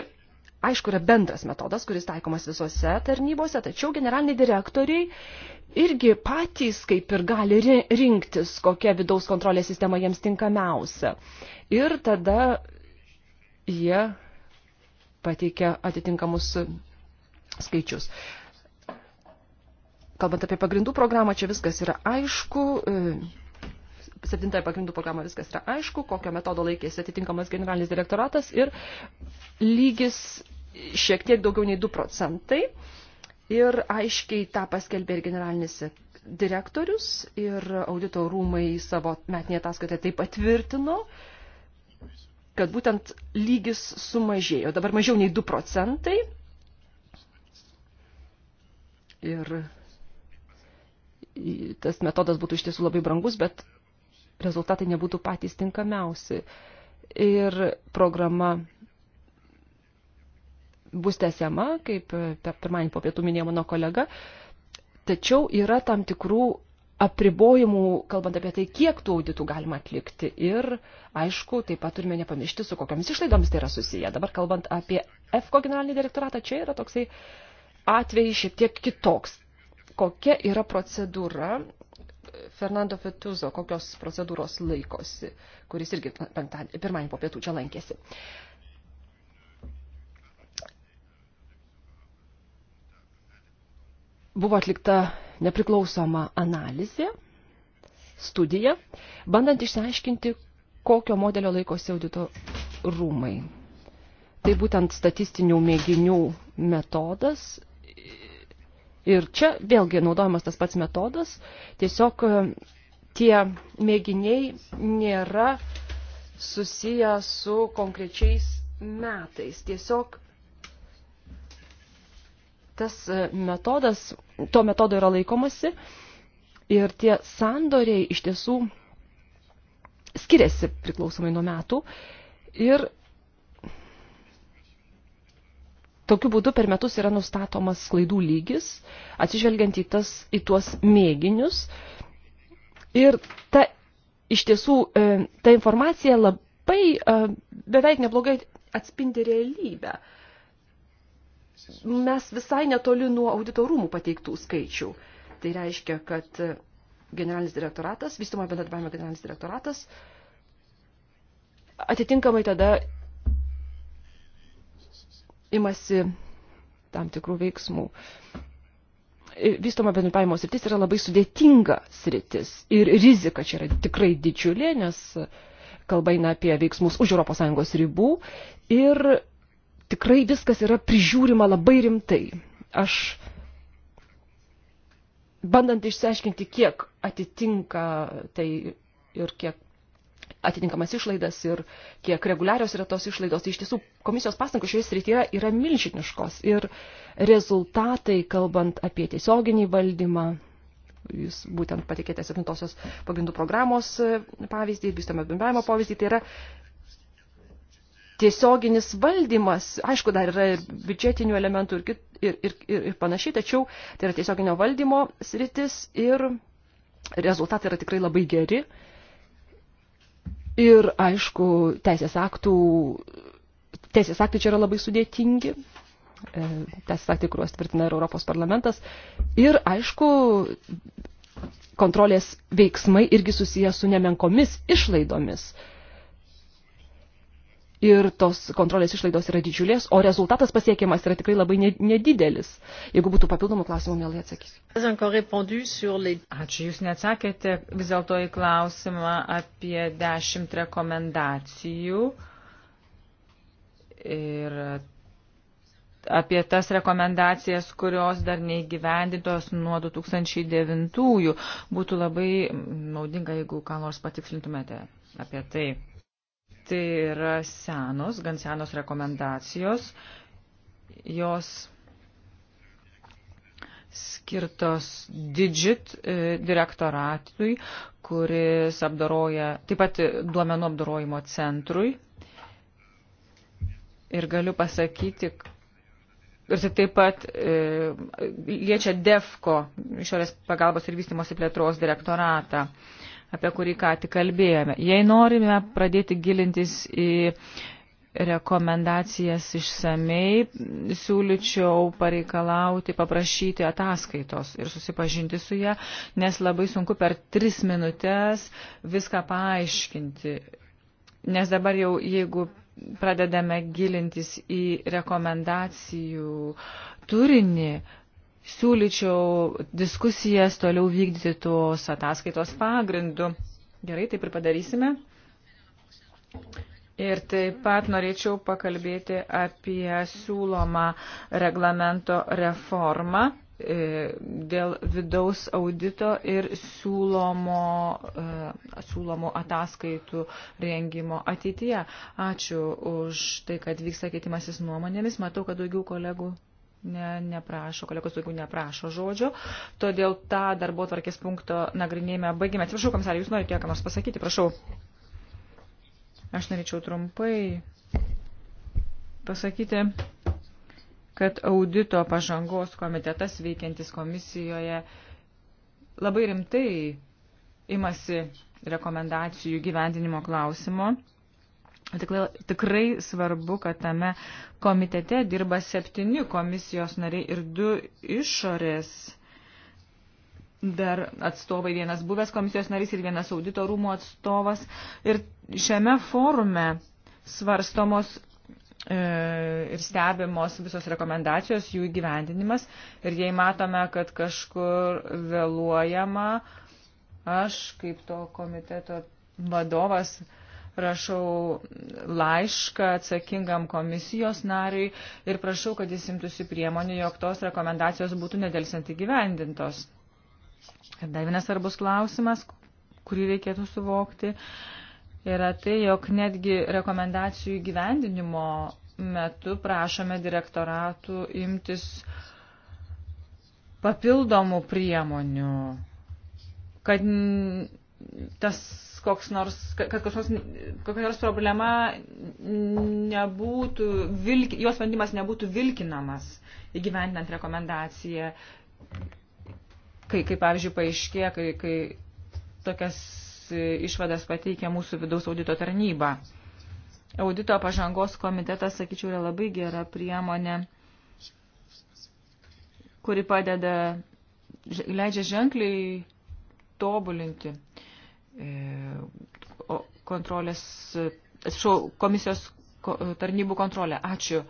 aišku, yra bendras metodas, kuris taikomas visose tarnybose, tačiau generaliniai direktoriai irgi patys kaip ir gali rinktis, kokia vidaus kontrolės sistema jiems tinkamiausia. Ir tada jie pateikia atitinkamus skaičius. Kalbant apie pagrindų programą, čia viskas yra aišku, septintąją pagrindų programą viskas yra aišku, kokio metodo laikėsi atitinkamas generalinis direktoratas ir lygis šiek tiek daugiau nei 2 procentai. Ir aiškiai tą paskelbė ir generalinis direktorius ir audito rūmai savo metinėje ataskaitoje tai patvirtino, kad būtent lygis sumažėjo. Dabar mažiau nei 2 procentai. Ir tas metodas būtų iš tiesų labai brangus, bet rezultatai nebūtų patys tinkamiausi. Ir programa bus tęsiama, kaip per pirmąjį po pietų minėjo mano kolega, tačiau yra tam tikrų apribojimų, kalbant apie tai, kiek tų auditų galima atlikti. Ir, aišku, taip pat turime nepamiršti, su kokiamis išlaidomis tai yra susiję. Dabar kalbant apie EFKO generalinį direktoratą, čia yra toksai atvejai šiek tiek kitoks. Kokia yra procedūra Fernando Fetuzo, kokios procedūros laikosi, kuris irgi pirmąjį po pietų čia lankėsi. Buvo atlikta nepriklausoma analizė, studija, bandant išsiaiškinti, kokio modelio laikosi audito rūmai. Tai būtent statistinių mėginių metodas, Ir čia vėlgi naudojamas tas pats metodas, tiesiog e, tie mėginiai nėra susiję su konkrečiais metais. Tiesiog tas e, metodas, to metodo yra laikomasi ir tie sandoriai iš tiesų skiriasi priklausomai nuo metų ir Tokiu būdu per metus yra nustatomas klaidų lygis, atsižvelgiant į, tas, į tuos mėginius. Ir ta, iš tiesų e, ta informacija labai e, beveik neblogai atspindi realybę. Mes visai netoli nuo auditorumų pateiktų skaičių. Tai reiškia, kad generalinis direktoratas, vystumo bendradarbiavimo generalinis direktoratas, atitinkamai tada imasi tam tikrų veiksmų. Vystoma bendrupavimo sritis yra labai sudėtinga sritis ir rizika čia yra tikrai didžiulė, nes kalba eina apie veiksmus už ES ribų ir tikrai viskas yra prižiūrima labai rimtai. Aš bandant išsiaiškinti, kiek atitinka tai ir kiek atitinkamas išlaidas ir kiek reguliarios yra tos išlaidos, tai iš tiesų komisijos pastangų šioje srityje yra, yra milžiniškos. Ir rezultatai, kalbant apie tiesioginį valdymą, jūs būtent patikėte 7 pagrindų programos e, pavyzdį, vystome bendravimo pavyzdį, tai yra tiesioginis valdymas, aišku, dar yra biudžetinių elementų ir, kit, ir, ir, ir, ir panašiai, tačiau tai yra tiesioginio valdymo sritis ir rezultatai yra tikrai labai geri. Uh, Ir, aišku, teisės aktų, teisės aktai čia yra labai sudėtingi, e, teisės aktai, kuriuos tvirtina ir Europos parlamentas. Ir, aišku, kontrolės veiksmai irgi susiję su nemenkomis išlaidomis. Uh, ir tos kontrolės išlaidos yra didžiulės, o rezultatas pasiekiamas yra tikrai labai nedidelis. Jeigu būtų papildomų klausimų, mielai atsakysiu. Ačiū, jūs neatsakėte vis dėlto į klausimą apie dešimt rekomendacijų ir apie tas rekomendacijas, kurios dar neįgyvendintos nuo 2009-ųjų. Būtų labai naudinga, jeigu ką nors patikslintumėte apie tai. Tai yra senos, gan senos rekomendacijos. Jos skirtos Digit e, direktoratui, kuris apdoroja, taip pat duomenų apdorojimo centrui. Ir galiu pasakyti, ir tai taip pat e, liečia DEFCO, išorės pagalbos ir vystimosi plėtros direktoratą. E, apie kurį ką tik kalbėjome. Jei norime pradėti gilintis į rekomendacijas išsamei, siūlyčiau pareikalauti, paprašyti ataskaitos ir susipažinti su ją, nes labai sunku per tris minutės viską paaiškinti. Nes dabar jau, jeigu pradedame gilintis į rekomendacijų turinį, siūlyčiau diskusijas toliau vykdyti tos ataskaitos pagrindu. Gerai, taip ir padarysime. Ir taip pat norėčiau pakalbėti apie siūlomą reglamento reformą e, dėl vidaus audito ir siūlomo, e, siūlomo ataskaitų rengimo ateityje. Ačiū už tai, kad vyksta keitimasis nuomonėmis. Matau, kad daugiau kolegų ne, neprašo, kolegos daugiau neprašo žodžio. Todėl tą darbo tvarkės punkto nagrinėjimą baigime. Atsiprašau, komisarė, jūs norite ką nors pasakyti, prašau. Aš norėčiau trumpai pasakyti, kad audito pažangos komitetas veikiantis komisijoje labai rimtai imasi rekomendacijų gyvendinimo klausimo Tikrai, tikrai svarbu, kad tame komitete dirba septyni komisijos nariai ir du išorės dar atstovai, vienas buvęs komisijos narys ir vienas audito rūmų atstovas. Ir šiame forume svarstomos e, ir stebimos visos rekomendacijos, jų įgyvendinimas. Ir jei matome, kad kažkur vėluojama, aš kaip to komiteto vadovas Prašau laišką atsakingam komisijos nariui ir prašau, kad jis imtųsi priemonių, jog tos rekomendacijos būtų nedelsiant įgyvendintos. Ir dar vienas svarbus klausimas, kurį reikėtų suvokti, yra tai, jog netgi rekomendacijų įgyvendinimo metu prašome direktoratų imtis papildomų priemonių, kad tas koks nors, kad koks nors, kokia nors problema nebūtų, vilk, jos sprendimas nebūtų vilkinamas įgyvendinant rekomendaciją, kai, kai pavyzdžiui, paaiškė, kai, kai tokias e, išvadas pateikė mūsų vidaus audito tarnyba. Audito pažangos komitetas, sakyčiau, yra labai gera priemonė, kuri padeda, leidžia ženkliai tobulinti e, kontrolės, atsiprašau, komisijos tarnybų kontrolę. Ačiū.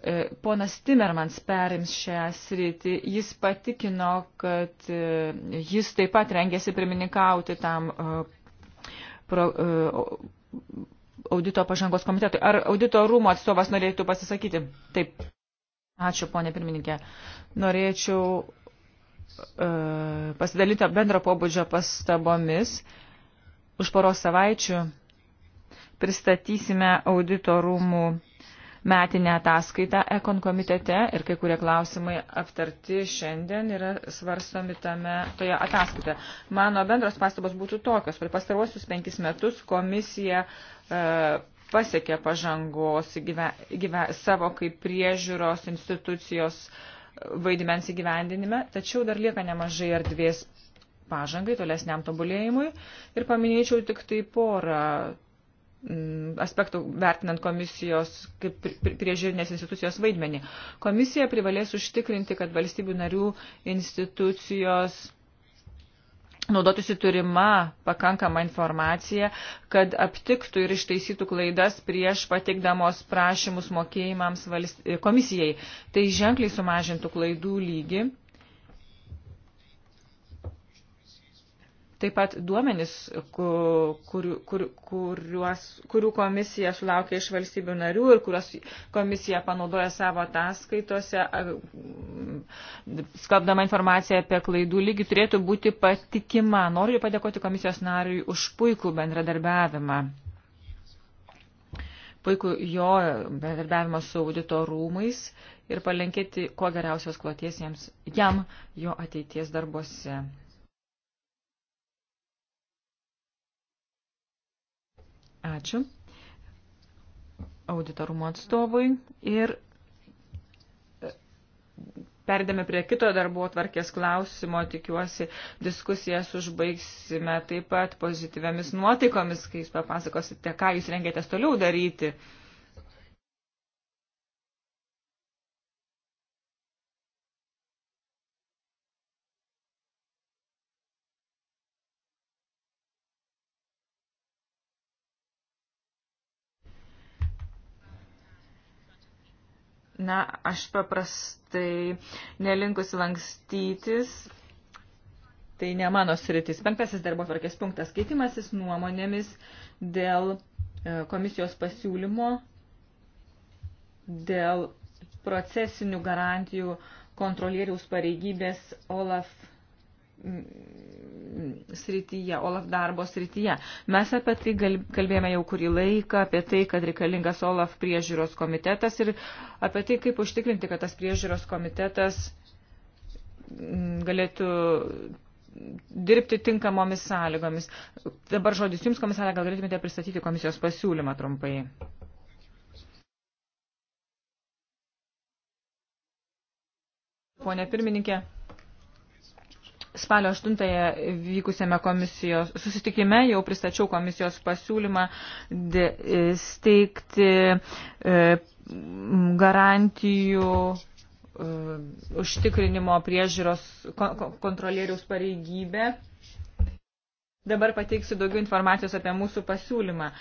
E, ponas Timermans perims šią sritį. Jis patikino, kad e, jis taip pat rengėsi pirmininkauti tam e, pro, audito pažangos komitetui. Ar audito rūmo atstovas norėtų pasisakyti? Taip. Ačiū, ponė pirmininkė. Norėčiau e, pasidalinti bendro pobūdžio pastabomis. E, Už poros savaičių pristatysime auditorumų metinę ataskaitą Ekon komitete ir kai kurie klausimai aptarti šiandien yra svarstomi tame, toje ataskaitoje. Mano bendros pastabos būtų tokios. Per pastaruosius penkis metus komisija e, pasiekė pažangos gyve, gyve, savo kaip priežiūros institucijos vaidmens įgyvendinime, tačiau dar lieka nemažai erdvės pažangai, tolesniam tobulėjimui ir paminėčiau tik tai porą mm, aspektų vertinant komisijos kaip priežiūrinės institucijos vaidmenį. Komisija privalės užtikrinti, kad valstybių narių institucijos naudotųsi turima pakankama informacija, kad aptiktų ir ištaisytų klaidas prieš patikdamos prašymus mokėjimams e, komisijai. Tai ženkliai sumažintų klaidų lygį Taip pat duomenys, kur, kur, kuriuos, kurių komisija sulaukia iš valstybių narių ir kuriuos komisija panaudoja savo ataskaitose, mm, skalbdama informaciją apie klaidų lygį, turėtų būti patikima. Noriu padėkoti komisijos nariui už puikų bendradarbiavimą. Puikų jo bendradarbiavimą su audito rūmais ir palinkėti kuo geriausios kloties jam jo ateities darbuose. Ačiū auditorumo atstovui ir e, perdėme prie kito darbo atvarkės klausimo, tikiuosi, diskusijas užbaigsime taip pat pozityviamis nuotaikomis, kai jūs papasakosite, ką jūs rengėtės toliau daryti. Na, aš paprastai nelinkusi lankstytis. Tai ne mano sritis. Penktasis darbo tvarkės punktas. Keitimasis nuomonėmis dėl e, komisijos pasiūlymo dėl procesinių garantijų kontrolieriaus pareigybės Olaf Mm, srityje, OLAF darbo srityje. Mes apie tai kalbėjome jau kurį laiką, apie tai, kad reikalingas OLAF priežiūros komitetas ir apie tai, kaip užtikrinti, kad tas priežiūros komitetas mm, galėtų dirbti tinkamomis sąlygomis. Dabar žodis Jums, komisarė, gal galėtumėte pristatyti komisijos pasiūlymą trumpai. Pone pirmininkė spalio 8 vykusiame komisijos susitikime jau pristačiau komisijos pasiūlymą e, steigti e, garantijų e, užtikrinimo priežiūros kontrolieriaus pareigybę. Dabar pateiksiu daugiau informacijos apie mūsų pasiūlymą.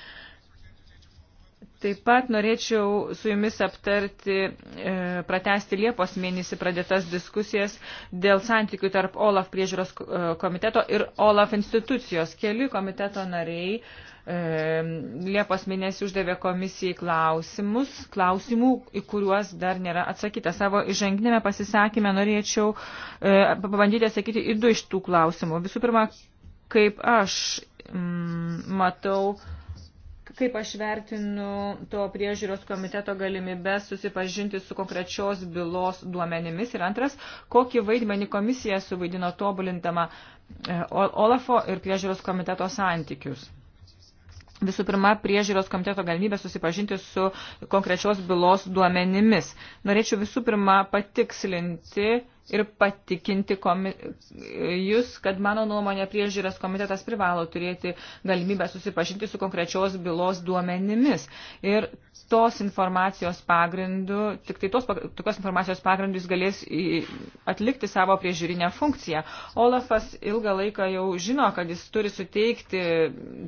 Taip pat norėčiau su jumis aptarti, e, pratesti Liepos mėnesį pradėtas diskusijas dėl santykių tarp OLAF priežiūros e, komiteto ir OLAF institucijos. Keli komiteto nariai e, Liepos mėnesį uždavė komisijai klausimus, klausimų, į kuriuos dar nėra atsakyta. Savo įžanginėme pasisakymę norėčiau e, pabandyti atsakyti į du iš tų klausimų. Visų pirma, kaip aš m, mm, matau kaip aš vertinu to priežiūros komiteto galimybę susipažinti su konkrečios bylos duomenimis. Ir antras, kokį vaidmenį komisija suvaidino tobulintama e, Olafo ir priežiūros komiteto santykius. Visų pirma, priežiūros komiteto galimybę susipažinti su konkrečios bylos duomenimis. Norėčiau visų pirma patikslinti ir patikinti komi... jūs, kad mano nuomonė priežiūros komitetas privalo turėti galimybę susipažinti su konkrečios bylos duomenimis. Ir tos informacijos pagrindu, tik tai tos, tokios informacijos pagrindu jis galės atlikti savo priežiūrinę funkciją. Olafas ilgą laiką jau žino, kad jis turi suteikti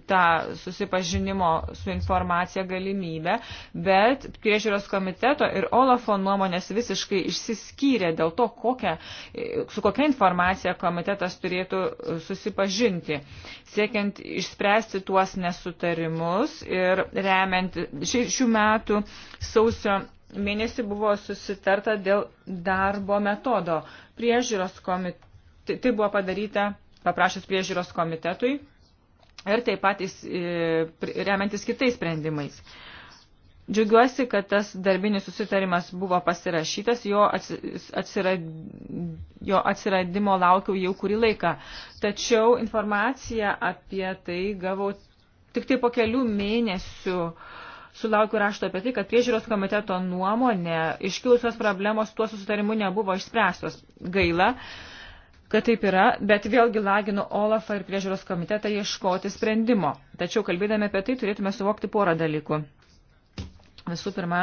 tą susipažinimo su informacija galimybę, bet priežiūros komiteto ir Olafo nuomonės visiškai išsiskyrė dėl to, kokią komitete. Su kokia informacija komitetas turėtų susipažinti, siekiant išspręsti tuos nesutarimus ir remiant šių metų sausio mėnesį buvo susitarta dėl darbo metodo. Priežiūros komite... Tai, tai buvo padaryta paprašęs priežiūros komitetui ir taip pat e, remiantis kitais sprendimais. Džiugiuosi, kad tas darbinis susitarimas buvo pasirašytas, jo, atsirad, jo atsiradimo laukiau jau kurį laiką. Tačiau informaciją apie tai gavau tik tai po kelių mėnesių. Sulaukiu rašto apie tai, kad priežiūros komiteto nuomonė iškilusios problemos tuo susitarimu nebuvo išspręstos. Gaila, kad taip yra, bet vėlgi laginu Olafą ir priežiūros komitetą ieškoti sprendimo. Tačiau kalbėdami apie tai turėtume suvokti porą dalykų. Visų pirma,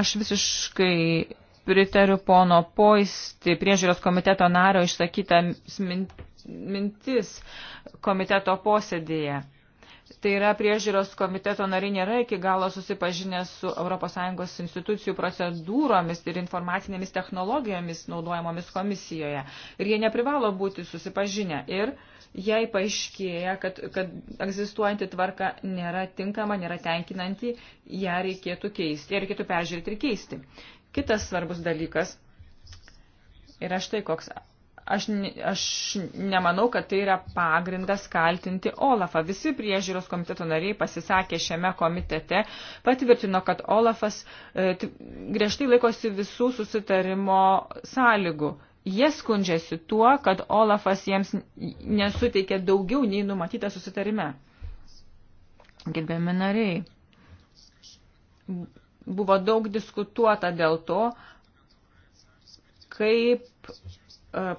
aš visiškai pritariu pono poisti priežiūros komiteto nario išsakytą mintis komiteto posėdėje. Tai yra priežiūros komiteto nariai nėra iki galo susipažinę su ES institucijų procedūromis ir informacinėmis technologijomis naudojamomis komisijoje. Ir jie neprivalo būti susipažinę. Ir jei paaiškėja, kad, kad egzistuojanti tvarka nėra tinkama, nėra tenkinanti, ją reikėtų keisti, ją reikėtų peržiūrėti ir keisti. Kitas svarbus dalykas yra štai koks aš, aš nemanau, kad tai yra pagrindas kaltinti Olafą. Visi priežiūros komiteto nariai pasisakė šiame komitete, patvirtino, kad Olafas e, griežtai laikosi visų susitarimo sąlygų. Jie skundžiasi tuo, kad Olafas jiems nesuteikė daugiau nei numatyta susitarime. Gerbiami nariai, buvo daug diskutuota dėl to, kaip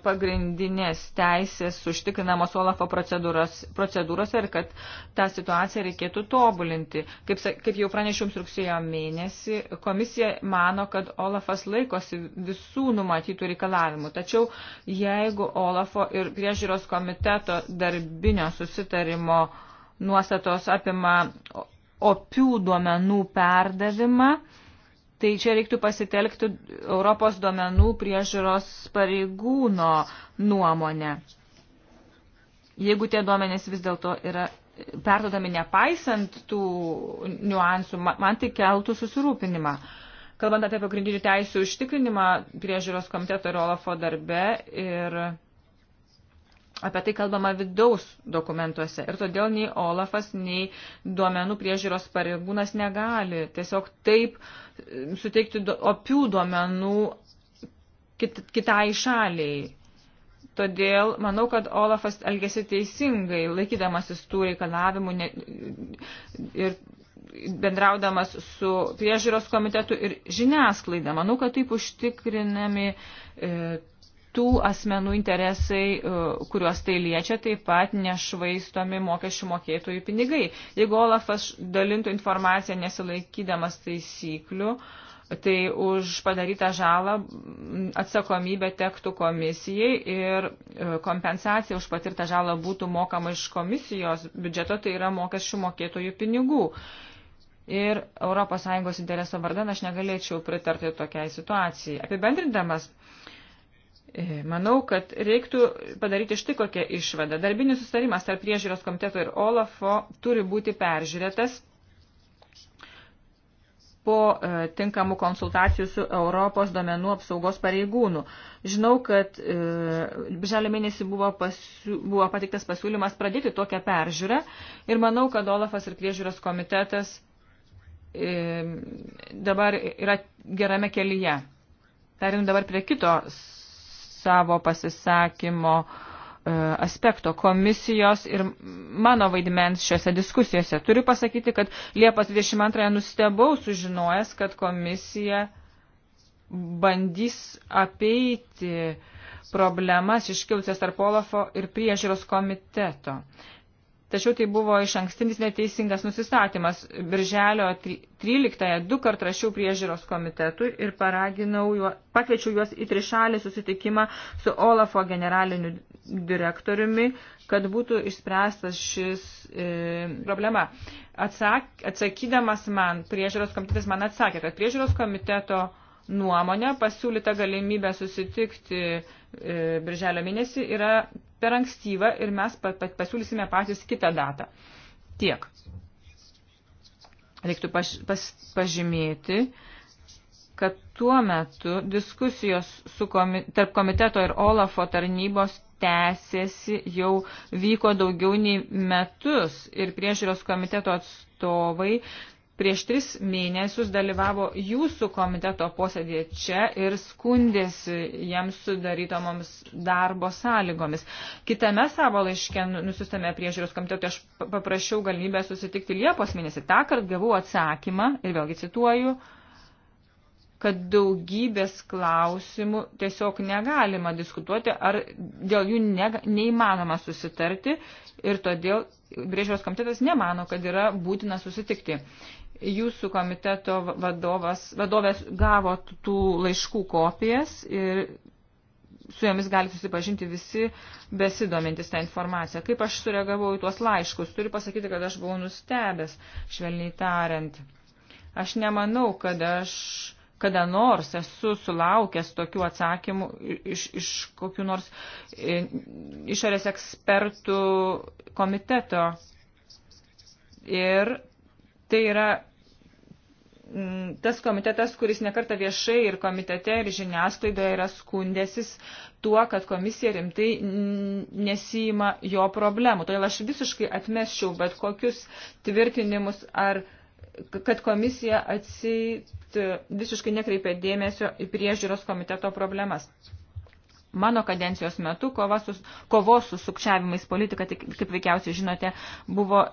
pagrindinės teisės užtikrinamos Olafo procedūrose ir kad tą situaciją reikėtų tobulinti. Kaip, kaip jau pranešiau jums rugsėjo mėnesį, komisija mano, kad Olafas laikosi visų numatytų reikalavimų. Tačiau jeigu Olafo ir priežiūros komiteto darbinio susitarimo nuostatos apima opių duomenų perdavimą, Tai čia reiktų pasitelkti Europos duomenų priežiūros pareigūno nuomonę. Jeigu tie duomenys vis dėlto yra perdodami nepaisant tų niuansų, man tai keltų susirūpinimą. Kalbant apie pagrindinių teisų užtikrinimą priežiūros komiteto ir Olafo darbe ir Apie tai kalbama vidaus dokumentuose ir todėl nei Olafas, nei duomenų priežiūros pareigūnas negali tiesiog taip e, suteikti opių duomenų kit, kitai šaliai. Todėl manau, kad Olafas elgesi teisingai, laikydamasis tų reikalavimų ne, ir bendraudamas su priežiūros komitetu ir žiniasklaida. Manau, kad taip užtikrinami e, tų asmenų interesai, e, kuriuos tai liečia, taip pat nešvaistomi mokesčių mokėtojų pinigai. Jeigu Olafas dalintų informaciją nesilaikydamas taisyklių, tai už padarytą žalą atsakomybė tektų komisijai ir e, kompensacija už patirtą žalą būtų mokama iš komisijos biudžeto, tai yra mokesčių mokėtojų pinigų. Ir ES intereso vardan aš negalėčiau pritarti tokiai situacijai. Apibendrindamas, E, manau, kad reiktų padaryti štai kokią išvadą. Darbinis sustarimas tarp priežiūros komiteto ir Olafo turi būti peržiūrėtas po e, tinkamų konsultacijų su Europos domenų apsaugos pareigūnų. Žinau, kad e, žalio mėnesį buvo, pasiū, buvo patiktas pasiūlymas pradėti tokią peržiūrą ir manau, kad Olafas ir priežiūros komitetas e, dabar yra gerame kelyje. Tarim dabar prie kitos savo pasisakymo e, aspekto komisijos ir mano vaidmens šiuose diskusijose. Turiu pasakyti, kad Liepos 22 nustebau sužinojęs, kad komisija bandys apeiti problemas iškilusias tarp Olafo ir priežiūros komiteto. Tačiau tai buvo iš ankstinis neteisingas nusistatymas. Birželio 13-ąją du kart rašiau priežiūros komitetui ir paraginau, juo, pakviečiau juos į trišalį susitikimą su Olafo generaliniu direktoriumi, kad būtų išspręstas šis e, problema. Atsak, atsakydamas man, priežiūros komitetas man atsakė, kad priežiūros komiteto e, nuomonė, pasiūlyta galimybė susitikti e, birželio mėnesį yra per ankstyva ir mes pa, pa, pasiūlysime patys kitą datą. Tiek. Reiktų paž, pas, pažymėti, kad tuo metu diskusijos su komi, tarp komiteto ir Olafo tarnybos tęsėsi jau vyko daugiau nei metus ir priežiūros komiteto atstovai prieš tris mėnesius dalyvavo jūsų komiteto posėdėje čia ir skundėsi jiems sudarytomoms darbo sąlygomis. Kitame savo laiške nu, nusistame priežiūros komitetui aš paprašiau galimybę susitikti Liepos mėnesį. Ta kart gavau atsakymą ir vėlgi cituoju kad daugybės klausimų tiesiog negalima diskutuoti ar dėl jų ne, neįmanoma susitarti ir todėl Brėžiaus komitetas nemano, kad yra būtina susitikti. Jūsų komiteto vadovas, vadovės gavo tų laiškų kopijas ir su jomis gali susipažinti visi besidomintis tą informaciją. Kaip aš sureagavau į tuos laiškus, turiu pasakyti, kad aš buvau nustebęs, švelniai tariant. Aš nemanau, kad aš kada nors esu sulaukęs tokių atsakymų iš, iš kokių nors e, išorės ekspertų komiteto. Ir Tai yra mm, tas komitetas, kuris nekarta viešai ir komitete, ir žiniasklaidoje yra skundęsis tuo, kad komisija rimtai nesijima jo problemų. Todėl aš visiškai atmesčiau bet kokius tvirtinimus ar kad komisija atsit visiškai nekreipė dėmesio į priežiūros komiteto problemas. Mano kadencijos metu kova su, kovos su sukčiavimais politika, kaip veikiausiai žinote, buvo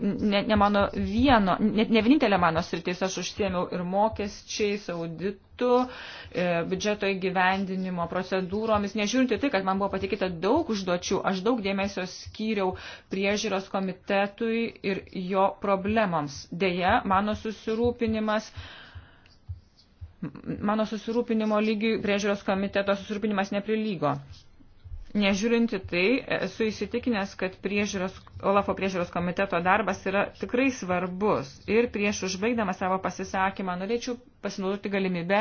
ne, ne mano vieno, ne, ne vienintelė mano sritis, aš užsiemiau ir mokesčiais, auditu, e, biudžeto įgyvendinimo procedūromis. Nežiūrint į tai, kad man buvo patikėta daug užduočių, aš daug dėmesio skyriau priežiūros komitetui ir jo problemams. Deja, mano susirūpinimas. Mano susirūpinimo lygių priežiūros komiteto susirūpinimas neprilygo. Nežiūrinti tai, esu įsitikinęs, kad priežiūros, Olafo priežiūros komiteto darbas yra tikrai svarbus. Ir prieš užbaigdama savo pasisakymą norėčiau pasinaudoti galimybę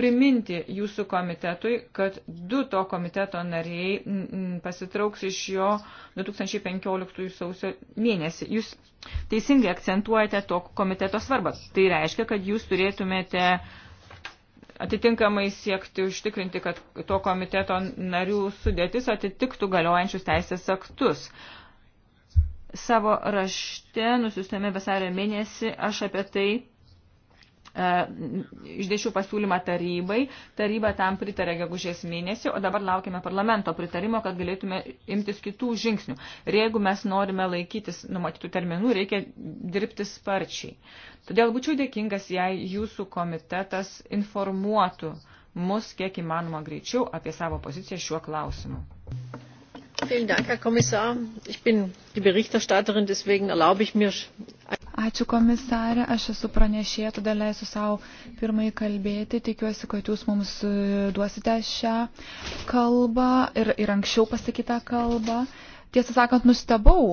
priminti jūsų komitetui, kad du to komiteto nariai pasitrauks iš jo 2015 sausio mėnesį. Jūs teisingai akcentuojate to komiteto svarbą. Tai reiškia, kad jūs turėtumėte uh, atitinkamai siekti užtikrinti, kad to komiteto narių sudėtis atitiktų galiojančius teisės aktus. Savo rašte nusistame vasario mėnesį aš apie tai E, išdėšiau pasiūlymą tarybai, taryba tam pritarė gegužės mėnesį, o dabar laukiame parlamento pritarimo, kad galėtume imtis kitų žingsnių. Ir jeigu mes norime laikytis numatytų terminų, reikia dirbti sparčiai. Todėl būčiau dėkingas, jei jūsų komitetas informuotų mus kiek įmanoma greičiau apie savo poziciją šiuo klausimu. Vielen Dank, Herr Kommissar. Ich bin die Berichterstatterin, deswegen erlaube ich mir Ačiū komisarė, aš esu pranešėja, tada leisiu savo pirmai kalbėti. Tikiuosi, kad jūs mums e, duosite šią kalbą ir, ir anksčiau pasakytą kalbą. Tiesą sakant, nustebau.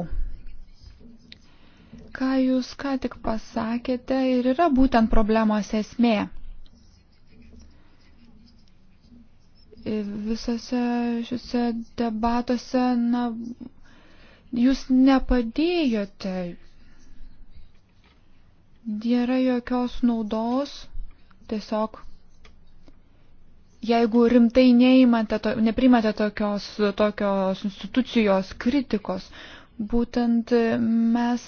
Ką jūs ką tik pasakėte ir yra būtent problemos esmė. E, visose šiuose debatuose, na, jūs nepadėjote nėra jokios naudos, tiesiog jeigu rimtai neimate, to, neprimate tokios, tokios institucijos kritikos, būtent e, mes.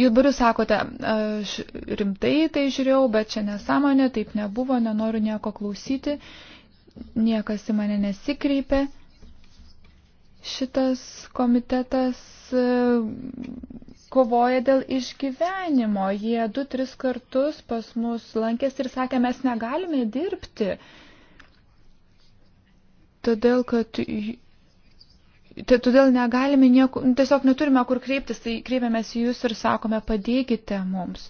Jūs buriu sakote, aš rimtai tai žiūrėjau, bet čia nesąmonė, taip nebuvo, nenoriu nieko klausyti, niekas į mane nesikreipė. Šitas komitetas e, kovoja dėl išgyvenimo. Jie du, tris kartus pas mus lankėsi ir sakė, mes negalime dirbti. Todėl, kad. Todėl negalime nieko, nu, tiesiog neturime kur kreiptis, tai kreipiamės į jūs ir sakome, padėkite mums.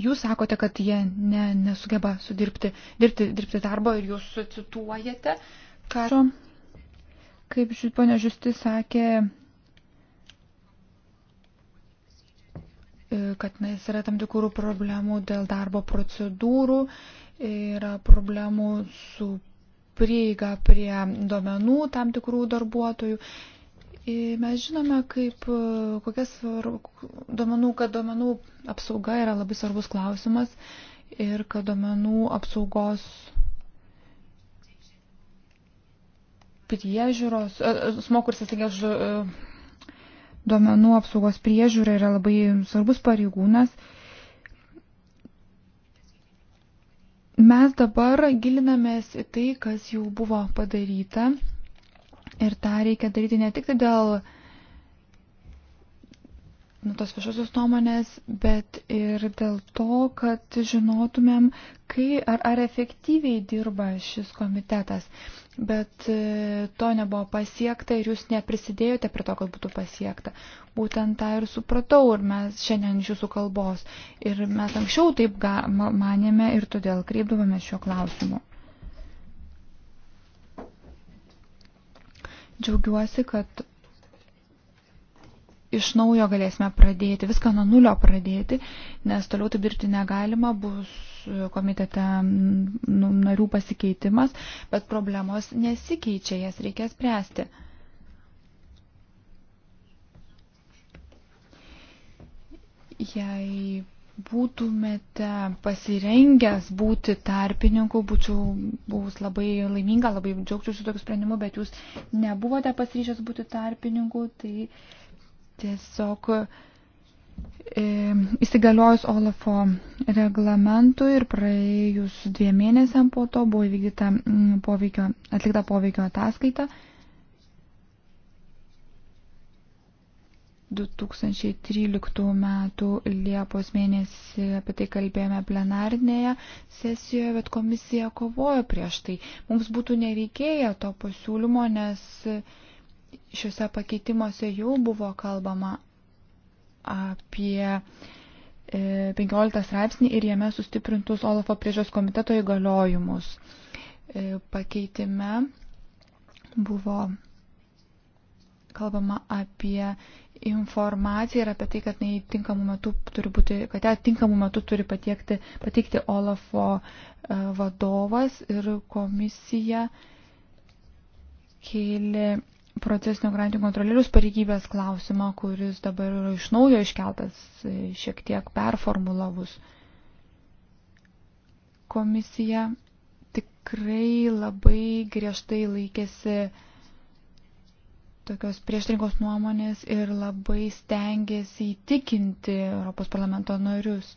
Jūs sakote, kad jie ne, nesugeba sudirbti, dirbti, dirbti darbo ir jūs cituojate, ką. Kad... Kaip ponia Žiusti sakė, e, kad nes yra tam tikrų problemų dėl darbo procedūrų, yra problemų su prieiga prie duomenų tam tikrų darbuotojų. Ir e, mes žinome, kaip, e, kokias duomenų, kad duomenų apsauga yra labai svarbus klausimas ir kad duomenų apsaugos priežiūros, e, e, smokuris atsakingas už e, duomenų apsaugos priežiūrą yra labai svarbus pareigūnas. Mes dabar gilinamės į tai, kas jau buvo padaryta ir tą reikia daryti ne tik tai dėl tai nu, tos viešosios nuomonės, bet ir dėl to, kad žinotumėm, kai ar, ar efektyviai dirba šis komitetas. Bet e, to nebuvo pasiekta ir jūs neprisidėjote prie to, kad būtų pasiekta. Būtent tą ir supratau ir mes šiandien iš jūsų kalbos. Ir mes anksčiau taip manėme ir todėl kreipdavome šiuo klausimu. Džiaugiuosi, kad iš naujo galėsime pradėti, viską nuo nulio pradėti, nes toliau taip dirbti negalima, bus komitete narių pasikeitimas, bet problemos nesikeičia, jas reikia spręsti. Jei būtumėte pasirengęs būti tarpininku, būčiau buvus labai laiminga, labai džiaugčiausi tokiu sprendimu, bet jūs nebuvote pasiryžęs būti tarpininku, tai uh, Tiesiog e, įsigaliojus Olafo reglamentui ir praėjus dviem mėnesiam po to buvo įvykdyta mm, poveikio, atlikta poveikio ataskaita. 2013 m. Liepos mėnesį apie tai kalbėjome plenarnėje sesijoje, bet komisija kovojo prieš tai. Mums būtų nereikėję to pasiūlymo, nes šiuose pakeitimuose jau buvo kalbama apie 15 e, straipsnį ir jame sustiprintus Olafo priežios komiteto įgaliojimus. E, pakeitime buvo kalbama apie informaciją ir apie tai, kad jinai tinkamu metu turi būti, kad ją tinkamu metu turi patiekti, patikti Olafo e, vadovas ir komisija kėlė procesinio garantijų kontrolierius pareigybės klausimą, kuris dabar yra iš naujo iškeltas, e, šiek tiek performulavus. Komisija tikrai labai griežtai laikėsi tokios prieštrinkos nuomonės ir labai stengiasi įtikinti Europos parlamento narius.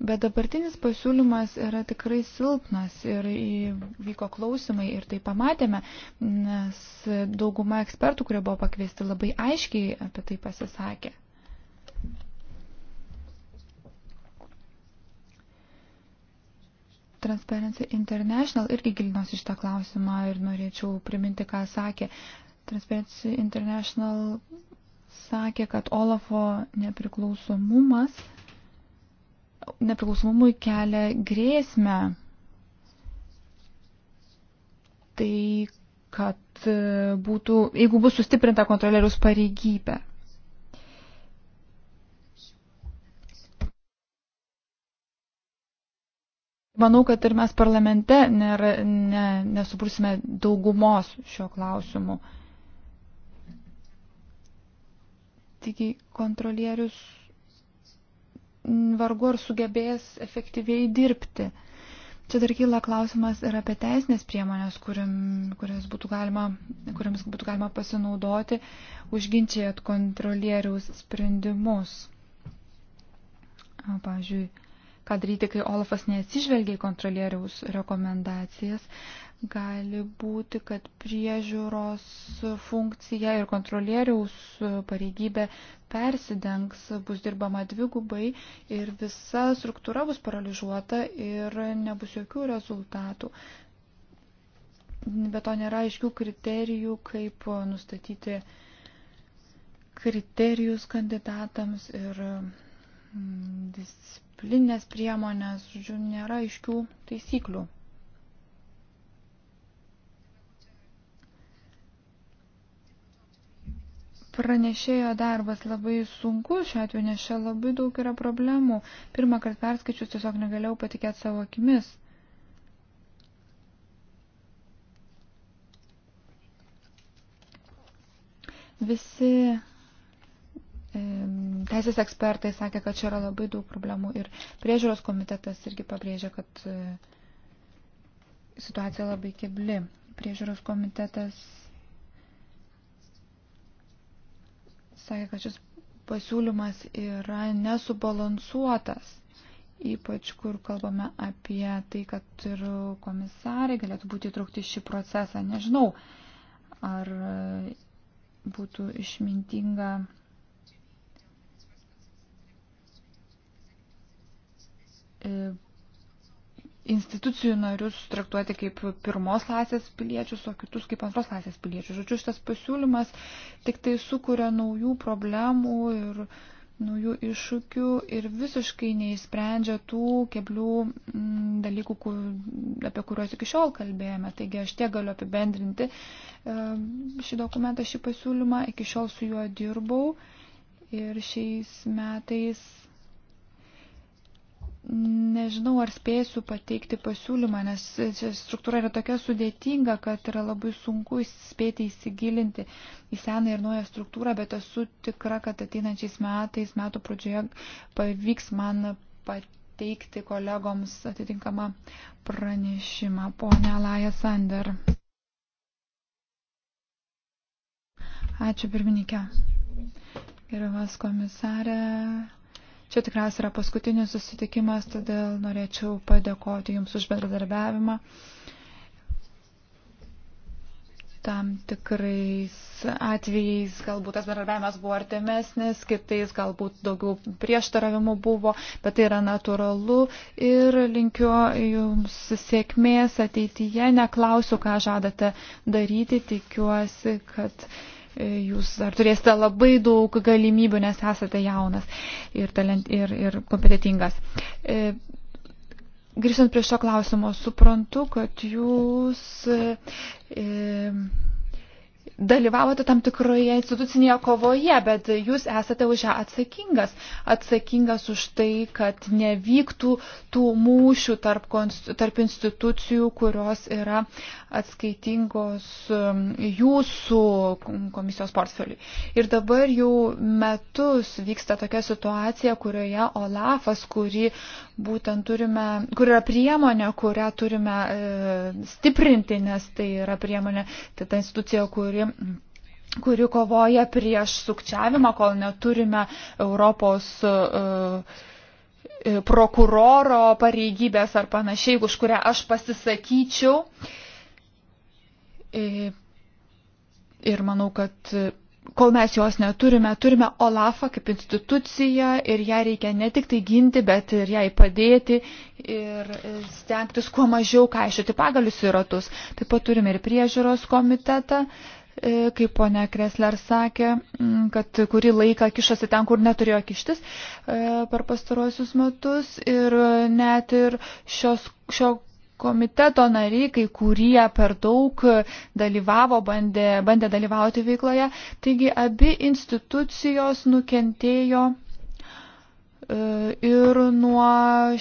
Bet dabartinis pasiūlymas yra tikrai silpnas ir vyko klausimai ir tai pamatėme, nes dauguma ekspertų, kurie buvo pakviesti, labai aiškiai apie tai pasisakė. Transparency International irgi gilinosi šitą klausimą ir norėčiau priminti, ką sakė. Transparency International sakė, kad Olafo nepriklausomumas nepriklausomumui kelia grėsmę. Tai, kad e, būtų, jeigu bus sustiprinta kontrolieriaus pareigybė. Manau, kad ir mes parlamente nėra, ne, nesuprusime daugumos šio klausimu. Taigi kontrolierius vargu ar sugebės efektyviai dirbti. Čia dar kyla klausimas ir apie teisinės priemonės, kurim, būtų galima, kuriams būtų galima pasinaudoti, užginčiant kontrolieriaus sprendimus. Pavyzdžiui, ką daryti, kai Olafas neatsižvelgia į kontrolieriaus rekomendacijas, gali būti, kad priežiūros funkcija ir kontrolieriaus pareigybė persidengs, bus dirbama dvigubai ir visa struktūra bus paralyžiuota ir nebus jokių rezultatų. Bet to nėra aiškių kriterijų, kaip nustatyti kriterijus kandidatams ir mm, disciplinės priemonės, žodžiu, nėra aiškių taisyklių. pranešėjo darbas labai sunku šiuo atveju, nes čia labai daug yra problemų. Pirmą kartą perskaičius tiesiog negalėjau patikėti savo akimis. Visi teisės ekspertai sakė, kad čia yra labai daug problemų ir priežiūros komitetas irgi pabrėžė, kad e, situacija labai kebli. Priežiūros komitetas sakė, kad šis pasiūlymas yra nesubalansuotas, ypač kur kalbame apie tai, kad ir komisarai galėtų būti įtraukti šį procesą. Nežinau, ar būtų išmintinga. E, institucijų narius traktuoti kaip pirmos klasės piliečius, o kitus kaip antros klasės piliečius. Žodžiu, šitas pasiūlymas tik tai sukuria naujų problemų ir naujų iššūkių ir visiškai neįsprendžia tų keblių mm, dalykų, kur, apie kuriuos iki šiol kalbėjome. Taigi aš tiek galiu apibendrinti e, šį dokumentą, šį pasiūlymą. Iki šiol su juo dirbau ir šiais metais Nežinau, ar spėsiu pateikti pasiūlymą, nes struktūra yra tokia sudėtinga, kad yra labai sunku spėti įsigilinti į seną ir naują struktūrą, bet esu tikra, kad ateinančiais metais, metų pradžioje pavyks man pateikti kolegoms atitinkamą pranešimą. Pone Alaja Sander. Ačiū pirmininkė. Gerbiamas komisarė. Čia tikriausiai yra paskutinis susitikimas, todėl norėčiau padėkoti Jums už bendradarbiavimą. Tam tikrais atvejais galbūt tas bendradarbiavimas buvo artimesnis, kitais galbūt daugiau prieštaravimų buvo, bet tai yra natūralu ir linkiu Jums sėkmės ateityje. Neklausiu, ką žadate daryti, tikiuosi, kad E, jūs dar turėsite labai daug galimybių, nes esate jaunas ir, talent, ir, ir kompetitingas. E, grįžtant prie šio klausimo, suprantu, kad jūs. E, dalyvavote tam tikroje institucinėje kovoje, bet jūs esate už ją atsakingas. Atsakingas už tai, kad nevyktų tų mūšių tarp, tarp institucijų, kurios yra atskaitingos um, jūsų komisijos portfeliui. Ir dabar jau metus vyksta tokia situacija, kurioje Olafas, kurį būtent turime, kur yra priemonė, kurią turime e, stiprinti, nes tai yra priemonė, tai ta institucija, kuri kuri kovoja prieš sukčiavimą, kol neturime Europos uh, e, prokuroro pareigybės ar panašiai, už kurią aš pasisakyčiau. E, ir manau, kad kol mes jos neturime, turime Olafą kaip instituciją ir ją reikia ne tik tai ginti, bet ir jai padėti ir stengtis kuo mažiau kaišyti pagalius į ratus. Taip pat turime ir priežiūros komitetą, e, kaip ponia Kresler sakė, kad kurį laiką kišasi ten, kur neturėjo kištis e, per pastaruosius metus ir net ir šios, šio komiteto nariai, kai kurie per daug dalyvavo, bandė, bandė dalyvauti veikloje. Taigi abi institucijos nukentėjo e, ir nuo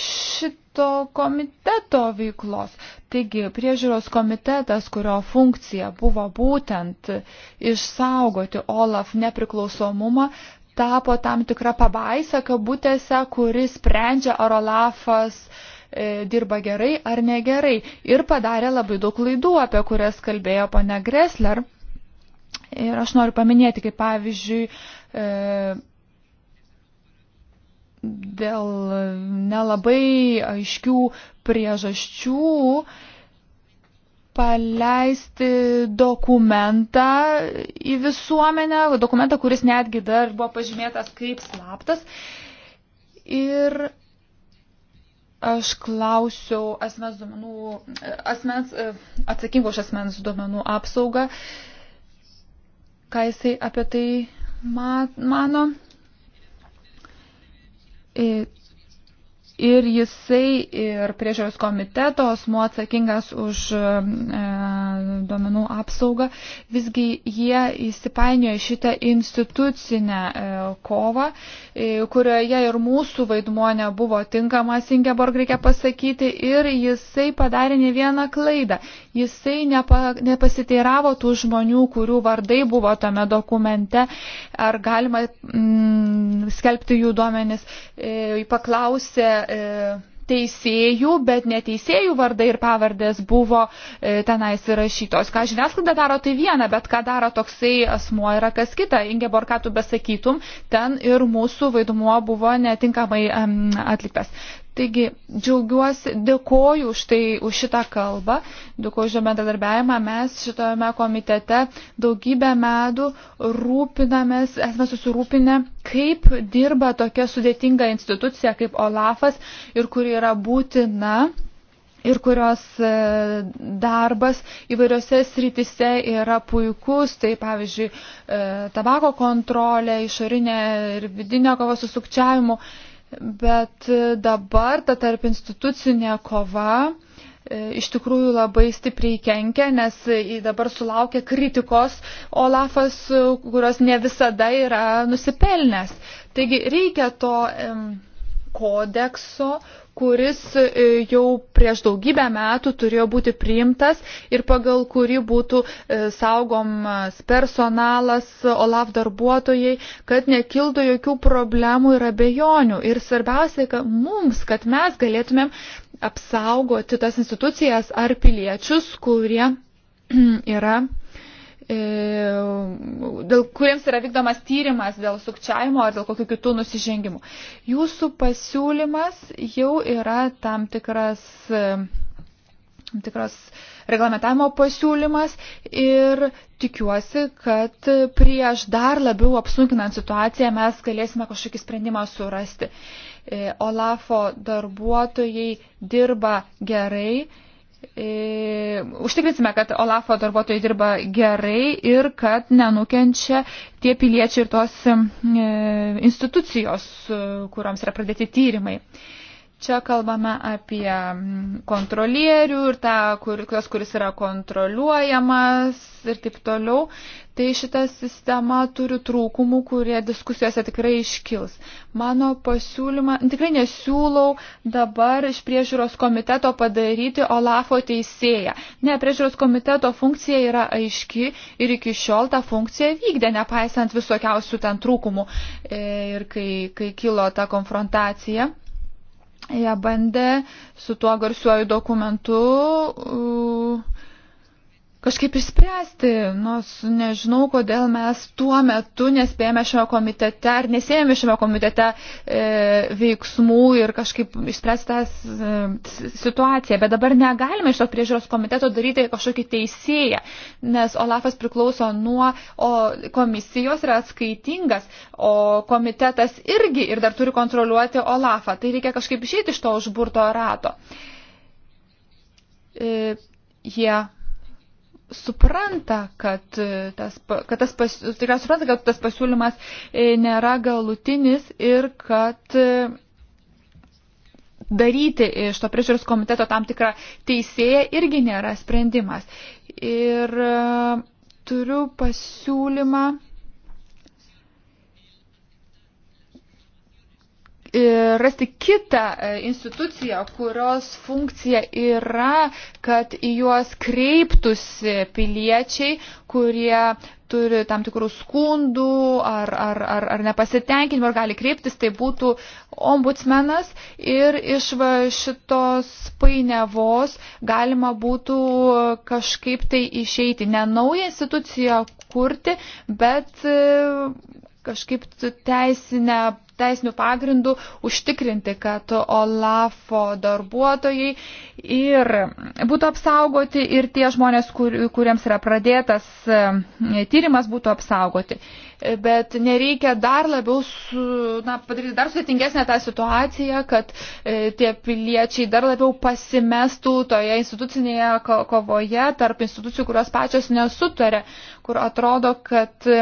šito komiteto veiklos. Taigi priežiūros komitetas, kurio funkcija buvo būtent išsaugoti Olaf nepriklausomumą, tapo tam tikrą pabaisą kabutėse, kuris sprendžia, ar Olafas uh, E, dirba gerai ar negerai. Ir padarė labai daug klaidų, apie kurias kalbėjo pane Gresler. Ir aš noriu paminėti, kaip pavyzdžiui, e, dėl nelabai aiškių priežasčių paleisti dokumentą į visuomenę, dokumentą, kuris netgi dar buvo pažymėtas kaip slaptas. Ir Aš klausiau asmens, duomenų, asmens e, atsakingo už asmens duomenų apsaugą, ką jisai apie tai mano. E, ir jisai ir priežiūros komiteto asmuo atsakingas už e, duomenų apsaugą, visgi jie įsipainioja šitą institucinę e, kovą, e, kurioje ir mūsų vaidmuo nebuvo tinkamas, Ingeborg reikia pasakyti, ir jisai padarė ne vieną klaidą. Jisai nepa, nepasiteiravo tų žmonių, kurių vardai buvo tame dokumente, ar galima mm, skelbti jų duomenis, e, paklausė e, teisėjų, bet neteisėjų vardai ir pavardės buvo e, tenais įrašytos. Ką žiniasklaida daro, tai viena, bet ką daro toksai asmuo yra kas kita. Ingeborg, ką tu besakytum, ten ir mūsų vaidmuo buvo netinkamai um, atliktas. Taigi džiaugiuosi, dėkoju už tai, už šitą kalbą, dėkoju už bendradarbiavimą. Mes šitame komitete daugybę medų rūpinamės, esame susirūpinę, kaip dirba tokia sudėtinga institucija kaip Olafas ir kuri yra būtina. Ir kurios e, darbas įvairiose sritise yra puikus, tai pavyzdžiui, e, tabako kontrolė, išorinė ir vidinė kova su sukčiavimu bet e, dabar ta tarp institucinė kova e, iš tikrųjų labai stipriai kenkia, nes e, dabar sulaukia kritikos Olafas, kurios ne visada yra nusipelnęs. Taigi reikia to kodekso, kuris e, jau prieš daugybę metų turėjo būti priimtas ir pagal kurį būtų e, saugomas personalas, OLAF darbuotojai, kad nekiltų jokių problemų ir abejonių. Ir svarbiausia, kad mums, kad mes galėtumėm apsaugoti tas institucijas ar piliečius, kurie yra E, dėl kuriems yra vykdomas tyrimas dėl sukčiavimo ar dėl kokių kitų nusižengimų. Jūsų pasiūlymas jau yra tam tikras, e, tam tikras reglamentavimo pasiūlymas ir tikiuosi, kad prieš dar labiau apsunkinant situaciją mes galėsime kažkokį sprendimą surasti. E, Olafo darbuotojai dirba gerai E, užtikrinsime, kad Olafo darbuotojai dirba gerai ir kad nenukenčia tie piliečiai ir tos e, institucijos, e, kuriuoms yra pradėti tyrimai. Čia kalbame apie mm, kontrolierių ir tą, kur, kas, kuris yra kontroliuojamas ir taip toliau. Tai šita sistema turi trūkumų, kurie diskusijose tikrai iškils. Mano pasiūlymą, tikrai nesiūlau dabar iš priežiūros komiteto padaryti Olafo teisėją. Ne, priežiūros komiteto funkcija yra aiški ir iki šiol tą funkciją vykdė, nepaisant visokiausių ten trūkumų e, ir kai, kai kilo ta konfrontacija Jie bandė su tuo garsiuoju dokumentu. Uh, kažkaip išspręsti, nors nežinau, kodėl mes tuo metu nespėjame šiame komitete ar nesėjame šiame komitete e, veiksmų ir kažkaip išspręsti tą e, situaciją. Bet dabar negalime iš to priežiūros komiteto daryti kažkokį teisėją, nes Olafas priklauso nuo o komisijos yra atskaitingas, o komitetas irgi ir dar turi kontroliuoti Olafą. Tai reikia kažkaip išėti iš to užburto rato. E, jie. Yeah supranta, kad e, tas, kad tas, pas, tikrai supranta, kad tas pasiūlymas e, nėra galutinis ir kad e, daryti iš to priežiūros komiteto tam tikrą teisėją irgi nėra sprendimas. Ir turiu pasiūlymą E, rasti kitą e, instituciją, kurios funkcija yra, kad į juos kreiptųsi piliečiai, kurie turi tam tikrų skundų ar, ar, ar, ar nepasitenkinimų, ar gali kreiptis, tai būtų ombudsmenas ir iš šitos painiavos galima būtų kažkaip tai išeiti. Ne naują instituciją kurti, bet e, kažkaip teisinę teisinių pagrindų užtikrinti, kad Olafo darbuotojai ir būtų apsaugoti ir tie žmonės, kur, kuriems yra pradėtas e, tyrimas, būtų apsaugoti. Bet nereikia dar labiau su, na, padaryti dar sudėtingesnę tą situaciją, kad e, tie piliečiai dar labiau pasimestų toje institucinėje kovoje tarp institucijų, kurios pačios nesutarė, kur atrodo, kad e,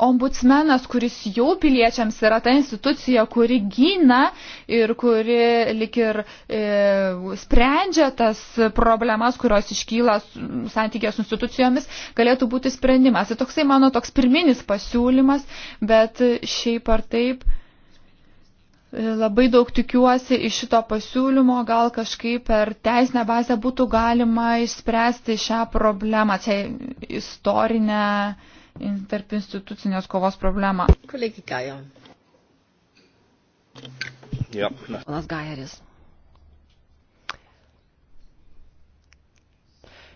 ombudsmenas, kuris jau piliečiams yra ta institucija, kuri gina ir kuri lik ir e, sprendžia tas problemas, kurios iškyla santykės su institucijomis, galėtų būti sprendimas. Ir tai toksai mano toks pirminis pasiūlymas, bet šiaip ar taip. E, labai daug tikiuosi iš šito pasiūlymo, gal kažkaip per teisinę bazę būtų galima išspręsti šią problemą, čia istorinę uh, tarp institucinės kovos problemą. Kolegė Gaja. Ja. Ponas Gajeris.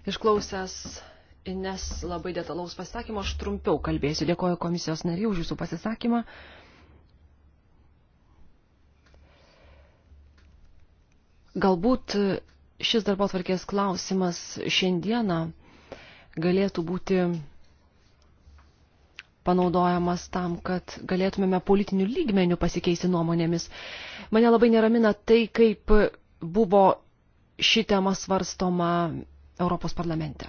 Išklausęs Nes labai detalaus pasakymo aš trumpiau kalbėsiu. Dėkoju komisijos nariai už jūsų pasisakymą. Galbūt šis darbo tvarkės klausimas šiandieną galėtų būti panaudojamas tam, kad galėtumėme politinių lygmenių pasikeisti nuomonėmis. Mane labai neramina tai, kaip buvo ši tema svarstoma Europos parlamente.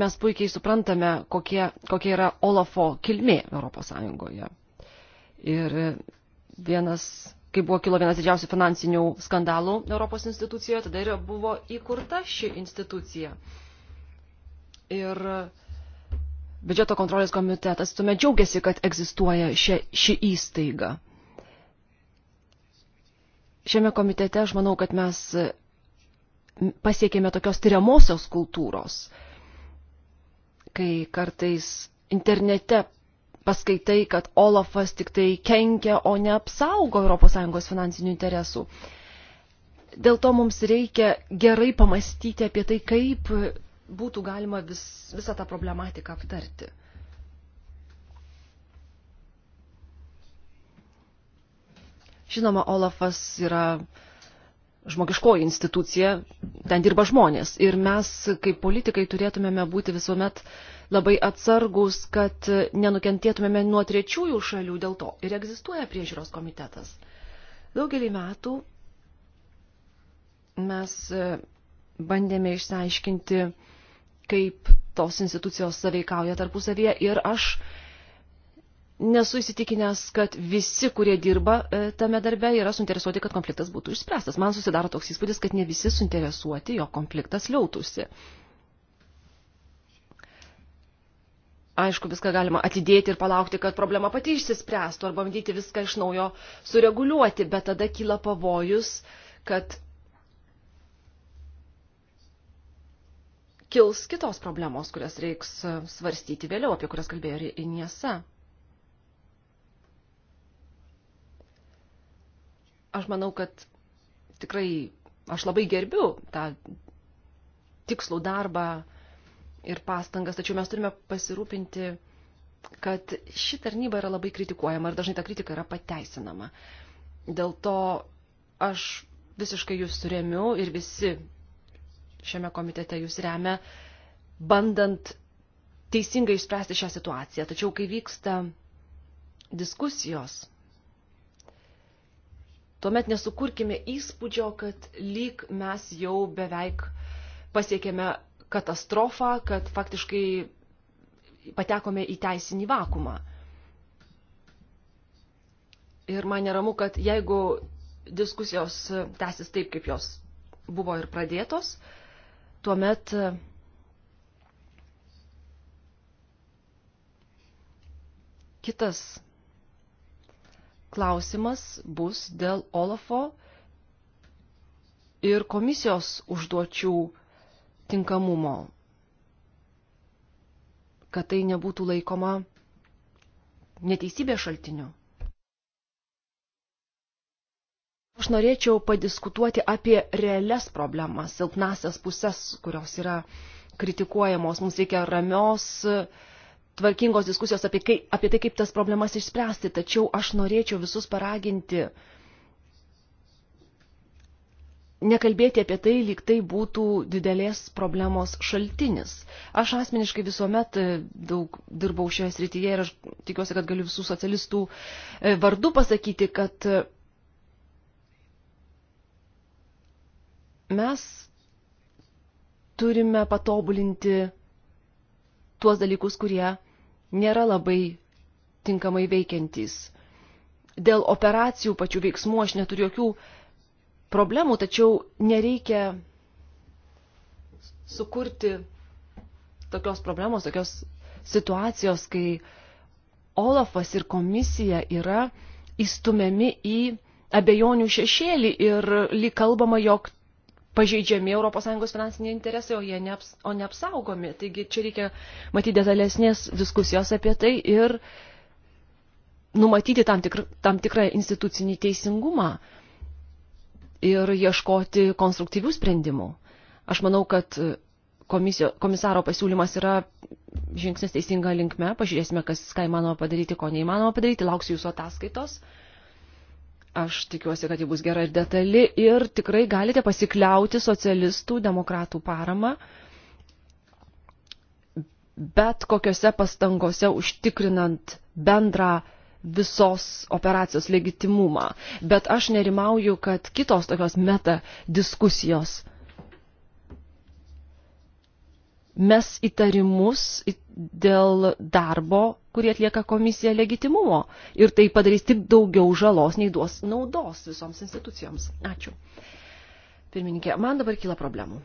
Mes puikiai suprantame, kokie, kokie yra Olafo kilmė Europos Sąjungoje. Ir vienas, kai buvo kilo vienas didžiausių finansinių skandalų Europos institucijoje, tada ir buvo įkurta ši institucija. Ir biudžeto kontrolės komitetas tuomet džiaugiasi, kad egzistuoja šia, ši įstaiga. Šiame komitete aš manau, kad mes pasiekėme tokios tyriamosios kultūros, kai kartais internete paskaitai, kad Olafas tik tai kenkia, o ne apsaugo ES finansinių interesų. Dėl to mums reikia gerai pamastyti apie tai, kaip būtų galima vis, visą tą problematiką aptarti. Žinoma, Olafas yra žmogiškoji institucija, ten dirba žmonės. Ir mes, kaip politikai, turėtumėme būti visuomet labai atsargus, kad nenukentėtumėme nuo trečiųjų šalių dėl to. Ir egzistuoja priežiūros komitetas. Daugelį metų mes e, bandėme išsiaiškinti kaip tos institucijos saveikauja tarpusavyje ir aš nesu įsitikinęs, kad visi, kurie dirba e, tame darbe, yra suinteresuoti, kad konfliktas būtų išspręstas. Man susidaro toks įspūdis, kad ne visi suinteresuoti, jo konfliktas liautųsi. Aišku, viską galima atidėti ir palaukti, kad problema pati išsispręstų arba bandyti viską iš naujo sureguliuoti, bet tada kyla pavojus, kad kils kitos problemos, kurias reiks e, svarstyti vėliau, apie kurias kalbėjo ir Iniesa. Aš manau, kad tikrai aš labai gerbiu tą tikslų darbą ir pastangas, tačiau mes turime pasirūpinti, kad ši tarnyba yra labai kritikuojama ir dažnai ta kritika yra pateisinama. Dėl to aš visiškai jūs remiu ir visi šiame komitete jūs remia, bandant teisingai išspręsti šią situaciją. Tačiau, kai vyksta diskusijos, tuomet nesukurkime įspūdžio, kad lyg mes jau beveik pasiekėme katastrofą, kad faktiškai patekome į teisinį vakumą. Ir man neramu, kad jeigu diskusijos tęsis taip, kaip jos buvo ir pradėtos, tuomet kitas klausimas bus dėl Olafo ir komisijos užduočių tinkamumo, kad tai nebūtų laikoma neteisybės šaltiniu. Aš norėčiau padiskutuoti apie realias problemas, silpnasias puses, kurios yra kritikuojamos. Mums reikia ramios, tvarkingos diskusijos apie, kai, apie tai, kaip tas problemas išspręsti. Tačiau aš norėčiau visus paraginti nekalbėti apie tai, lyg tai būtų didelės problemos šaltinis. Aš asmeniškai visuomet e, daug dirbau šioje srityje ir aš tikiuosi, kad galiu visų socialistų e, vardu pasakyti, kad Mes turime patobulinti tuos dalykus, kurie nėra labai tinkamai veikiantys. Dėl operacijų pačių veiksmų aš neturiu jokių problemų, tačiau nereikia sukurti tokios problemos, tokios situacijos, kai Olafas ir komisija yra įstumiami į abejonių šešėlį ir lyg kalbama, jog pažeidžiami ES finansiniai interesai, o, jie neaps, o neapsaugomi. Taigi čia reikia matyti detalesnės diskusijos apie tai ir numatyti tam, tikr, tam tikrą institucinį teisingumą ir ieškoti konstruktyvių sprendimų. Aš manau, kad komisijo, komisaro pasiūlymas yra žingsnis teisinga linkme. Pažiūrėsime, kas ką įmanoma padaryti, ko neįmanoma padaryti. Lauksiu jūsų ataskaitos. Uh, Aš tikiuosi, kad ji bus gera ir detali ir tikrai galite pasikliauti socialistų, demokratų parama bet kokiose pastangose užtikrinant bendrą visos operacijos legitimumą. Bet aš nerimauju, kad kitos tokios meta diskusijos mes įtarimus dėl darbo, kurį atlieka komisija legitimumo. Ir tai padarys tik daugiau žalos, nei duos naudos visoms institucijoms. Ačiū. Pirmininkė, man dabar kyla problemų.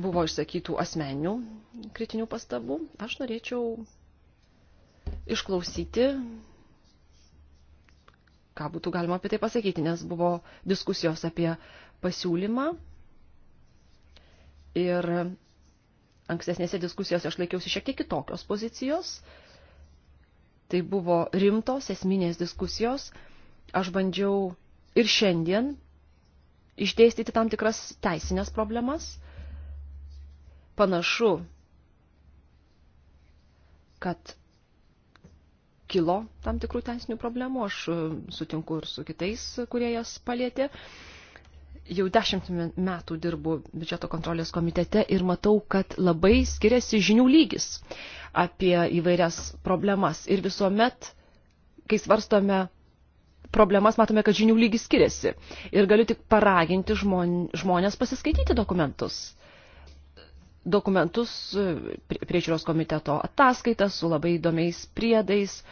Buvo išsakytų asmeninių kritinių pastabų. Aš norėčiau išklausyti, ką būtų galima apie tai pasakyti, nes buvo diskusijos apie pasiūlymą Ir ankstesnėse diskusijose aš laikiausi šiek tiek kitokios pozicijos. Tai buvo rimtos, esminės diskusijos. Aš bandžiau ir šiandien išdėstyti tam tikras teisinės problemas. Panašu, kad kilo tam tikrų teisinių problemų, aš sutinku ir su kitais, kurie jas palėtė jau dešimt metų dirbu biudžeto kontrolės komitete ir matau, kad labai skiriasi žinių lygis apie įvairias problemas. Ir visuomet, kai svarstome problemas, matome, kad žinių lygis skiriasi. Ir galiu tik paraginti žmon, žmonės pasiskaityti dokumentus. Dokumentus e, priežiūros komiteto ataskaitas su labai įdomiais priedais.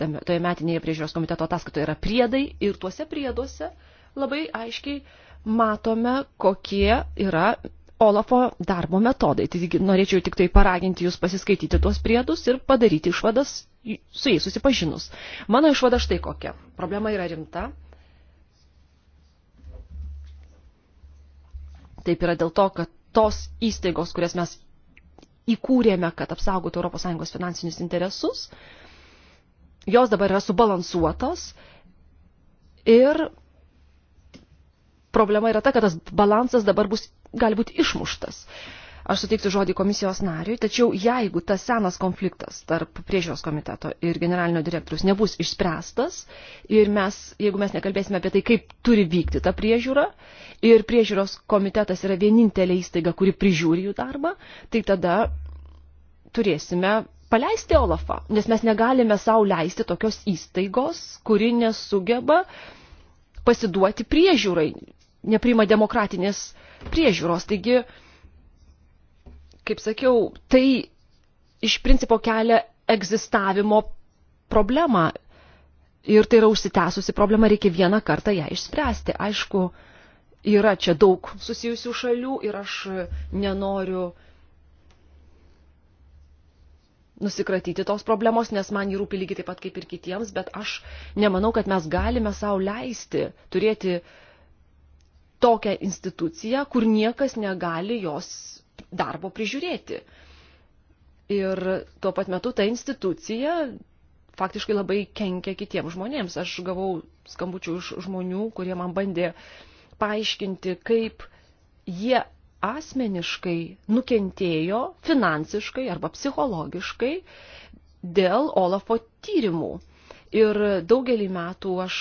Toje metinėje priežiūros komiteto ataskaitoje yra priedai ir tuose prieduose uh, labai aiškiai matome, kokie yra Olafo darbo metodai. Taigi norėčiau tik tai paraginti jūs pasiskaityti tuos priedus ir padaryti išvadas su jais susipažinus. Mano išvada štai kokia. Problema yra rimta. Taip yra dėl to, kad tos įstaigos, kurias mes įkūrėme, kad apsaugotų ES finansinius interesus, jos dabar yra subalansuotos ir problema yra ta, kad tas balansas dabar bus, gali būti išmuštas. Aš suteiksiu žodį komisijos nariui, tačiau jeigu tas senas konfliktas tarp priežiūros komiteto ir generalinio direktorius nebus išspręstas ir mes, jeigu mes nekalbėsime apie tai, kaip turi vykti ta priežiūra ir priežiūros komitetas yra vienintelė įstaiga, kuri prižiūri jų darbą, tai tada turėsime paleisti Olafą, nes mes negalime savo leisti tokios įstaigos, kuri nesugeba pasiduoti priežiūrai, neprima demokratinės priežiūros. Taigi, kaip sakiau, tai iš principo kelia egzistavimo problemą. Ir tai yra užsitęsusi problema, reikia vieną kartą ją išspręsti. Aišku, yra čia daug susijusių šalių ir aš nenoriu nusikratyti tos problemos, nes man jį rūpi lygiai taip pat kaip ir kitiems, bet aš nemanau, kad mes galime savo leisti turėti uh, tokią instituciją, kur niekas negali jos darbo prižiūrėti. Ir tuo pat metu ta institucija faktiškai labai kenkia kitiems žmonėms. Aš gavau skambučių iš žmonių, kurie man bandė paaiškinti, kaip jie asmeniškai nukentėjo finansiškai arba psichologiškai dėl Olafo tyrimų. Ir daugelį metų aš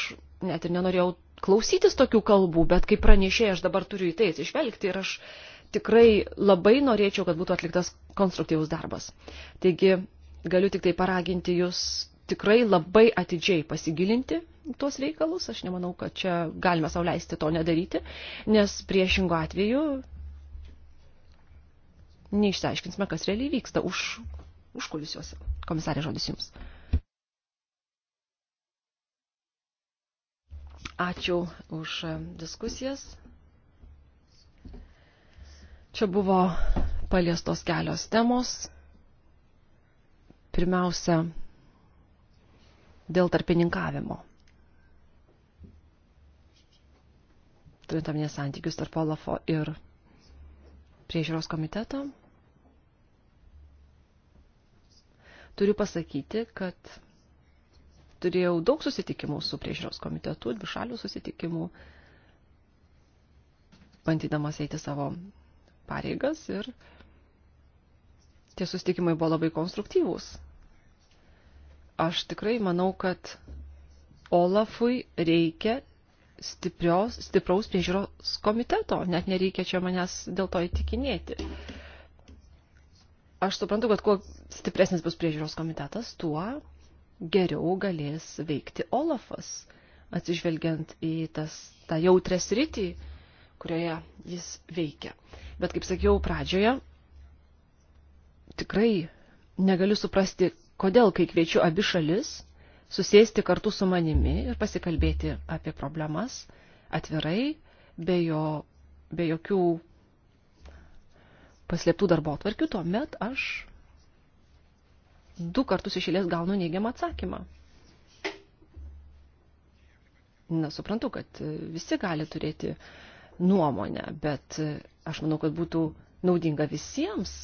net ir nenorėjau klausytis tokių kalbų, bet kaip pranešėjai aš dabar turiu į tai atsižvelgti ir aš tikrai labai norėčiau, kad būtų atliktas konstruktyvus darbas. Taigi galiu tik tai paraginti jūs tikrai labai atidžiai pasigilinti tuos reikalus. Aš nemanau, kad čia galime sauliaisti to nedaryti, nes priešingo atveju neišsiaiškinsime, kas realiai vyksta už, užkulisiuose. Komisarė, žodis jums. Ačiū už diskusijas. Čia buvo paliestos kelios temos. Pirmiausia, dėl tarpininkavimo. Turint omenyje santykius tarp Olafo ir priežiūros komiteto, turiu pasakyti, kad turėjau daug susitikimų su priežiūros komitetu, dvišalių susitikimų, bandydamas eiti savo pareigas ir tie susitikimai buvo labai konstruktyvūs. Aš tikrai manau, kad Olafui reikia stiprios, stipraus priežiūros komiteto, net nereikia čia manęs dėl to įtikinėti. Aš suprantu, kad kuo stipresnis bus priežiūros komitetas, tuo geriau galės veikti Olafas, atsižvelgiant į tas, tą jautrę sritį, kurioje jis veikia. Bet kaip sakiau pradžioje, tikrai negaliu suprasti, kodėl, kai kviečiu abi šalis, susėsti kartu su manimi ir pasikalbėti apie problemas atvirai, be, jo, be jokių paslėptų darbo atvarkių, tuomet aš du kartus išėlės gaunu neigiamą atsakymą. Na, suprantu, kad visi gali turėti nuomonę, bet aš manau, kad būtų naudinga visiems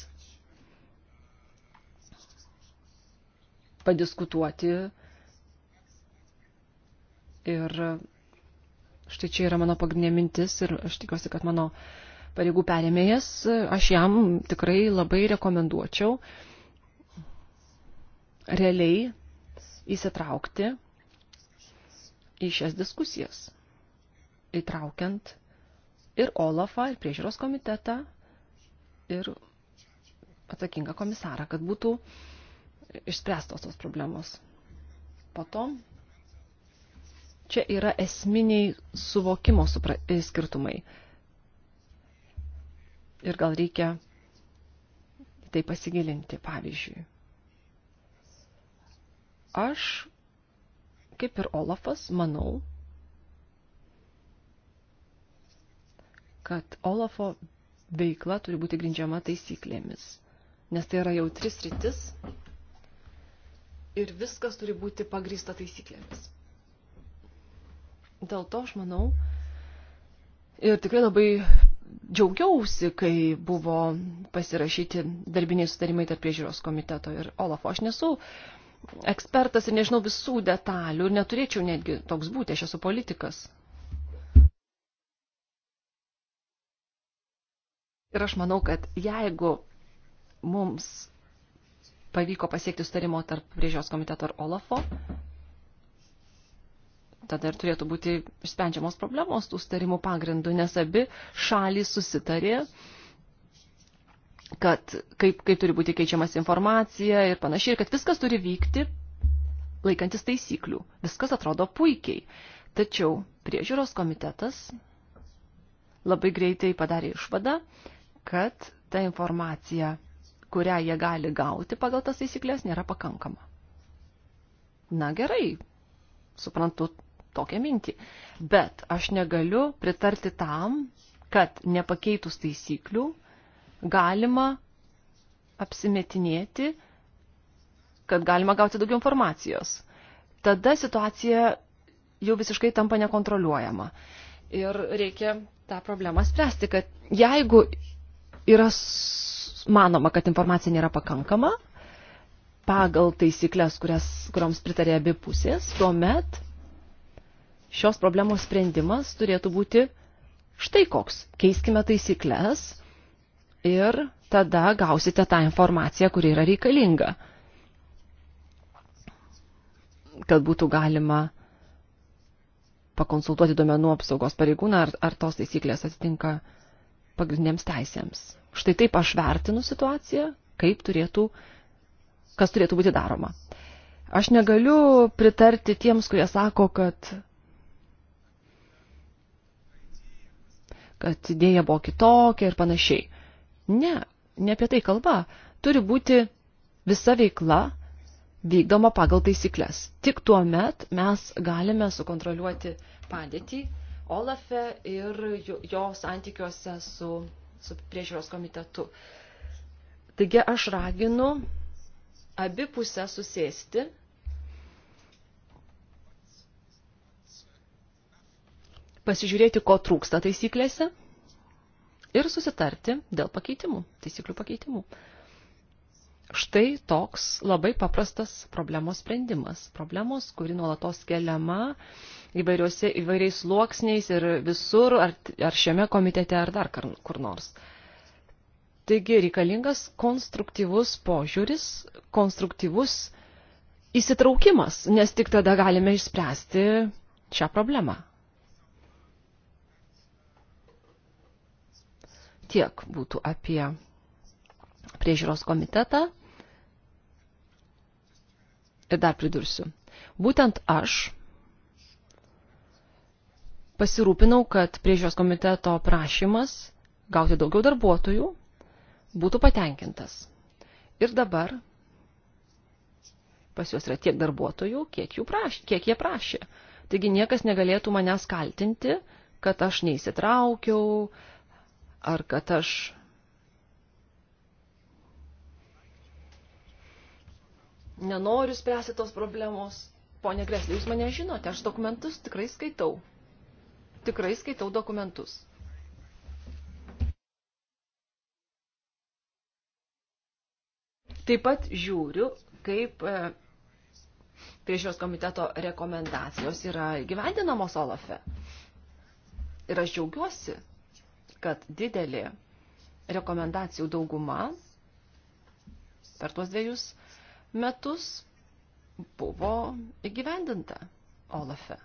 padiskutuoti ir štai čia yra mano pagrindinė mintis ir aš tikiuosi, kad mano pareigų perėmėjas, aš jam tikrai labai rekomenduočiau uh, realiai įsitraukti į šias diskusijas, įtraukiant ir Olafą, ir priežiūros komitetą, ir atsakingą komisarą, kad būtų išspręstos tos problemos. Po to čia yra esminiai suvokimo supra, skirtumai. Ir gal reikia tai pasigilinti, pavyzdžiui. Aš, kaip ir Olafas, manau, kad Olafo veikla turi būti grindžiama taisyklėmis, nes tai yra jau tris rytis ir viskas turi būti pagrįsta taisyklėmis. Dėl to aš manau ir tikrai labai džiaugiausi, kai buvo pasirašyti darbiniai sutarimai tarp priežiūros komiteto ir Olafo. Aš nesu uh, ekspertas ir nežinau visų detalių ir neturėčiau netgi toks būti, aš esu politikas. Ir aš manau, kad jeigu mums pavyko pasiekti sutarimo tarp priežios komiteto ir Olafo, tada ir turėtų būti išsprendžiamos problemos tų sutarimų pagrindų, nes abi šalys susitarė, uh, kad kaip, kaip turi būti keičiamas informacija ir panašiai, ir kad viskas turi vykti laikantis taisyklių. Viskas atrodo puikiai. Tačiau priežiūros komitetas labai greitai padarė išvadą, kad ta informacija, kurią jie gali gauti pagal tas taisyklės, nėra pakankama. Na gerai, suprantu tokią mintį, bet aš negaliu pritarti tam, kad nepakeitus taisyklių, galima apsimetinėti, kad galima gauti daugiau informacijos. Tada situacija jau visiškai tampa nekontroliuojama. Ir reikia tą problemą spręsti, kad jeigu yra manoma, kad informacija nėra pakankama, pagal taisyklės, kurias, kuriams pritarė abi pusės, tuomet šios problemos sprendimas turėtų būti štai koks. Keiskime taisyklės ir tada gausite tą informaciją, kuri yra reikalinga, kad būtų galima pakonsultuoti duomenų apsaugos pareigūną, ar, ar tos taisyklės atitinka pagrindiniams teisėms. Štai taip aš vertinu situaciją, kaip turėtų, kas turėtų būti daroma. Aš negaliu pritarti tiems, kurie sako, kad, kad idėja buvo kitokia ir panašiai. Ne, ne apie tai kalba. Turi būti visa veikla vykdoma pagal taisyklės. Tik tuo met mes galime sukontroliuoti padėtį Olafe ir jo santykiuose su, su priežiūros komitetu. Taigi aš raginu abi pusę susėsti. Pasižiūrėti, ko trūksta taisyklėse ir susitarti dėl pakeitimų, taisyklių pakeitimų. Štai toks labai paprastas problemos sprendimas. Problemos, kuri nuolatos keliama įvairiuose, įvairiais sluoksniais ir visur, ar, ar šiame komitete, ar dar kur, kur nors. Taigi reikalingas konstruktyvus požiūris, konstruktyvus įsitraukimas, nes tik tada galime išspręsti šią problemą. Tiek būtų apie priežiūros komitetą. Ir dar pridursiu. Būtent aš pasirūpinau, kad priežiūros komiteto prašymas gauti daugiau darbuotojų būtų patenkintas. Ir dabar pas juos yra tiek darbuotojų, kiek, praš, kiek jie prašė. Taigi niekas negalėtų manęs kaltinti, kad aš neįsitraukiau, ar kad aš nenoriu spręsti tos problemos. Pone Greslė, jūs mane žinote, aš dokumentus tikrai skaitau. Tikrai skaitau dokumentus. Taip pat žiūriu, kaip e, priežiūros komiteto rekomendacijos yra gyvendinamos Olafe. Ir aš džiaugiuosi, kad didelė rekomendacijų dauguma per tuos dviejus metus buvo įgyvendinta Olafe.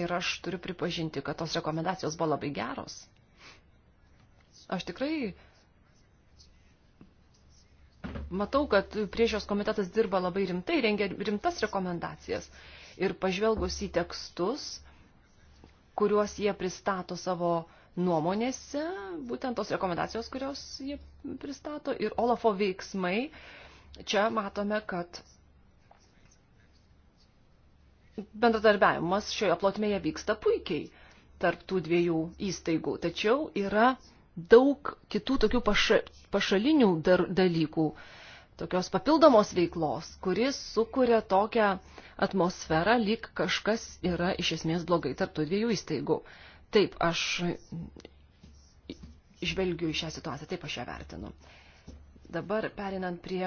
Ir aš turiu pripažinti, kad tos rekomendacijos buvo labai geros. Aš tikrai matau, kad priežios komitetas dirba labai rimtai, rengia rimtas rekomendacijas. Ir pažvelgus į tekstus, kuriuos jie pristato savo nuomonėse, būtent tos rekomendacijos, kurios jie pristato, ir Olafo veiksmai. Čia matome, kad bendradarbiavimas šioje plotmėje vyksta puikiai tarp tų dviejų įstaigų, tačiau yra daug kitų tokių paša, pašalinių dar, dalykų, uh, tokios papildomos veiklos, kuris sukuria tokią atmosferą, lyg kažkas yra iš esmės blogai tarptų dviejų įstaigų. Taip, aš žvelgiu į šią situaciją, taip aš ją vertinu. Dabar perinant prie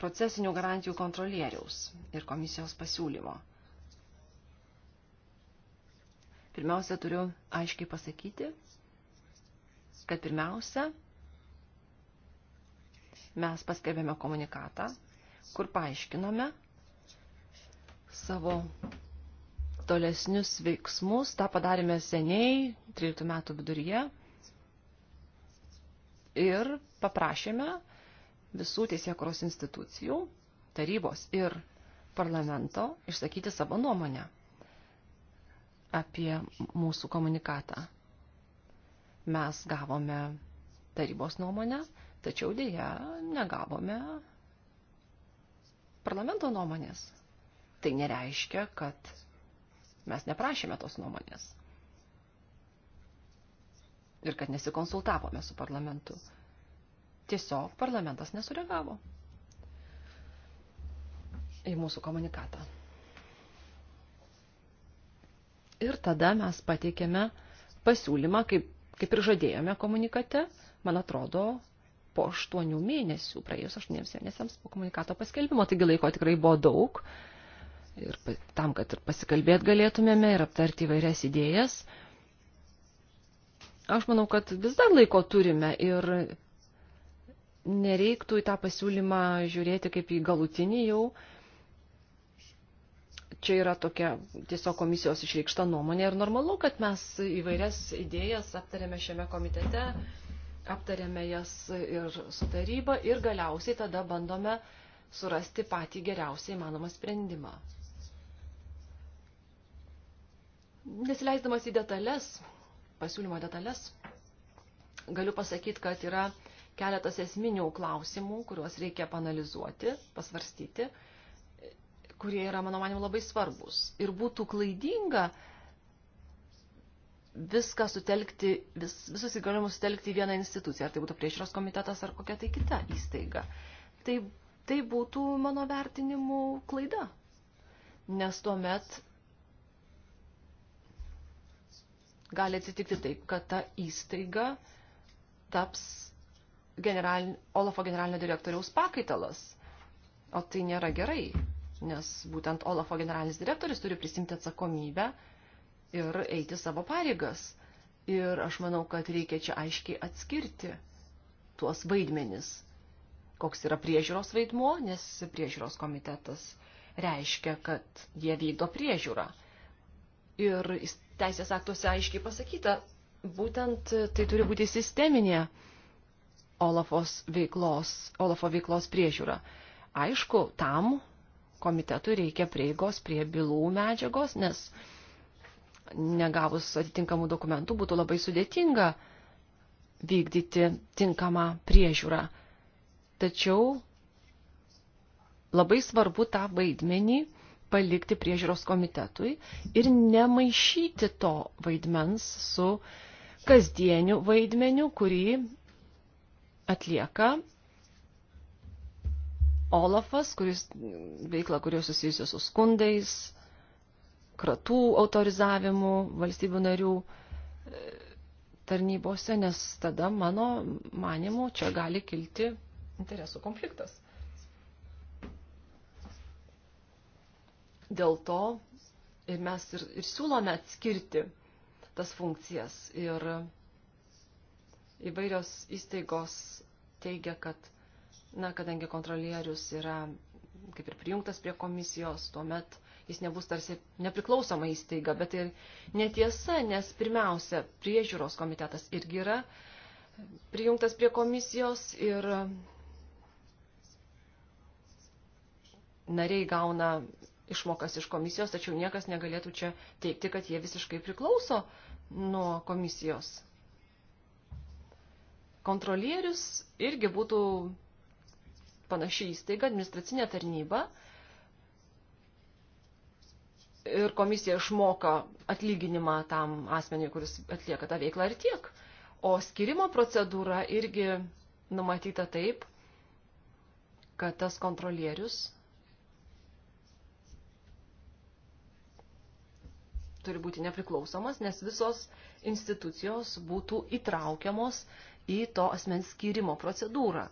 procesinių garantijų kontrolieriaus ir komisijos pasiūlymo. Pirmiausia, turiu aiškiai pasakyti, kad pirmiausia, mes paskelbėme komunikatą, kur paaiškinome savo tolesnius veiksmus. Ta padarėme seniai, 13 metų viduryje. Ir paprašėme visų teisėkuros institucijų, tarybos ir parlamento išsakyti savo nuomonę apie mūsų komunikatą. Mes gavome tarybos nuomonę, Tačiau dėja negavome parlamento nuomonės. Tai nereiškia, kad mes neprašėme tos nuomonės. Ir kad nesikonsultavome su parlamentu. Tiesiog parlamentas nesureagavo į mūsų komunikatą. Ir tada mes pateikėme pasiūlymą, kaip, kaip ir žadėjome komunikate, man atrodo, po aštuonių mėnesių, praėjus aštuoniems mėnesiams po komunikato paskelbimo, taigi laiko tikrai buvo daug. Ir tam, kad ir pasikalbėt galėtumėme ir aptarti įvairias idėjas, aš manau, kad vis dar laiko turime ir nereiktų į tą pasiūlymą žiūrėti kaip į galutinį jau. Čia yra tokia tiesiog komisijos išreikšta nuomonė ir normalu, kad mes įvairias idėjas aptarėme šiame komitete. Mm aptarėme jas ir su taryba ir galiausiai tada bandome surasti patį geriausią įmanomą sprendimą. Nesileisdamas į detalės, pasiūlymo detalės, galiu pasakyti, kad yra keletas esminių klausimų, kuriuos reikia panalizuoti, pasvarstyti, kurie yra, mano manimu, labai svarbus. Ir būtų klaidinga uh, viską sutelkti, vis, visus įgaliojimus sutelkti į vieną instituciją, ar tai būtų priežiūros komitetas ar kokia tai kita įstaiga. Tai, tai būtų mano vertinimų klaida, nes tuomet gali atsitikti taip, kad ta įstaiga taps generalin, Olafo generalinio direktoriaus pakaitalas, o tai nėra gerai, nes būtent Olafo generalinis direktorius turi prisimti atsakomybę ir eiti savo pareigas. Ir aš manau, kad reikia čia aiškiai atskirti tuos vaidmenis. Koks yra priežiūros vaidmuo, nes priežiūros komitetas reiškia, kad jie vykdo priežiūrą. Ir teisės aktuose aiškiai pasakyta, būtent tai turi būti sisteminė Olafos veiklos, Olafo veiklos priežiūra. Aišku, tam komitetui reikia prieigos prie bylų medžiagos, nes uh, negavus atitinkamų dokumentų būtų labai sudėtinga vykdyti tinkamą priežiūrą. Tačiau labai svarbu tą vaidmenį palikti priežiūros komitetui ir nemaišyti to vaidmens su kasdieniu vaidmeniu, kurį atlieka Olafas, kuris veikla, kurio susijusi su skundais, kratų autorizavimu valstybių narių e, tarnybose, nes tada mano manimu čia gali kilti interesų konfliktas. Dėl to ir mes ir, ir siūlome atskirti tas funkcijas. Ir įvairios įstaigos teigia, kad, na, kadangi kontrolierius yra kaip ir prijungtas prie komisijos, tuomet jis nebus tarsi nepriklausoma įstaiga, bet tai netiesa, nes pirmiausia, priežiūros komitetas irgi yra prijungtas prie komisijos ir nariai gauna išmokas iš komisijos, tačiau niekas negalėtų čia teikti, kad jie visiškai priklauso nuo komisijos. Kontrolierius irgi būtų panaši įstaiga, administracinė tarnyba, ir komisija išmoka atlyginimą tam asmeniui, kuris atlieka tą veiklą ir tiek. O skirimo procedūra irgi numatyta taip, kad tas kontrolierius turi būti nepriklausomas, nes visos institucijos būtų įtraukiamos į to asmens skyrimo procedūrą.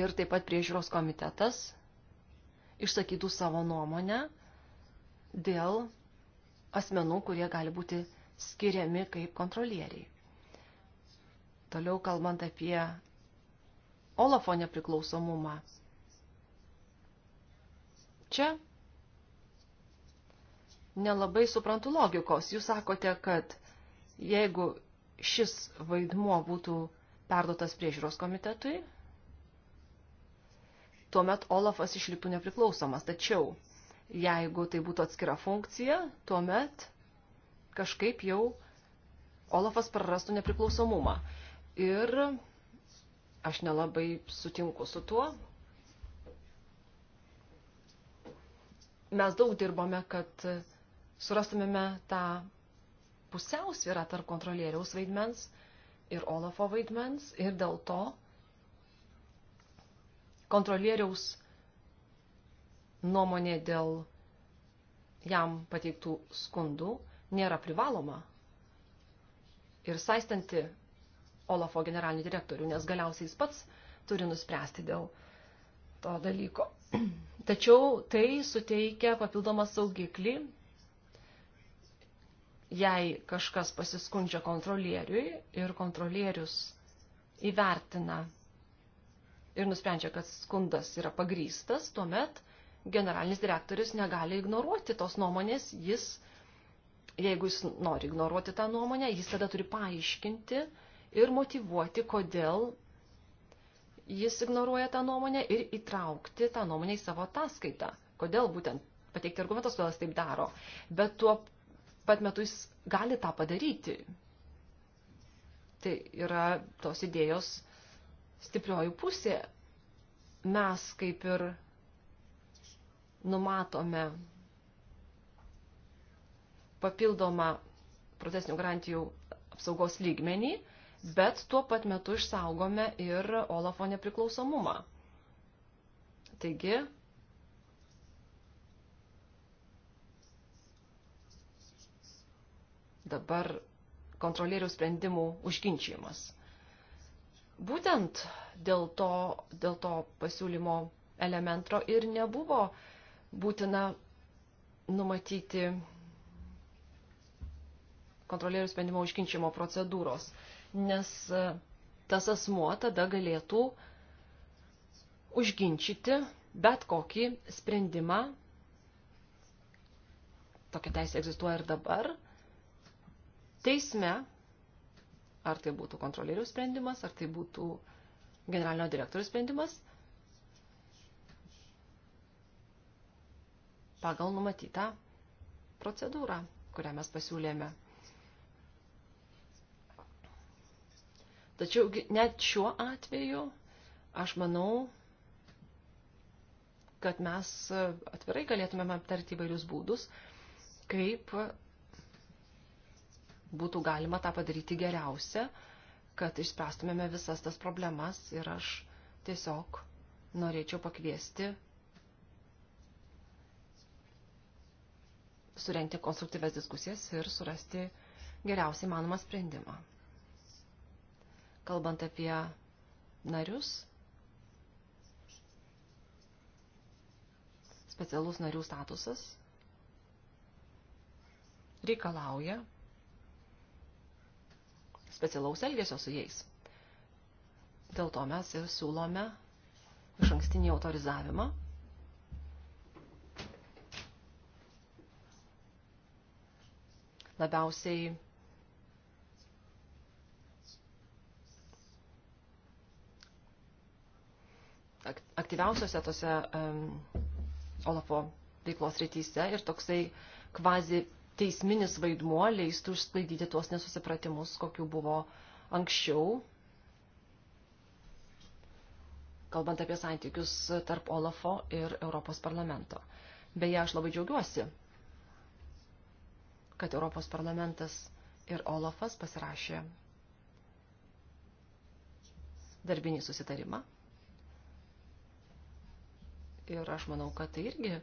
Ir taip pat priežiūros komitetas išsakytų savo nuomonę dėl asmenų, kurie gali būti skiriami kaip kontrolieriai. Toliau kalbant apie Olafo nepriklausomumą. Čia nelabai suprantu logikos. Jūs sakote, kad jeigu šis vaidmuo būtų perduotas priežiūros komitetui, tuomet Olafas išliktų nepriklausomas. Tačiau, jeigu tai būtų atskira funkcija, tuomet kažkaip jau Olafas prarastų nepriklausomumą. Ir aš nelabai sutinku su tuo. Mes daug dirbome, kad surastumėme tą pusiausvyrą tarp kontrolieriaus vaidmens ir Olafo vaidmens ir dėl to kontrolieriaus nuomonė dėl jam pateiktų skundų nėra privaloma ir saistanti Olafo generalinį direktorių, nes galiausiai jis pats turi nuspręsti dėl to dalyko. Tačiau tai suteikia papildomą saugiklį, jei kažkas pasiskundžia kontrolieriui ir kontrolierius įvertina ir nusprendžia, kad skundas yra pagrystas, tuomet generalinis direktorius negali ignoruoti tos nuomonės, jis, jeigu jis nori ignoruoti tą nuomonę, jis tada turi paaiškinti ir motivuoti, kodėl jis ignoruoja tą nuomonę ir įtraukti tą nuomonę į savo ataskaitą. Kodėl būtent pateikti argumentus, kodėl jis taip daro. Bet tuo pat metu jis gali tą padaryti. Tai yra tos idėjos stiprioji pusė. Mes kaip ir numatome papildomą protestinių garantijų apsaugos lygmenį, bet tuo pat metu išsaugome ir Olafo nepriklausomumą. Taigi, dabar kontrolierių sprendimų užginčiamas. Būtent dėl to, dėl to pasiūlymo elemento ir nebuvo būtina numatyti kontrolierių sprendimo užkinčimo procedūros, nes e, tas asmuo tada galėtų užginčyti bet kokį sprendimą. Tokia teisė egzistuoja ir dabar. Teisme Ar tai būtų kontrolieriaus sprendimas, ar tai būtų generalinio direktorių sprendimas. Pagal numatytą procedūrą, kurią mes pasiūlėme. Tačiau net šiuo atveju aš manau, kad mes atvirai galėtumėm aptarti įvairius būdus, kaip būtų galima tą padaryti geriausia, kad išspręstumėme visas tas problemas ir aš tiesiog norėčiau pakviesti surengti konstruktyves diskusijas ir surasti geriausiai manomą sprendimą. Kalbant apie narius, specialus narių statusas reikalauja specialaus elgesio su jais. Dėl to mes ir siūlome iš ankstinį autorizavimą. Labiausiai aktyviausiose tose um, Olafo veiklos rytise ir toksai kvazi teisminis vaidmuo leistų išsklaidyti tuos nesusipratimus, kokių buvo anksčiau, kalbant apie santykius tarp Olafo ir Europos parlamento. Beje, aš labai džiaugiuosi, kad Europos parlamentas ir Olafas pasirašė darbinį susitarimą. Ir aš manau, kad tai irgi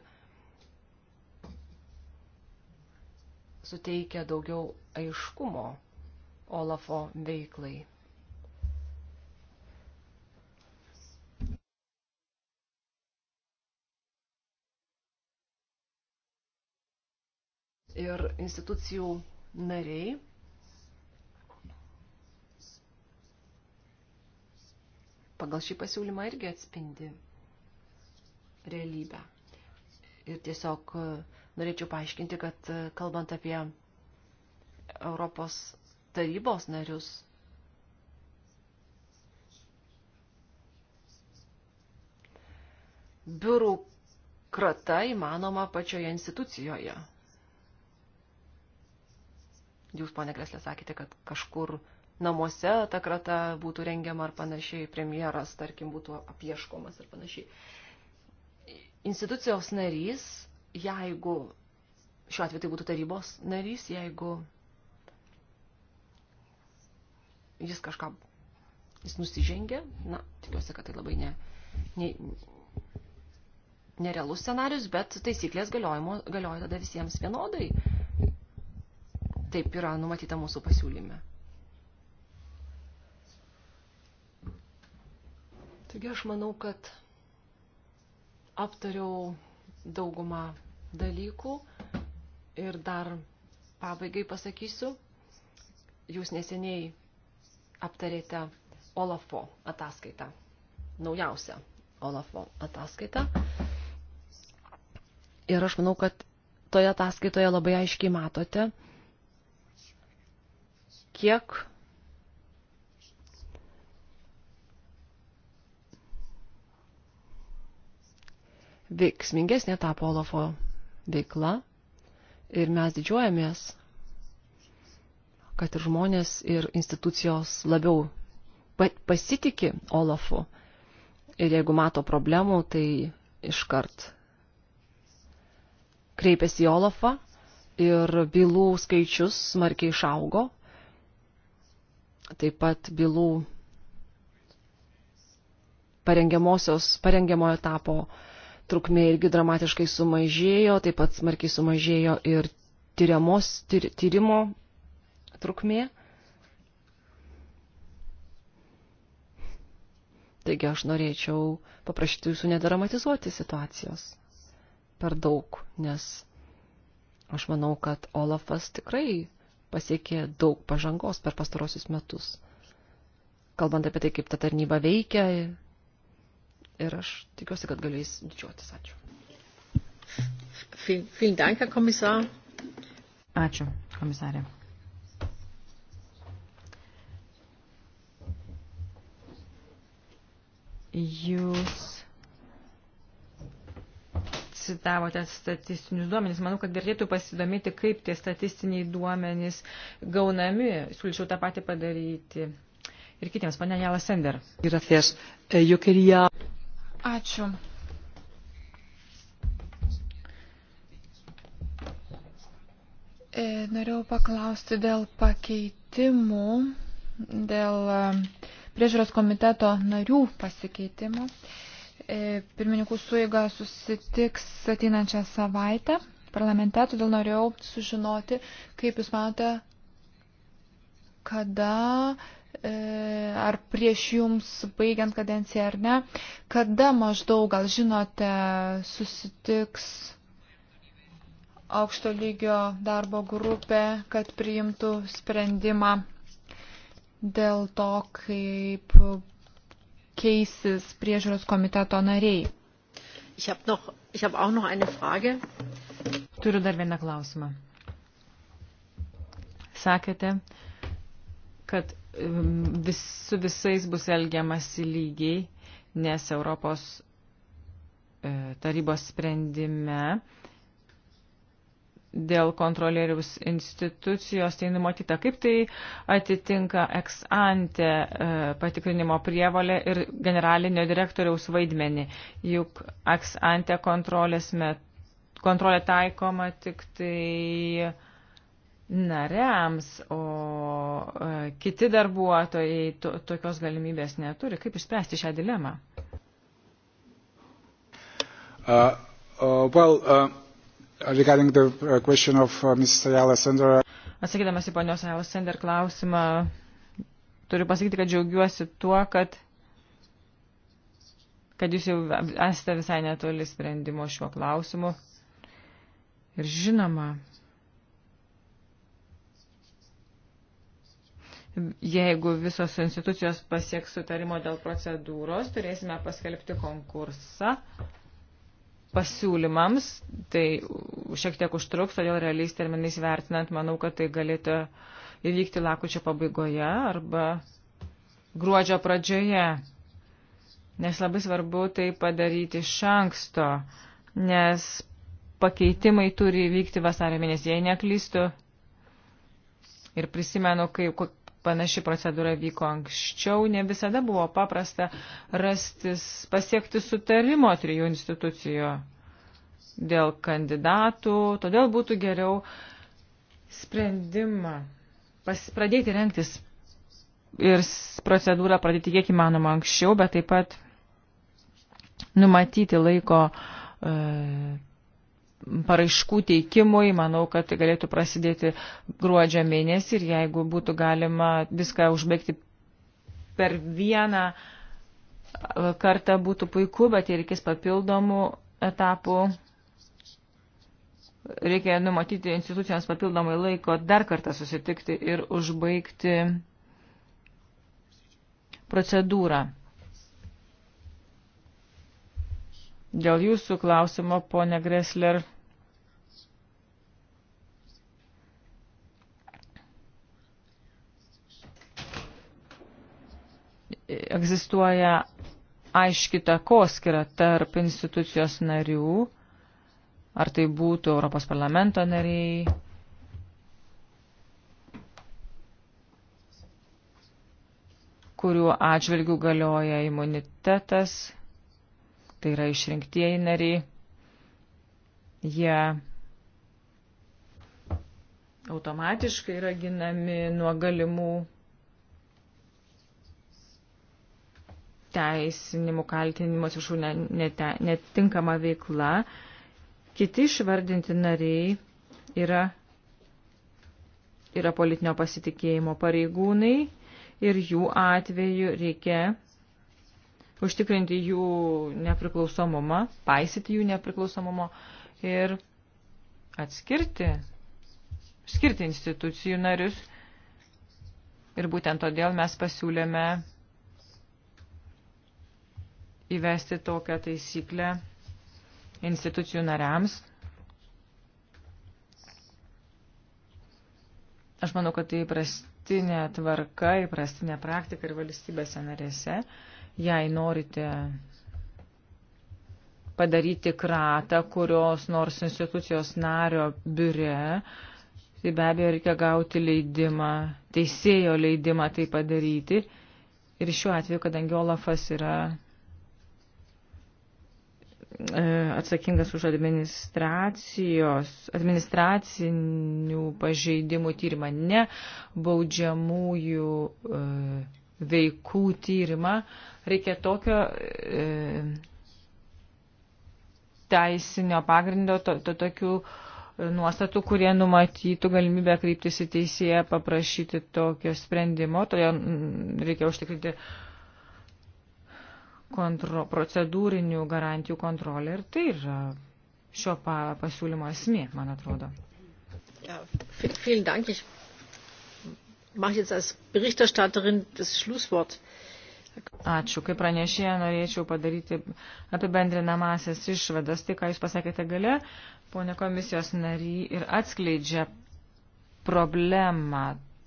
suteikia daugiau aiškumo Olafo veiklai. ir institucijų nariai pagal šį pasiūlymą irgi atspindi realybę. Ir tiesiog uh, norėčiau paaiškinti, kad e, kalbant apie Europos tarybos narius, biurų krata įmanoma pačioje institucijoje. Jūs, ponė Kreslė, sakėte, kad kažkur namuose ta krata būtų rengiama ar panašiai, premjeras, tarkim, būtų apieškomas ar panašiai. Institucijos narys jeigu šiuo atveju tai būtų tarybos narys, jeigu jis kažką, jis nusižengia, na, tikiuosi, kad tai labai ne, ne, nerealus scenarius, bet taisyklės galiojimo, galioja tada visiems vienodai. Taip yra numatyta mūsų pasiūlyme. Taigi aš manau, kad aptariau daugumą dalykų. Ir dar pabaigai pasakysiu, jūs neseniai aptarėte Olafo ataskaitą, naujausią Olafo ataskaitą. Ir aš manau, kad toje ataskaitoje labai aiškiai matote, kiek veiksmingesnė tapo Olafo veikla ir mes didžiuojamės, kad ir žmonės, ir institucijos labiau pasitiki Olafu ir jeigu mato problemų, tai iškart kreipiasi į Olafą ir bylų skaičius smarkiai išaugo. Taip pat bylų parengiamojo etapo trukmė irgi dramatiškai sumažėjo, taip pat smarkiai sumažėjo ir tyriamos, tyr, tyrimo trukmė. Taigi aš norėčiau paprašyti jūsų nedramatizuoti situacijos per daug, nes aš manau, kad Olafas tikrai pasiekė daug pažangos per pastarosius metus. Kalbant apie tai, kaip ta tarnyba veikia, ir aš tikiuosi, kad galės didžiuotis. Ačiū. Ačiū, komisarė. Jūs citavote statistinius duomenys. Manau, kad vertėtų pasidomėti, kaip tie statistiniai duomenys gaunami. Siūlyčiau tą patį padaryti ir kitiems. Pane Jala Sender. Gracias. Eh, yo quería... Ačiū. E, norėjau paklausti dėl pakeitimų, dėl e, priežiūros komiteto narių pasikeitimų. E, pirmininkų suiga susitiks ateinančią savaitę parlamente, todėl norėjau sužinoti, kaip Jūs manote, kada E, ar prieš jums baigiant kadenciją ar ne, kada maždaug, gal žinote, susitiks aukšto lygio darbo grupė, kad priimtų sprendimą dėl to, kaip keisis priežiūros komiteto nariai. Noch, Turiu dar vieną klausimą. Sakėte, kad vis, su visais bus elgiamasi lygiai, nes Europos e, tarybos sprendime dėl kontrolieriaus institucijos tai numatyta, kaip tai atitinka ex ante e, patikrinimo prievalę ir generalinio direktoriaus vaidmenį. Juk ex ante kontrolės met, kontrolė taikoma tik tai nariams, o e, kiti darbuotojai to, tokios galimybės neturi. Kaip išspręsti šią dilemą? Uh, uh, well, uh, regarding the uh, question of uh, Mrs. Ayala Sender. Atsakydamas į ponios Ayala Sender klausimą, turiu pasakyti, kad džiaugiuosi tuo, kad, kad jūs jau esate visai netoli sprendimo šiuo klausimu. Ir žinoma, Jeigu visos institucijos pasieks sutarimo dėl procedūros, turėsime paskelbti konkursą pasiūlymams. Tai šiek tiek užtruks, todėl realiais terminais vertinant, manau, kad tai galėtų įvykti lakučio pabaigoje arba gruodžio pradžioje. Nes labai svarbu tai padaryti iš anksto, nes pakeitimai turi vykti vasario mėnesį, jei neklystu. Ir prisimenu, kaip, panaši procedūra vyko anksčiau, ne visada buvo paprasta rastis, pasiekti sutarimo trijų institucijų dėl kandidatų, todėl būtų geriau sprendimą pas, pradėti renktis ir procedūrą pradėti kiek įmanoma anksčiau, bet taip pat numatyti laiko e, paraiškų teikimui. Manau, kad tai galėtų prasidėti gruodžio mėnesį ir jeigu būtų galima viską užbaigti per vieną e, kartą būtų puiku, bet jei reikės papildomų etapų, reikia numatyti institucijoms papildomai laiko dar kartą susitikti ir užbaigti procedūrą. Dėl jūsų klausimo, ponė Gressler. egzistuoja aiški takoskira tarp institucijos narių, ar tai būtų Europos parlamento nariai. kuriuo atžvilgių galioja imunitetas, tai yra išrinktieji nariai, jie automatiškai yra ginami nuo galimų pateisinimu, kaltinimus už netinkamą veiklą. Kiti išvardinti nariai yra, yra politinio pasitikėjimo pareigūnai ir jų atveju reikia užtikrinti jų nepriklausomumą, paisyti jų nepriklausomumo ir atskirti, skirti institucijų narius. Ir būtent todėl mes pasiūlėme įvesti tokią taisyklę institucijų nariams. Aš manau, kad tai įprastinė tvarka, įprastinė praktika ir valstybėse narėse. Jei norite padaryti kratą kurios nors institucijos nario biure, tai be abejo reikia gauti leidimą, teisėjo leidimą tai padaryti. Ir šiuo atveju, kadangi Olafas yra E, atsakingas už administracijos, administracinių pažeidimų tyrimą, ne baudžiamųjų e, veikų tyrimą. Reikia tokio e, teisinio pagrindo, to, to tokių nuostatų, kurie numatytų galimybę kreiptis į teisėją, paprašyti tokio sprendimo. Todėl mm, reikia užtikrinti uh, kontro, procedūrinių garantijų kontrolė ir tai yra šio pa, pasiūlymo esmė, man atrodo. Ja, vielen Dank. Ich mache jetzt als Berichterstatterin das Schlusswort. Ačiū. Kaip pranešėja, norėčiau padaryti apibendrinamasias išvadas. Tai, ką Jūs pasakėte gale, ponė komisijos nary ir atskleidžia problemą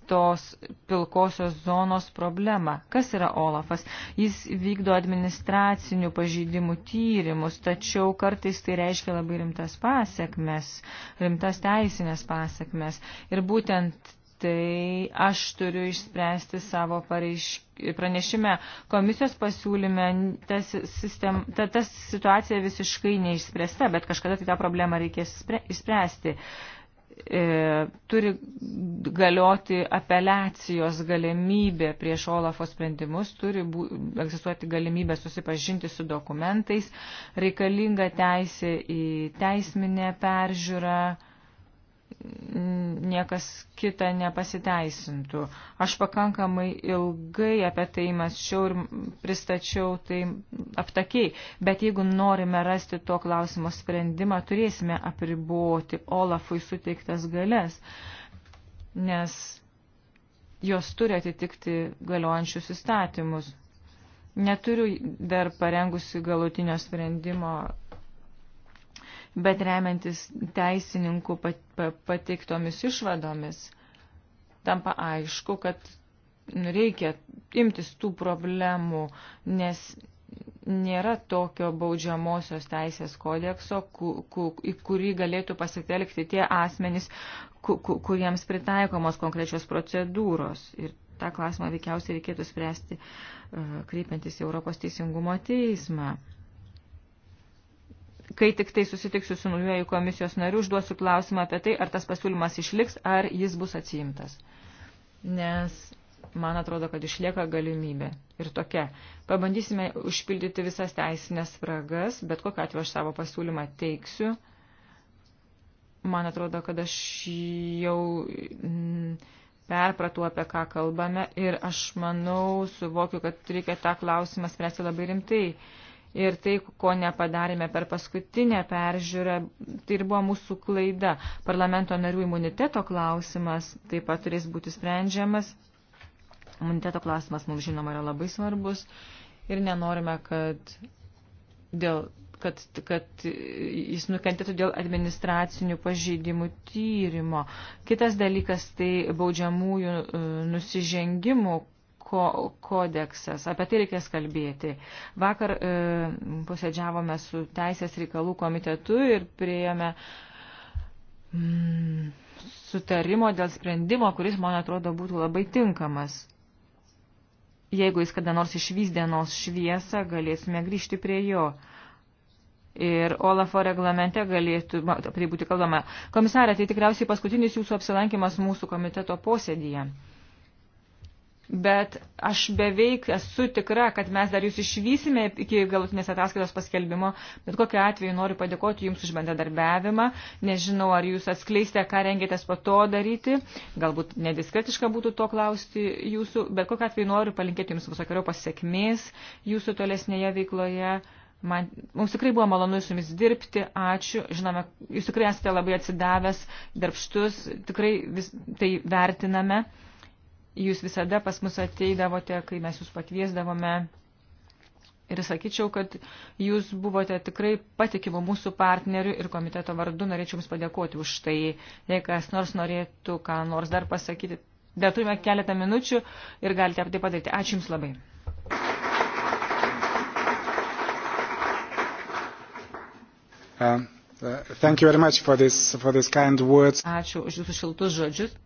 tos pilkosios zonos problemą. Kas yra Olafas? Jis vykdo administracinių pažydimų tyrimus, tačiau kartais tai reiškia labai rimtas pasiekmes, rimtas teisinės pasiekmes. Ir būtent tai aš turiu išspręsti savo pareišk... pranešime. Komisijos pasiūlyme ta, sistem... ta, ta situacija visiškai neišspręsta, bet kažkada tai tą problemą reikės išspręsti. Spre e, turi galioti apeliacijos galimybė prieš Olafo sprendimus, turi bū, egzistuoti galimybė susipažinti su dokumentais, reikalinga teisė į teisminę peržiūrą niekas kita nepasiteisintų. Aš pakankamai ilgai apie tai mąsčiau ir pristačiau tai aptakiai, bet jeigu norime rasti to klausimo sprendimą, turėsime apriboti Olafui suteiktas galės, nes jos turi atitikti galiojančius įstatymus. Neturiu dar parengusi galutinio sprendimo bet remiantis teisininkų pateiktomis išvadomis, tampa aišku, kad nu, reikia imtis tų problemų, nes nėra tokio baudžiamosios teisės kodekso, ku, ku, į kurį galėtų pasitelkti tie asmenys, ku, ku, kuriems pritaikomos konkrečios procedūros. Ir tą klausimą veikiausiai reikėtų spręsti e, kreipiantis į Europos teisingumo teismą kai tik tai susitiksiu su naujuoju komisijos nariu, užduosiu klausimą apie tai, ar tas pasiūlymas išliks, ar jis bus atsiimtas. Nes man atrodo, kad išlieka galimybė. Ir tokia. Pabandysime užpildyti visas teisinės spragas, bet kokiu atveju aš savo pasiūlymą teiksiu. Man atrodo, kad aš jau mm, perpratau, apie ką kalbame ir aš manau, suvokiu, kad reikia tą klausimą spręsti labai rimtai. Ir tai, ko nepadarėme per paskutinę peržiūrą, tai ir buvo mūsų klaida. Parlamento narių imuniteto klausimas taip pat turės būti sprendžiamas. Imuniteto klausimas mums žinoma yra labai svarbus ir nenorime, kad, dėl, kad, kad jis nukentėtų dėl administracinių pažeidimų tyrimo. Kitas dalykas tai baudžiamųjų e, nusižengimų ko, kodeksas. Apie tai reikės kalbėti. Vakar e, posėdžiavome su Teisės reikalų komitetu ir priėjome mm, sutarimo dėl sprendimo, kuris, man atrodo, būtų labai tinkamas. Jeigu jis kada nors išvys dienos šviesą, galėsime grįžti prie jo. Ir Olafo reglamente galėtų, tai būti kalbama, komisarė, tai tikriausiai paskutinis jūsų apsilankimas mūsų komiteto posėdyje bet aš beveik esu tikra, kad mes dar jūs išvysime iki galutinės ataskaitos paskelbimo, bet kokiu atveju noriu padėkoti jums už bendradarbiavimą, nežinau, ar jūs atskleistė, ką rengėtės po to daryti, galbūt nediskretiška būtų to klausti jūsų, bet kokiu atveju noriu palinkėti jums visokiojo pasiekmės jūsų tolesnėje veikloje. Man, mums tikrai buvo malonu su jumis dirbti, ačiū, žinome, jūs tikrai esate labai atsidavęs, darbštus, tikrai vis, tai vertiname. Jūs visada pas mus ateidavote, kai mes jūs pakviesdavome. Ir sakyčiau, kad jūs buvote tikrai patikimu mūsų partneriu ir komiteto vardu norėčiau Jums padėkoti už tai. Jei kas nors norėtų ką nors dar pasakyti, dar turime keletą minučių ir galite tai padaryti. Ačiū Jums labai. Um, uh, thank you very much for this, for this kind words. Ačiū už Jūsų šiltus žodžius.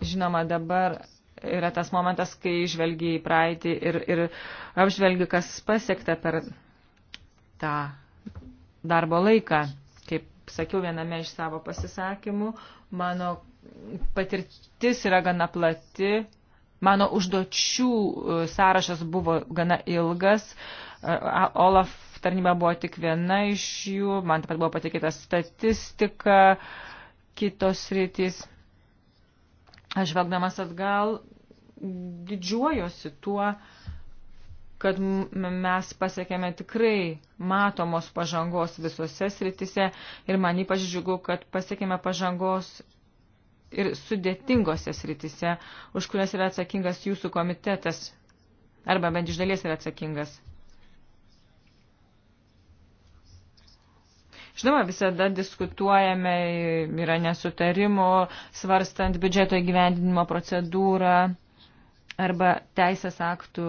Žinoma, dabar yra tas momentas, kai žvelgi į praeitį ir, ir apžvelgi, kas pasiekta per tą darbo laiką. Kaip sakiau viename iš savo pasisakymų, mano patirtis yra gana plati, mano užduočių e, sąrašas buvo gana ilgas. E, Olaf tarnyba buvo tik viena iš jų, man taip pat buvo patikėta statistika, kitos rytis. Aš žvelgdamas atgal didžiuojosi tuo, kad mes pasiekėme tikrai matomos pažangos visose sritise ir man ypač džiugu, kad pasiekėme pažangos ir sudėtingose sritise, už kurias yra atsakingas jūsų komitetas, arba bent iš dalies yra atsakingas. Žinoma, visada diskutuojame, yra nesutarimų, svarstant biudžeto įgyvendinimo procedūrą arba teisės aktų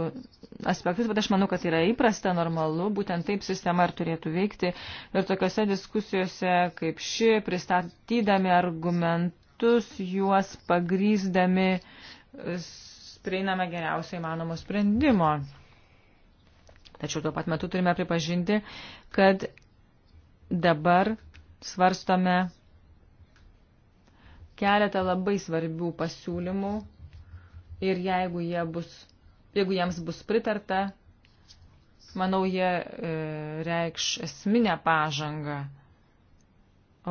aspektus, bet aš manau, kad yra įprasta, normalu, būtent taip sistema ir turėtų veikti. Ir tokiuose diskusijose kaip ši, pristatydami argumentus, juos pagrysdami, prieiname geriausiai manomo sprendimo. Tačiau tuo pat metu turime pripažinti, kad Dabar svarstome keletą labai svarbių pasiūlymų ir jeigu, jie bus, jeigu jiems bus pritarta, manau, jie e, reikš esminę pažangą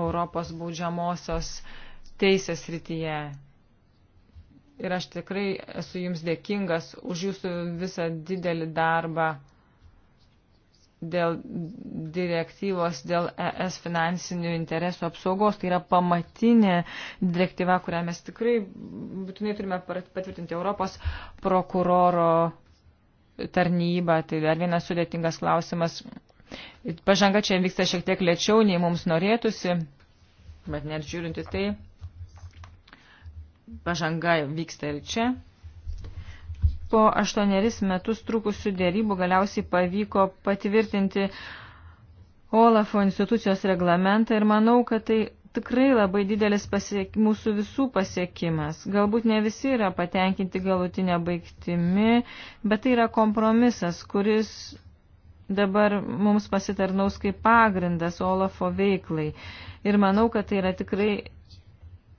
Europos baudžiamosios teisės rytyje. Ir aš tikrai esu jums dėkingas už jūsų visą didelį darbą dėl direktyvos dėl ES finansinių interesų apsaugos. Tai yra pamatinė direktyva, kurią mes tikrai būtinai turime patvirtinti Europos prokuroro tarnybą. Tai dar vienas sudėtingas klausimas. Pažanga čia vyksta šiek tiek lėčiau, nei mums norėtųsi, bet net žiūrinti tai, pažanga vyksta ir čia po aštuoneris metus trukusių dėrybų galiausiai pavyko patvirtinti Olafo institucijos reglamentą ir manau, kad tai tikrai labai didelis pasiek, mūsų visų pasiekimas. Galbūt ne visi yra patenkinti galutinę baigtimi, bet tai yra kompromisas, kuris dabar mums pasitarnaus kaip pagrindas Olafo veiklai. Ir manau, kad tai yra tikrai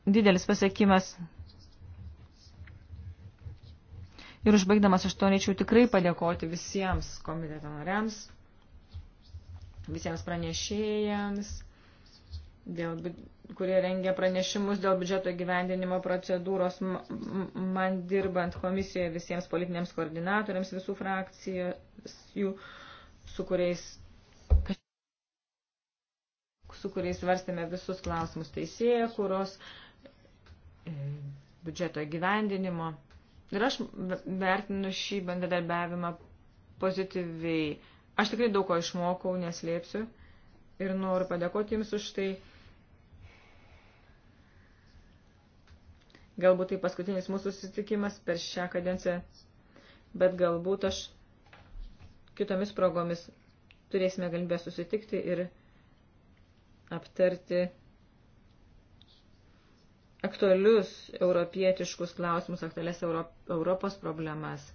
didelis pasiekimas Ir užbaigdamas aš to norėčiau tikrai padėkoti visiems komiteto nariams, visiems pranešėjams, dėl, kurie rengia pranešimus dėl biudžeto gyvendinimo procedūros, man dirbant komisijoje visiems politiniams koordinatoriams visų frakcijų, su kuriais su kuriais varstėme visus klausimus teisėje, kuros e, biudžeto gyvendinimo Ir aš vertinu šį bendradarbiavimą pozityviai. Aš tikrai daug ko išmokau, neslėpsiu. Ir noriu padėkoti Jums už tai. Galbūt tai paskutinis mūsų susitikimas per šią kadenciją, bet galbūt aš kitomis progomis turėsime galimybę susitikti ir aptarti aktualius europietiškus klausimus, aktualias Euro, Europos problemas,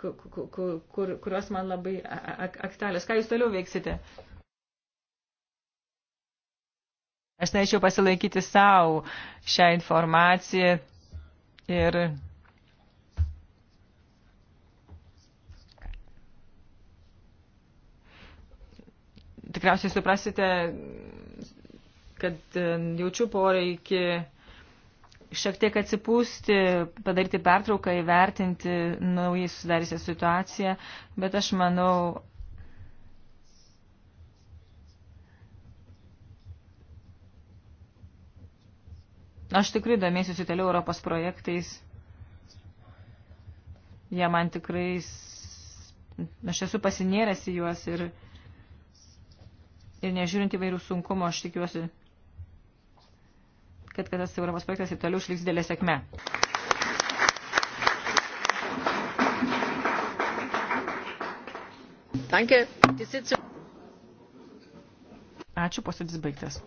kur, kur, kurios man labai aktualios. Ką jūs toliau veiksite? Aš norėčiau pasilaikyti savo šią informaciją ir tikriausiai suprasite kad e, jaučiu poreikį šiek tiek atsipūsti, padaryti pertrauką, įvertinti naujai sudarysią situaciją, bet aš manau, aš tikrai domėsiu toliau Europos projektais. Jie ja, man tikrai, aš esu pasinėręs į juos ir, ir nežiūrint įvairių sunkumų, aš tikiuosi kad, kad tas Europos projektas ir toliau išliks dėlė sėkme. Danke. Ačiū, posėdis baigtas.